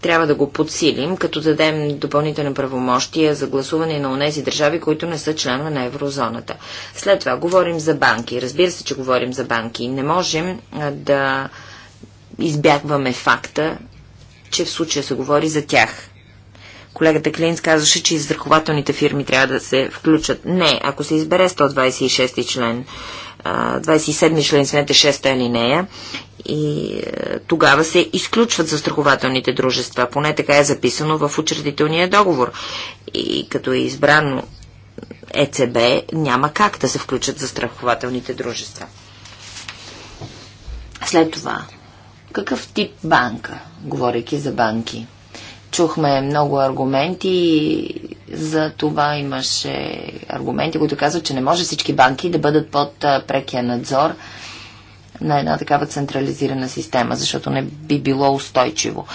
трябва да го подсилим, като дадем допълнителни правомощия за гласуване на онези държави, които не са членове на еврозоната. След това говорим за банки. Разбира се, че говорим за банки. Не можем а, да избягваме факта, че в случая се говори за тях. Колегата Клинц казваше, че изстрахователните фирми трябва да се включат. Не, ако се избере 126 член, 27 член, смете 6 нея. и е, тогава се изключват застрахователните дружества. Поне така е записано в учредителния договор. И като е избрано ЕЦБ, няма как да се включат застрахователните дружества. След това, какъв тип банка, говоряки за банки? Чухме много аргументи за това имаше аргументи, които казват, че не може всички банки да бъдат под прекия надзор на една такава централизирана система, защото не би било устойчиво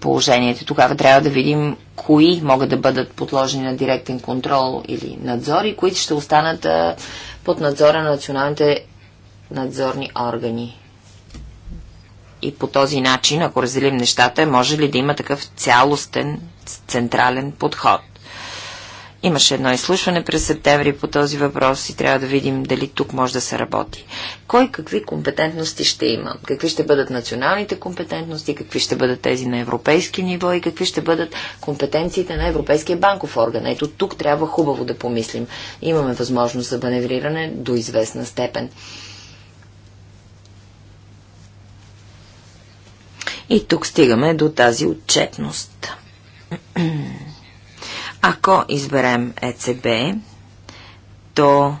положението. Тогава трябва да видим кои могат да бъдат подложени на директен контрол или надзор и кои ще останат под надзора на националните надзорни органи. И по този начин, ако разделим нещата, може ли да има такъв цялостен, централен подход? Имаше едно изслушване през септември по този въпрос и трябва да видим дали тук може да се работи. Кой какви компетентности ще има? Какви ще бъдат националните компетентности, какви ще бъдат тези на европейски ниво и какви ще бъдат компетенциите на Европейския банков орган? Ето тук трябва хубаво да помислим. Имаме възможност за маневриране до известна степен. И тук стигаме до тази отчетност. Ако изберем ЕЦБ, то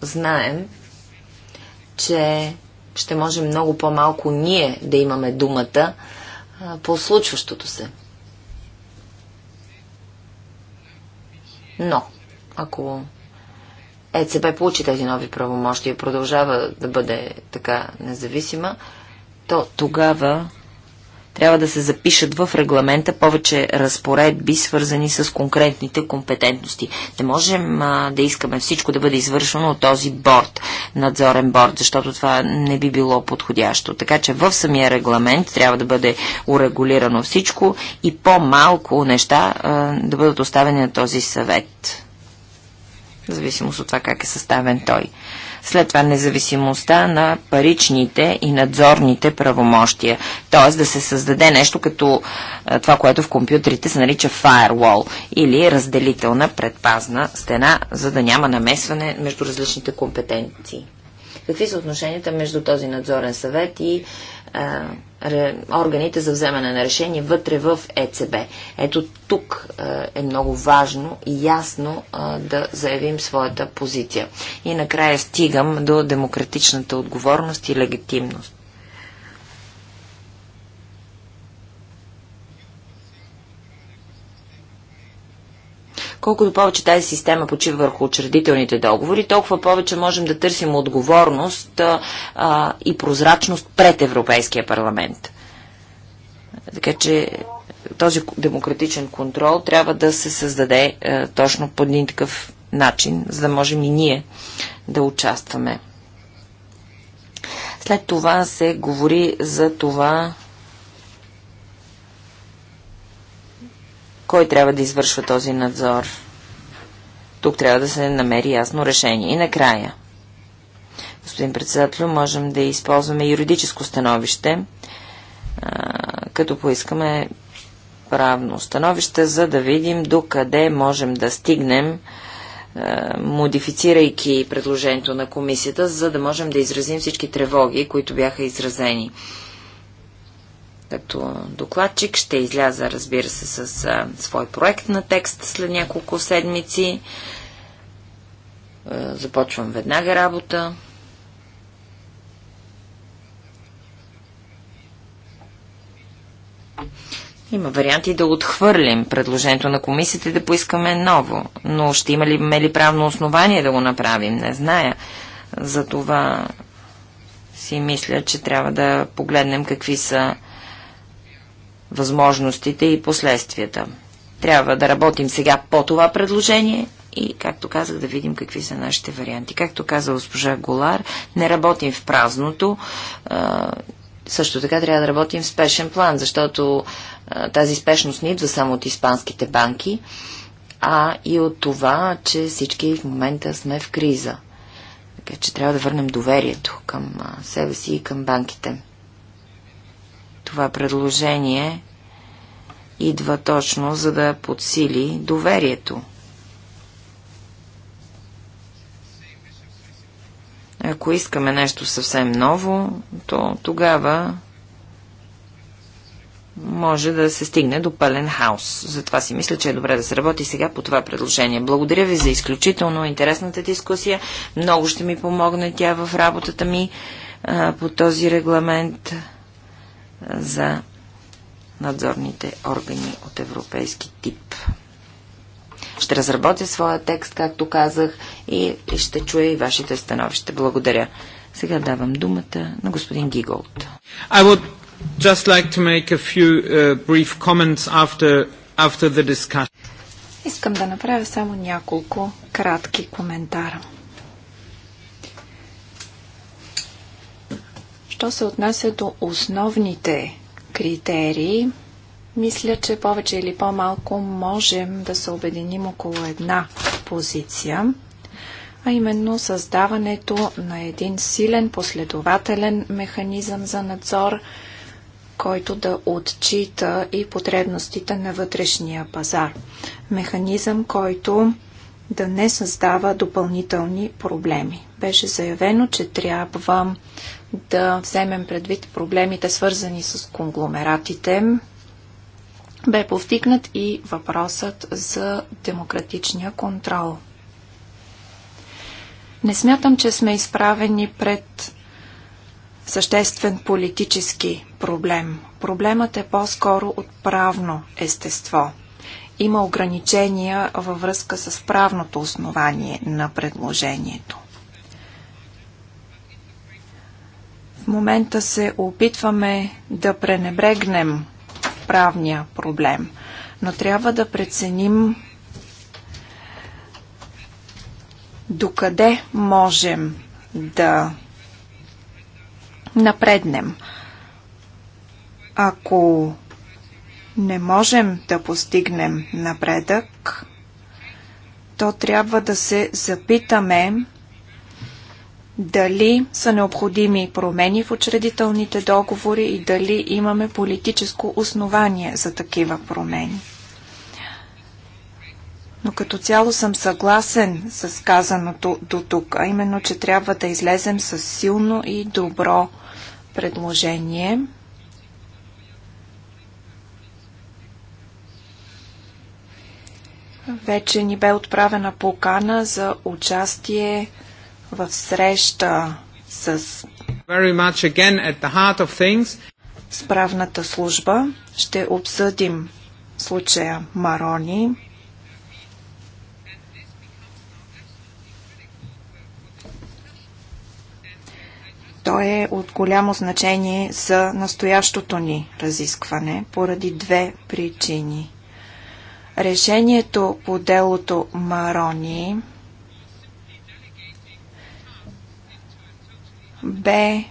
знаем, че ще може много по-малко ние да имаме думата по случващото се. Но, ако ЕЦБ получи тези нови правомощи и продължава да бъде така независима, то тогава трябва да се запишат в регламента повече разпоредби, свързани с конкретните компетентности. Не можем а, да искаме всичко да бъде извършено от този борт, надзорен борт, защото това не би било подходящо. Така че в самия регламент трябва да бъде урегулирано всичко и по-малко неща а, да бъдат оставени на този съвет в зависимост от това как е съставен той. След това независимостта на паричните и надзорните правомощия. Тоест да се създаде нещо като това, което в компютрите се нарича firewall или разделителна предпазна стена, за да няма намесване между различните компетенции. Какви са отношенията между този надзорен съвет и органите за вземане на решение вътре в ЕЦБ. Ето тук е много важно и ясно да заявим своята позиция. И накрая стигам до демократичната отговорност и легитимност. Колкото повече тази система почива върху учредителните договори, толкова повече можем да търсим отговорност а, и прозрачност пред Европейския парламент. Така че този демократичен контрол трябва да се създаде а, точно по един такъв начин, за да можем и ние да участваме. След това се говори за това Кой трябва да извършва този надзор? Тук трябва да се намери ясно решение. И накрая, господин председател, можем да използваме юридическо становище, като поискаме правно становище, за да видим докъде можем да стигнем, модифицирайки предложението на комисията, за да можем да изразим всички тревоги, които бяха изразени като докладчик. Ще изляза, разбира се, с а, свой проект на текст след няколко седмици. А, започвам веднага работа. Има варианти да отхвърлим предложението на комисията и да поискаме ново, но ще има ли, има ли правно основание да го направим, не зная. Затова си мисля, че трябва да погледнем какви са възможностите и последствията. Трябва да работим сега по това предложение и, както казах, да видим какви са нашите варианти. Както каза госпожа Голар, не работим в празното. също така трябва да работим в спешен план, защото тази спешност не идва само от испанските банки, а и от това, че всички в момента сме в криза. Така че трябва да върнем доверието към себе си и към банките. Това предложение идва точно за да подсили доверието. Ако искаме нещо съвсем ново, то тогава може да се стигне до пълен хаос. Затова си мисля, че е добре да се работи сега по това предложение. Благодаря ви за изключително интересната дискусия. Много ще ми помогне тя в работата ми а, по този регламент за надзорните органи от европейски тип. Ще разработя своя текст, както казах, и ще чуя и вашите становища. Благодаря. Сега давам думата на господин Гиголт. I would just like to make a few uh, brief comments after, after the discussion. Искам да направя само няколко кратки коментара. Що се отнася до основните критерии, мисля, че повече или по-малко можем да се обединим около една позиция, а именно създаването на един силен последователен механизъм за надзор, който да отчита и потребностите на вътрешния пазар. Механизъм, който да не създава допълнителни проблеми. Беше заявено, че трябва да вземем предвид проблемите, свързани с конгломератите. Бе повдигнат и въпросът за демократичния контрол. Не смятам, че сме изправени пред съществен политически проблем. Проблемът е по-скоро от правно естество. Има ограничения във връзка с правното основание на предложението. момента се опитваме да пренебрегнем правния проблем, но трябва да преценим докъде можем да напреднем. Ако не можем да постигнем напредък, то трябва да се запитаме дали са необходими промени в учредителните договори и дали имаме политическо основание за такива промени. Но като цяло съм съгласен с казаното до тук, а именно, че трябва да излезем с силно и добро предложение. Вече ни бе отправена покана за участие в среща с справната служба. Ще обсъдим случая Марони. Той е от голямо значение за настоящото ни разискване поради две причини. Решението по делото Марони бе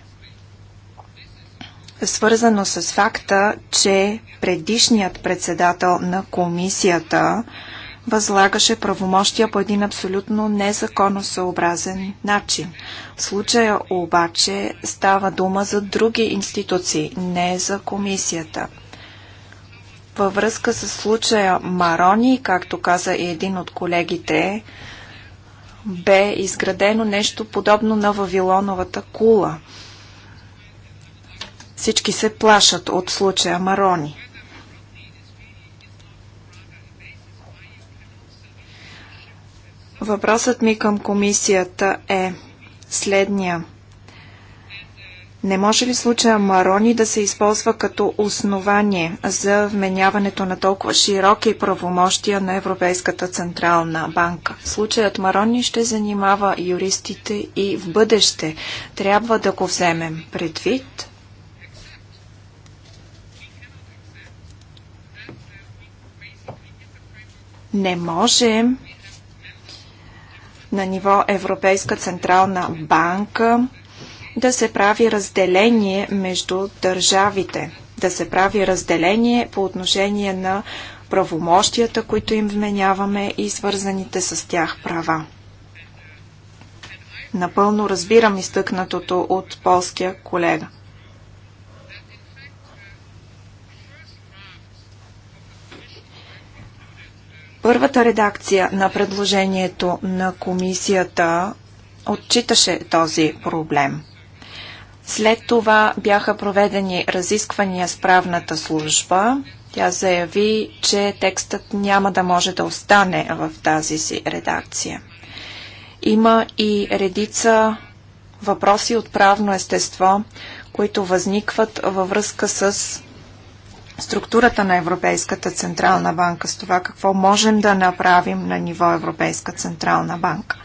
свързано с факта, че предишният председател на комисията възлагаше правомощия по един абсолютно незаконосъобразен начин. В случая обаче става дума за други институции, не за комисията. Във връзка с случая Марони, както каза и един от колегите, бе изградено нещо подобно на Вавилоновата кула. Всички се плашат от случая Марони. Въпросът ми към комисията е следния – не може ли случая Марони да се използва като основание за вменяването на толкова широки правомощия на Европейската Централна банка? Случаят Марони ще занимава юристите и в бъдеще. Трябва да го вземем предвид. Не можем на ниво Европейска Централна банка да се прави разделение между държавите, да се прави разделение по отношение на правомощията, които им вменяваме и свързаните с тях права. Напълно разбирам изтъкнатото от полския колега. Първата редакция на предложението на комисията отчиташе този проблем – след това бяха проведени разисквания с правната служба. Тя заяви, че текстът няма да може да остане в тази си редакция. Има и редица въпроси от правно естество, които възникват във връзка с структурата на Европейската Централна банка, с това какво можем да направим на ниво Европейска Централна банка.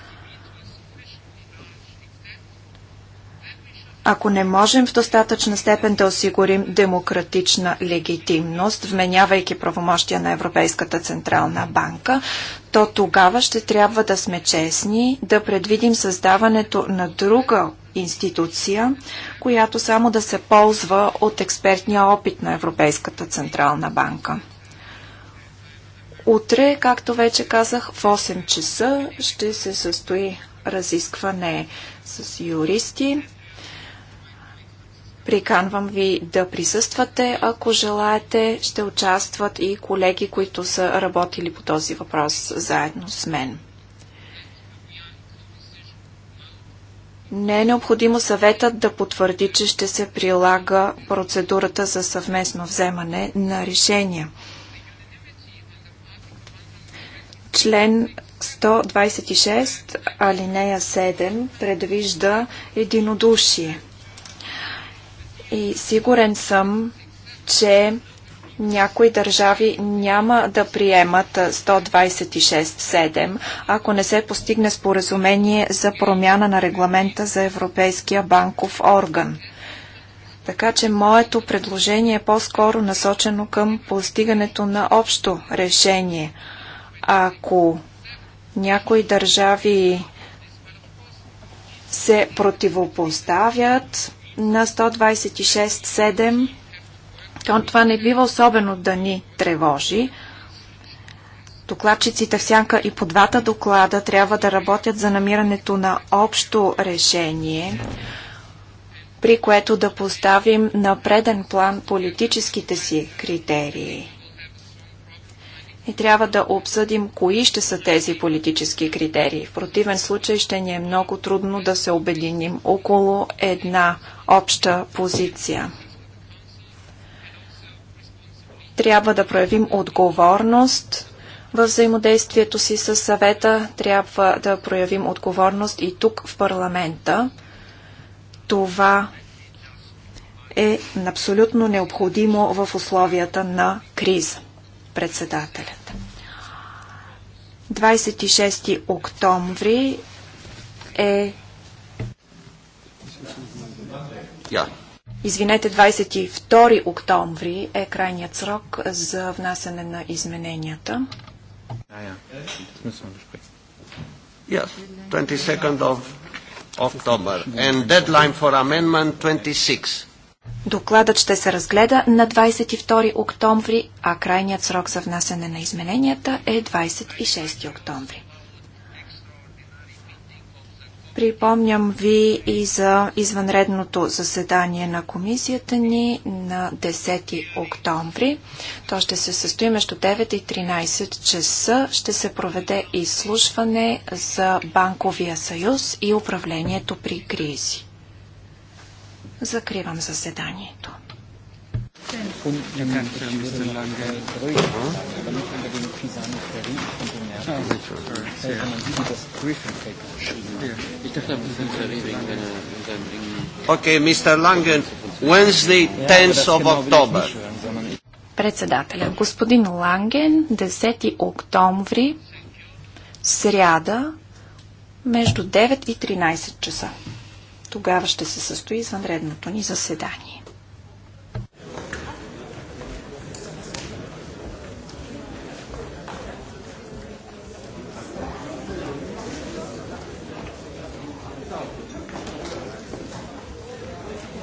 Ако не можем в достатъчна степен да осигурим демократична легитимност, вменявайки правомощия на Европейската Централна банка, то тогава ще трябва да сме честни, да предвидим създаването на друга институция, която само да се ползва от експертния опит на Европейската Централна банка. Утре, както вече казах, в 8 часа ще се състои разискване с юристи. Приканвам ви да присъствате, ако желаете. Ще участват и колеги, които са работили по този въпрос заедно с мен. Не е необходимо съветът да потвърди, че ще се прилага процедурата за съвместно вземане на решения. Член 126, алинея 7 предвижда единодушие – и сигурен съм, че някои държави няма да приемат 126.7, ако не се постигне споразумение за промяна на регламента за Европейския банков орган. Така че моето предложение е по-скоро насочено към постигането на общо решение. Ако някои държави се противопоставят, на 126.7. То това не бива особено да ни тревожи. Докладчиците в сянка и по двата доклада трябва да работят за намирането на общо решение, при което да поставим на преден план политическите си критерии и трябва да обсъдим кои ще са тези политически критерии. В противен случай ще ни е много трудно да се обединим около една обща позиция. Трябва да проявим отговорност във взаимодействието си с съвета, трябва да проявим отговорност и тук в парламента. Това е абсолютно необходимо в условията на криза. Председателят. 26 октомври е Извинете, 22 октомври е крайният срок за внасяне на измененията. Yes, 22 октомври. October. And deadline for amendment 26. Докладът ще се разгледа на 22 октомври, а крайният срок за внасяне на измененията е 26 октомври. Припомням ви и за извънредното заседание на комисията ни на 10 октомври. То ще се състои между 9 и 13 часа. Ще се проведе изслушване за Банковия съюз и управлението при кризи. Закривам заседанието. Okay, Mr. Langen, Wednesday, 10th of October. Председателя, господин Ланген, 10 октомври, сряда, между 9 и 13 часа. Тогава ще се състои извънредното ни заседание.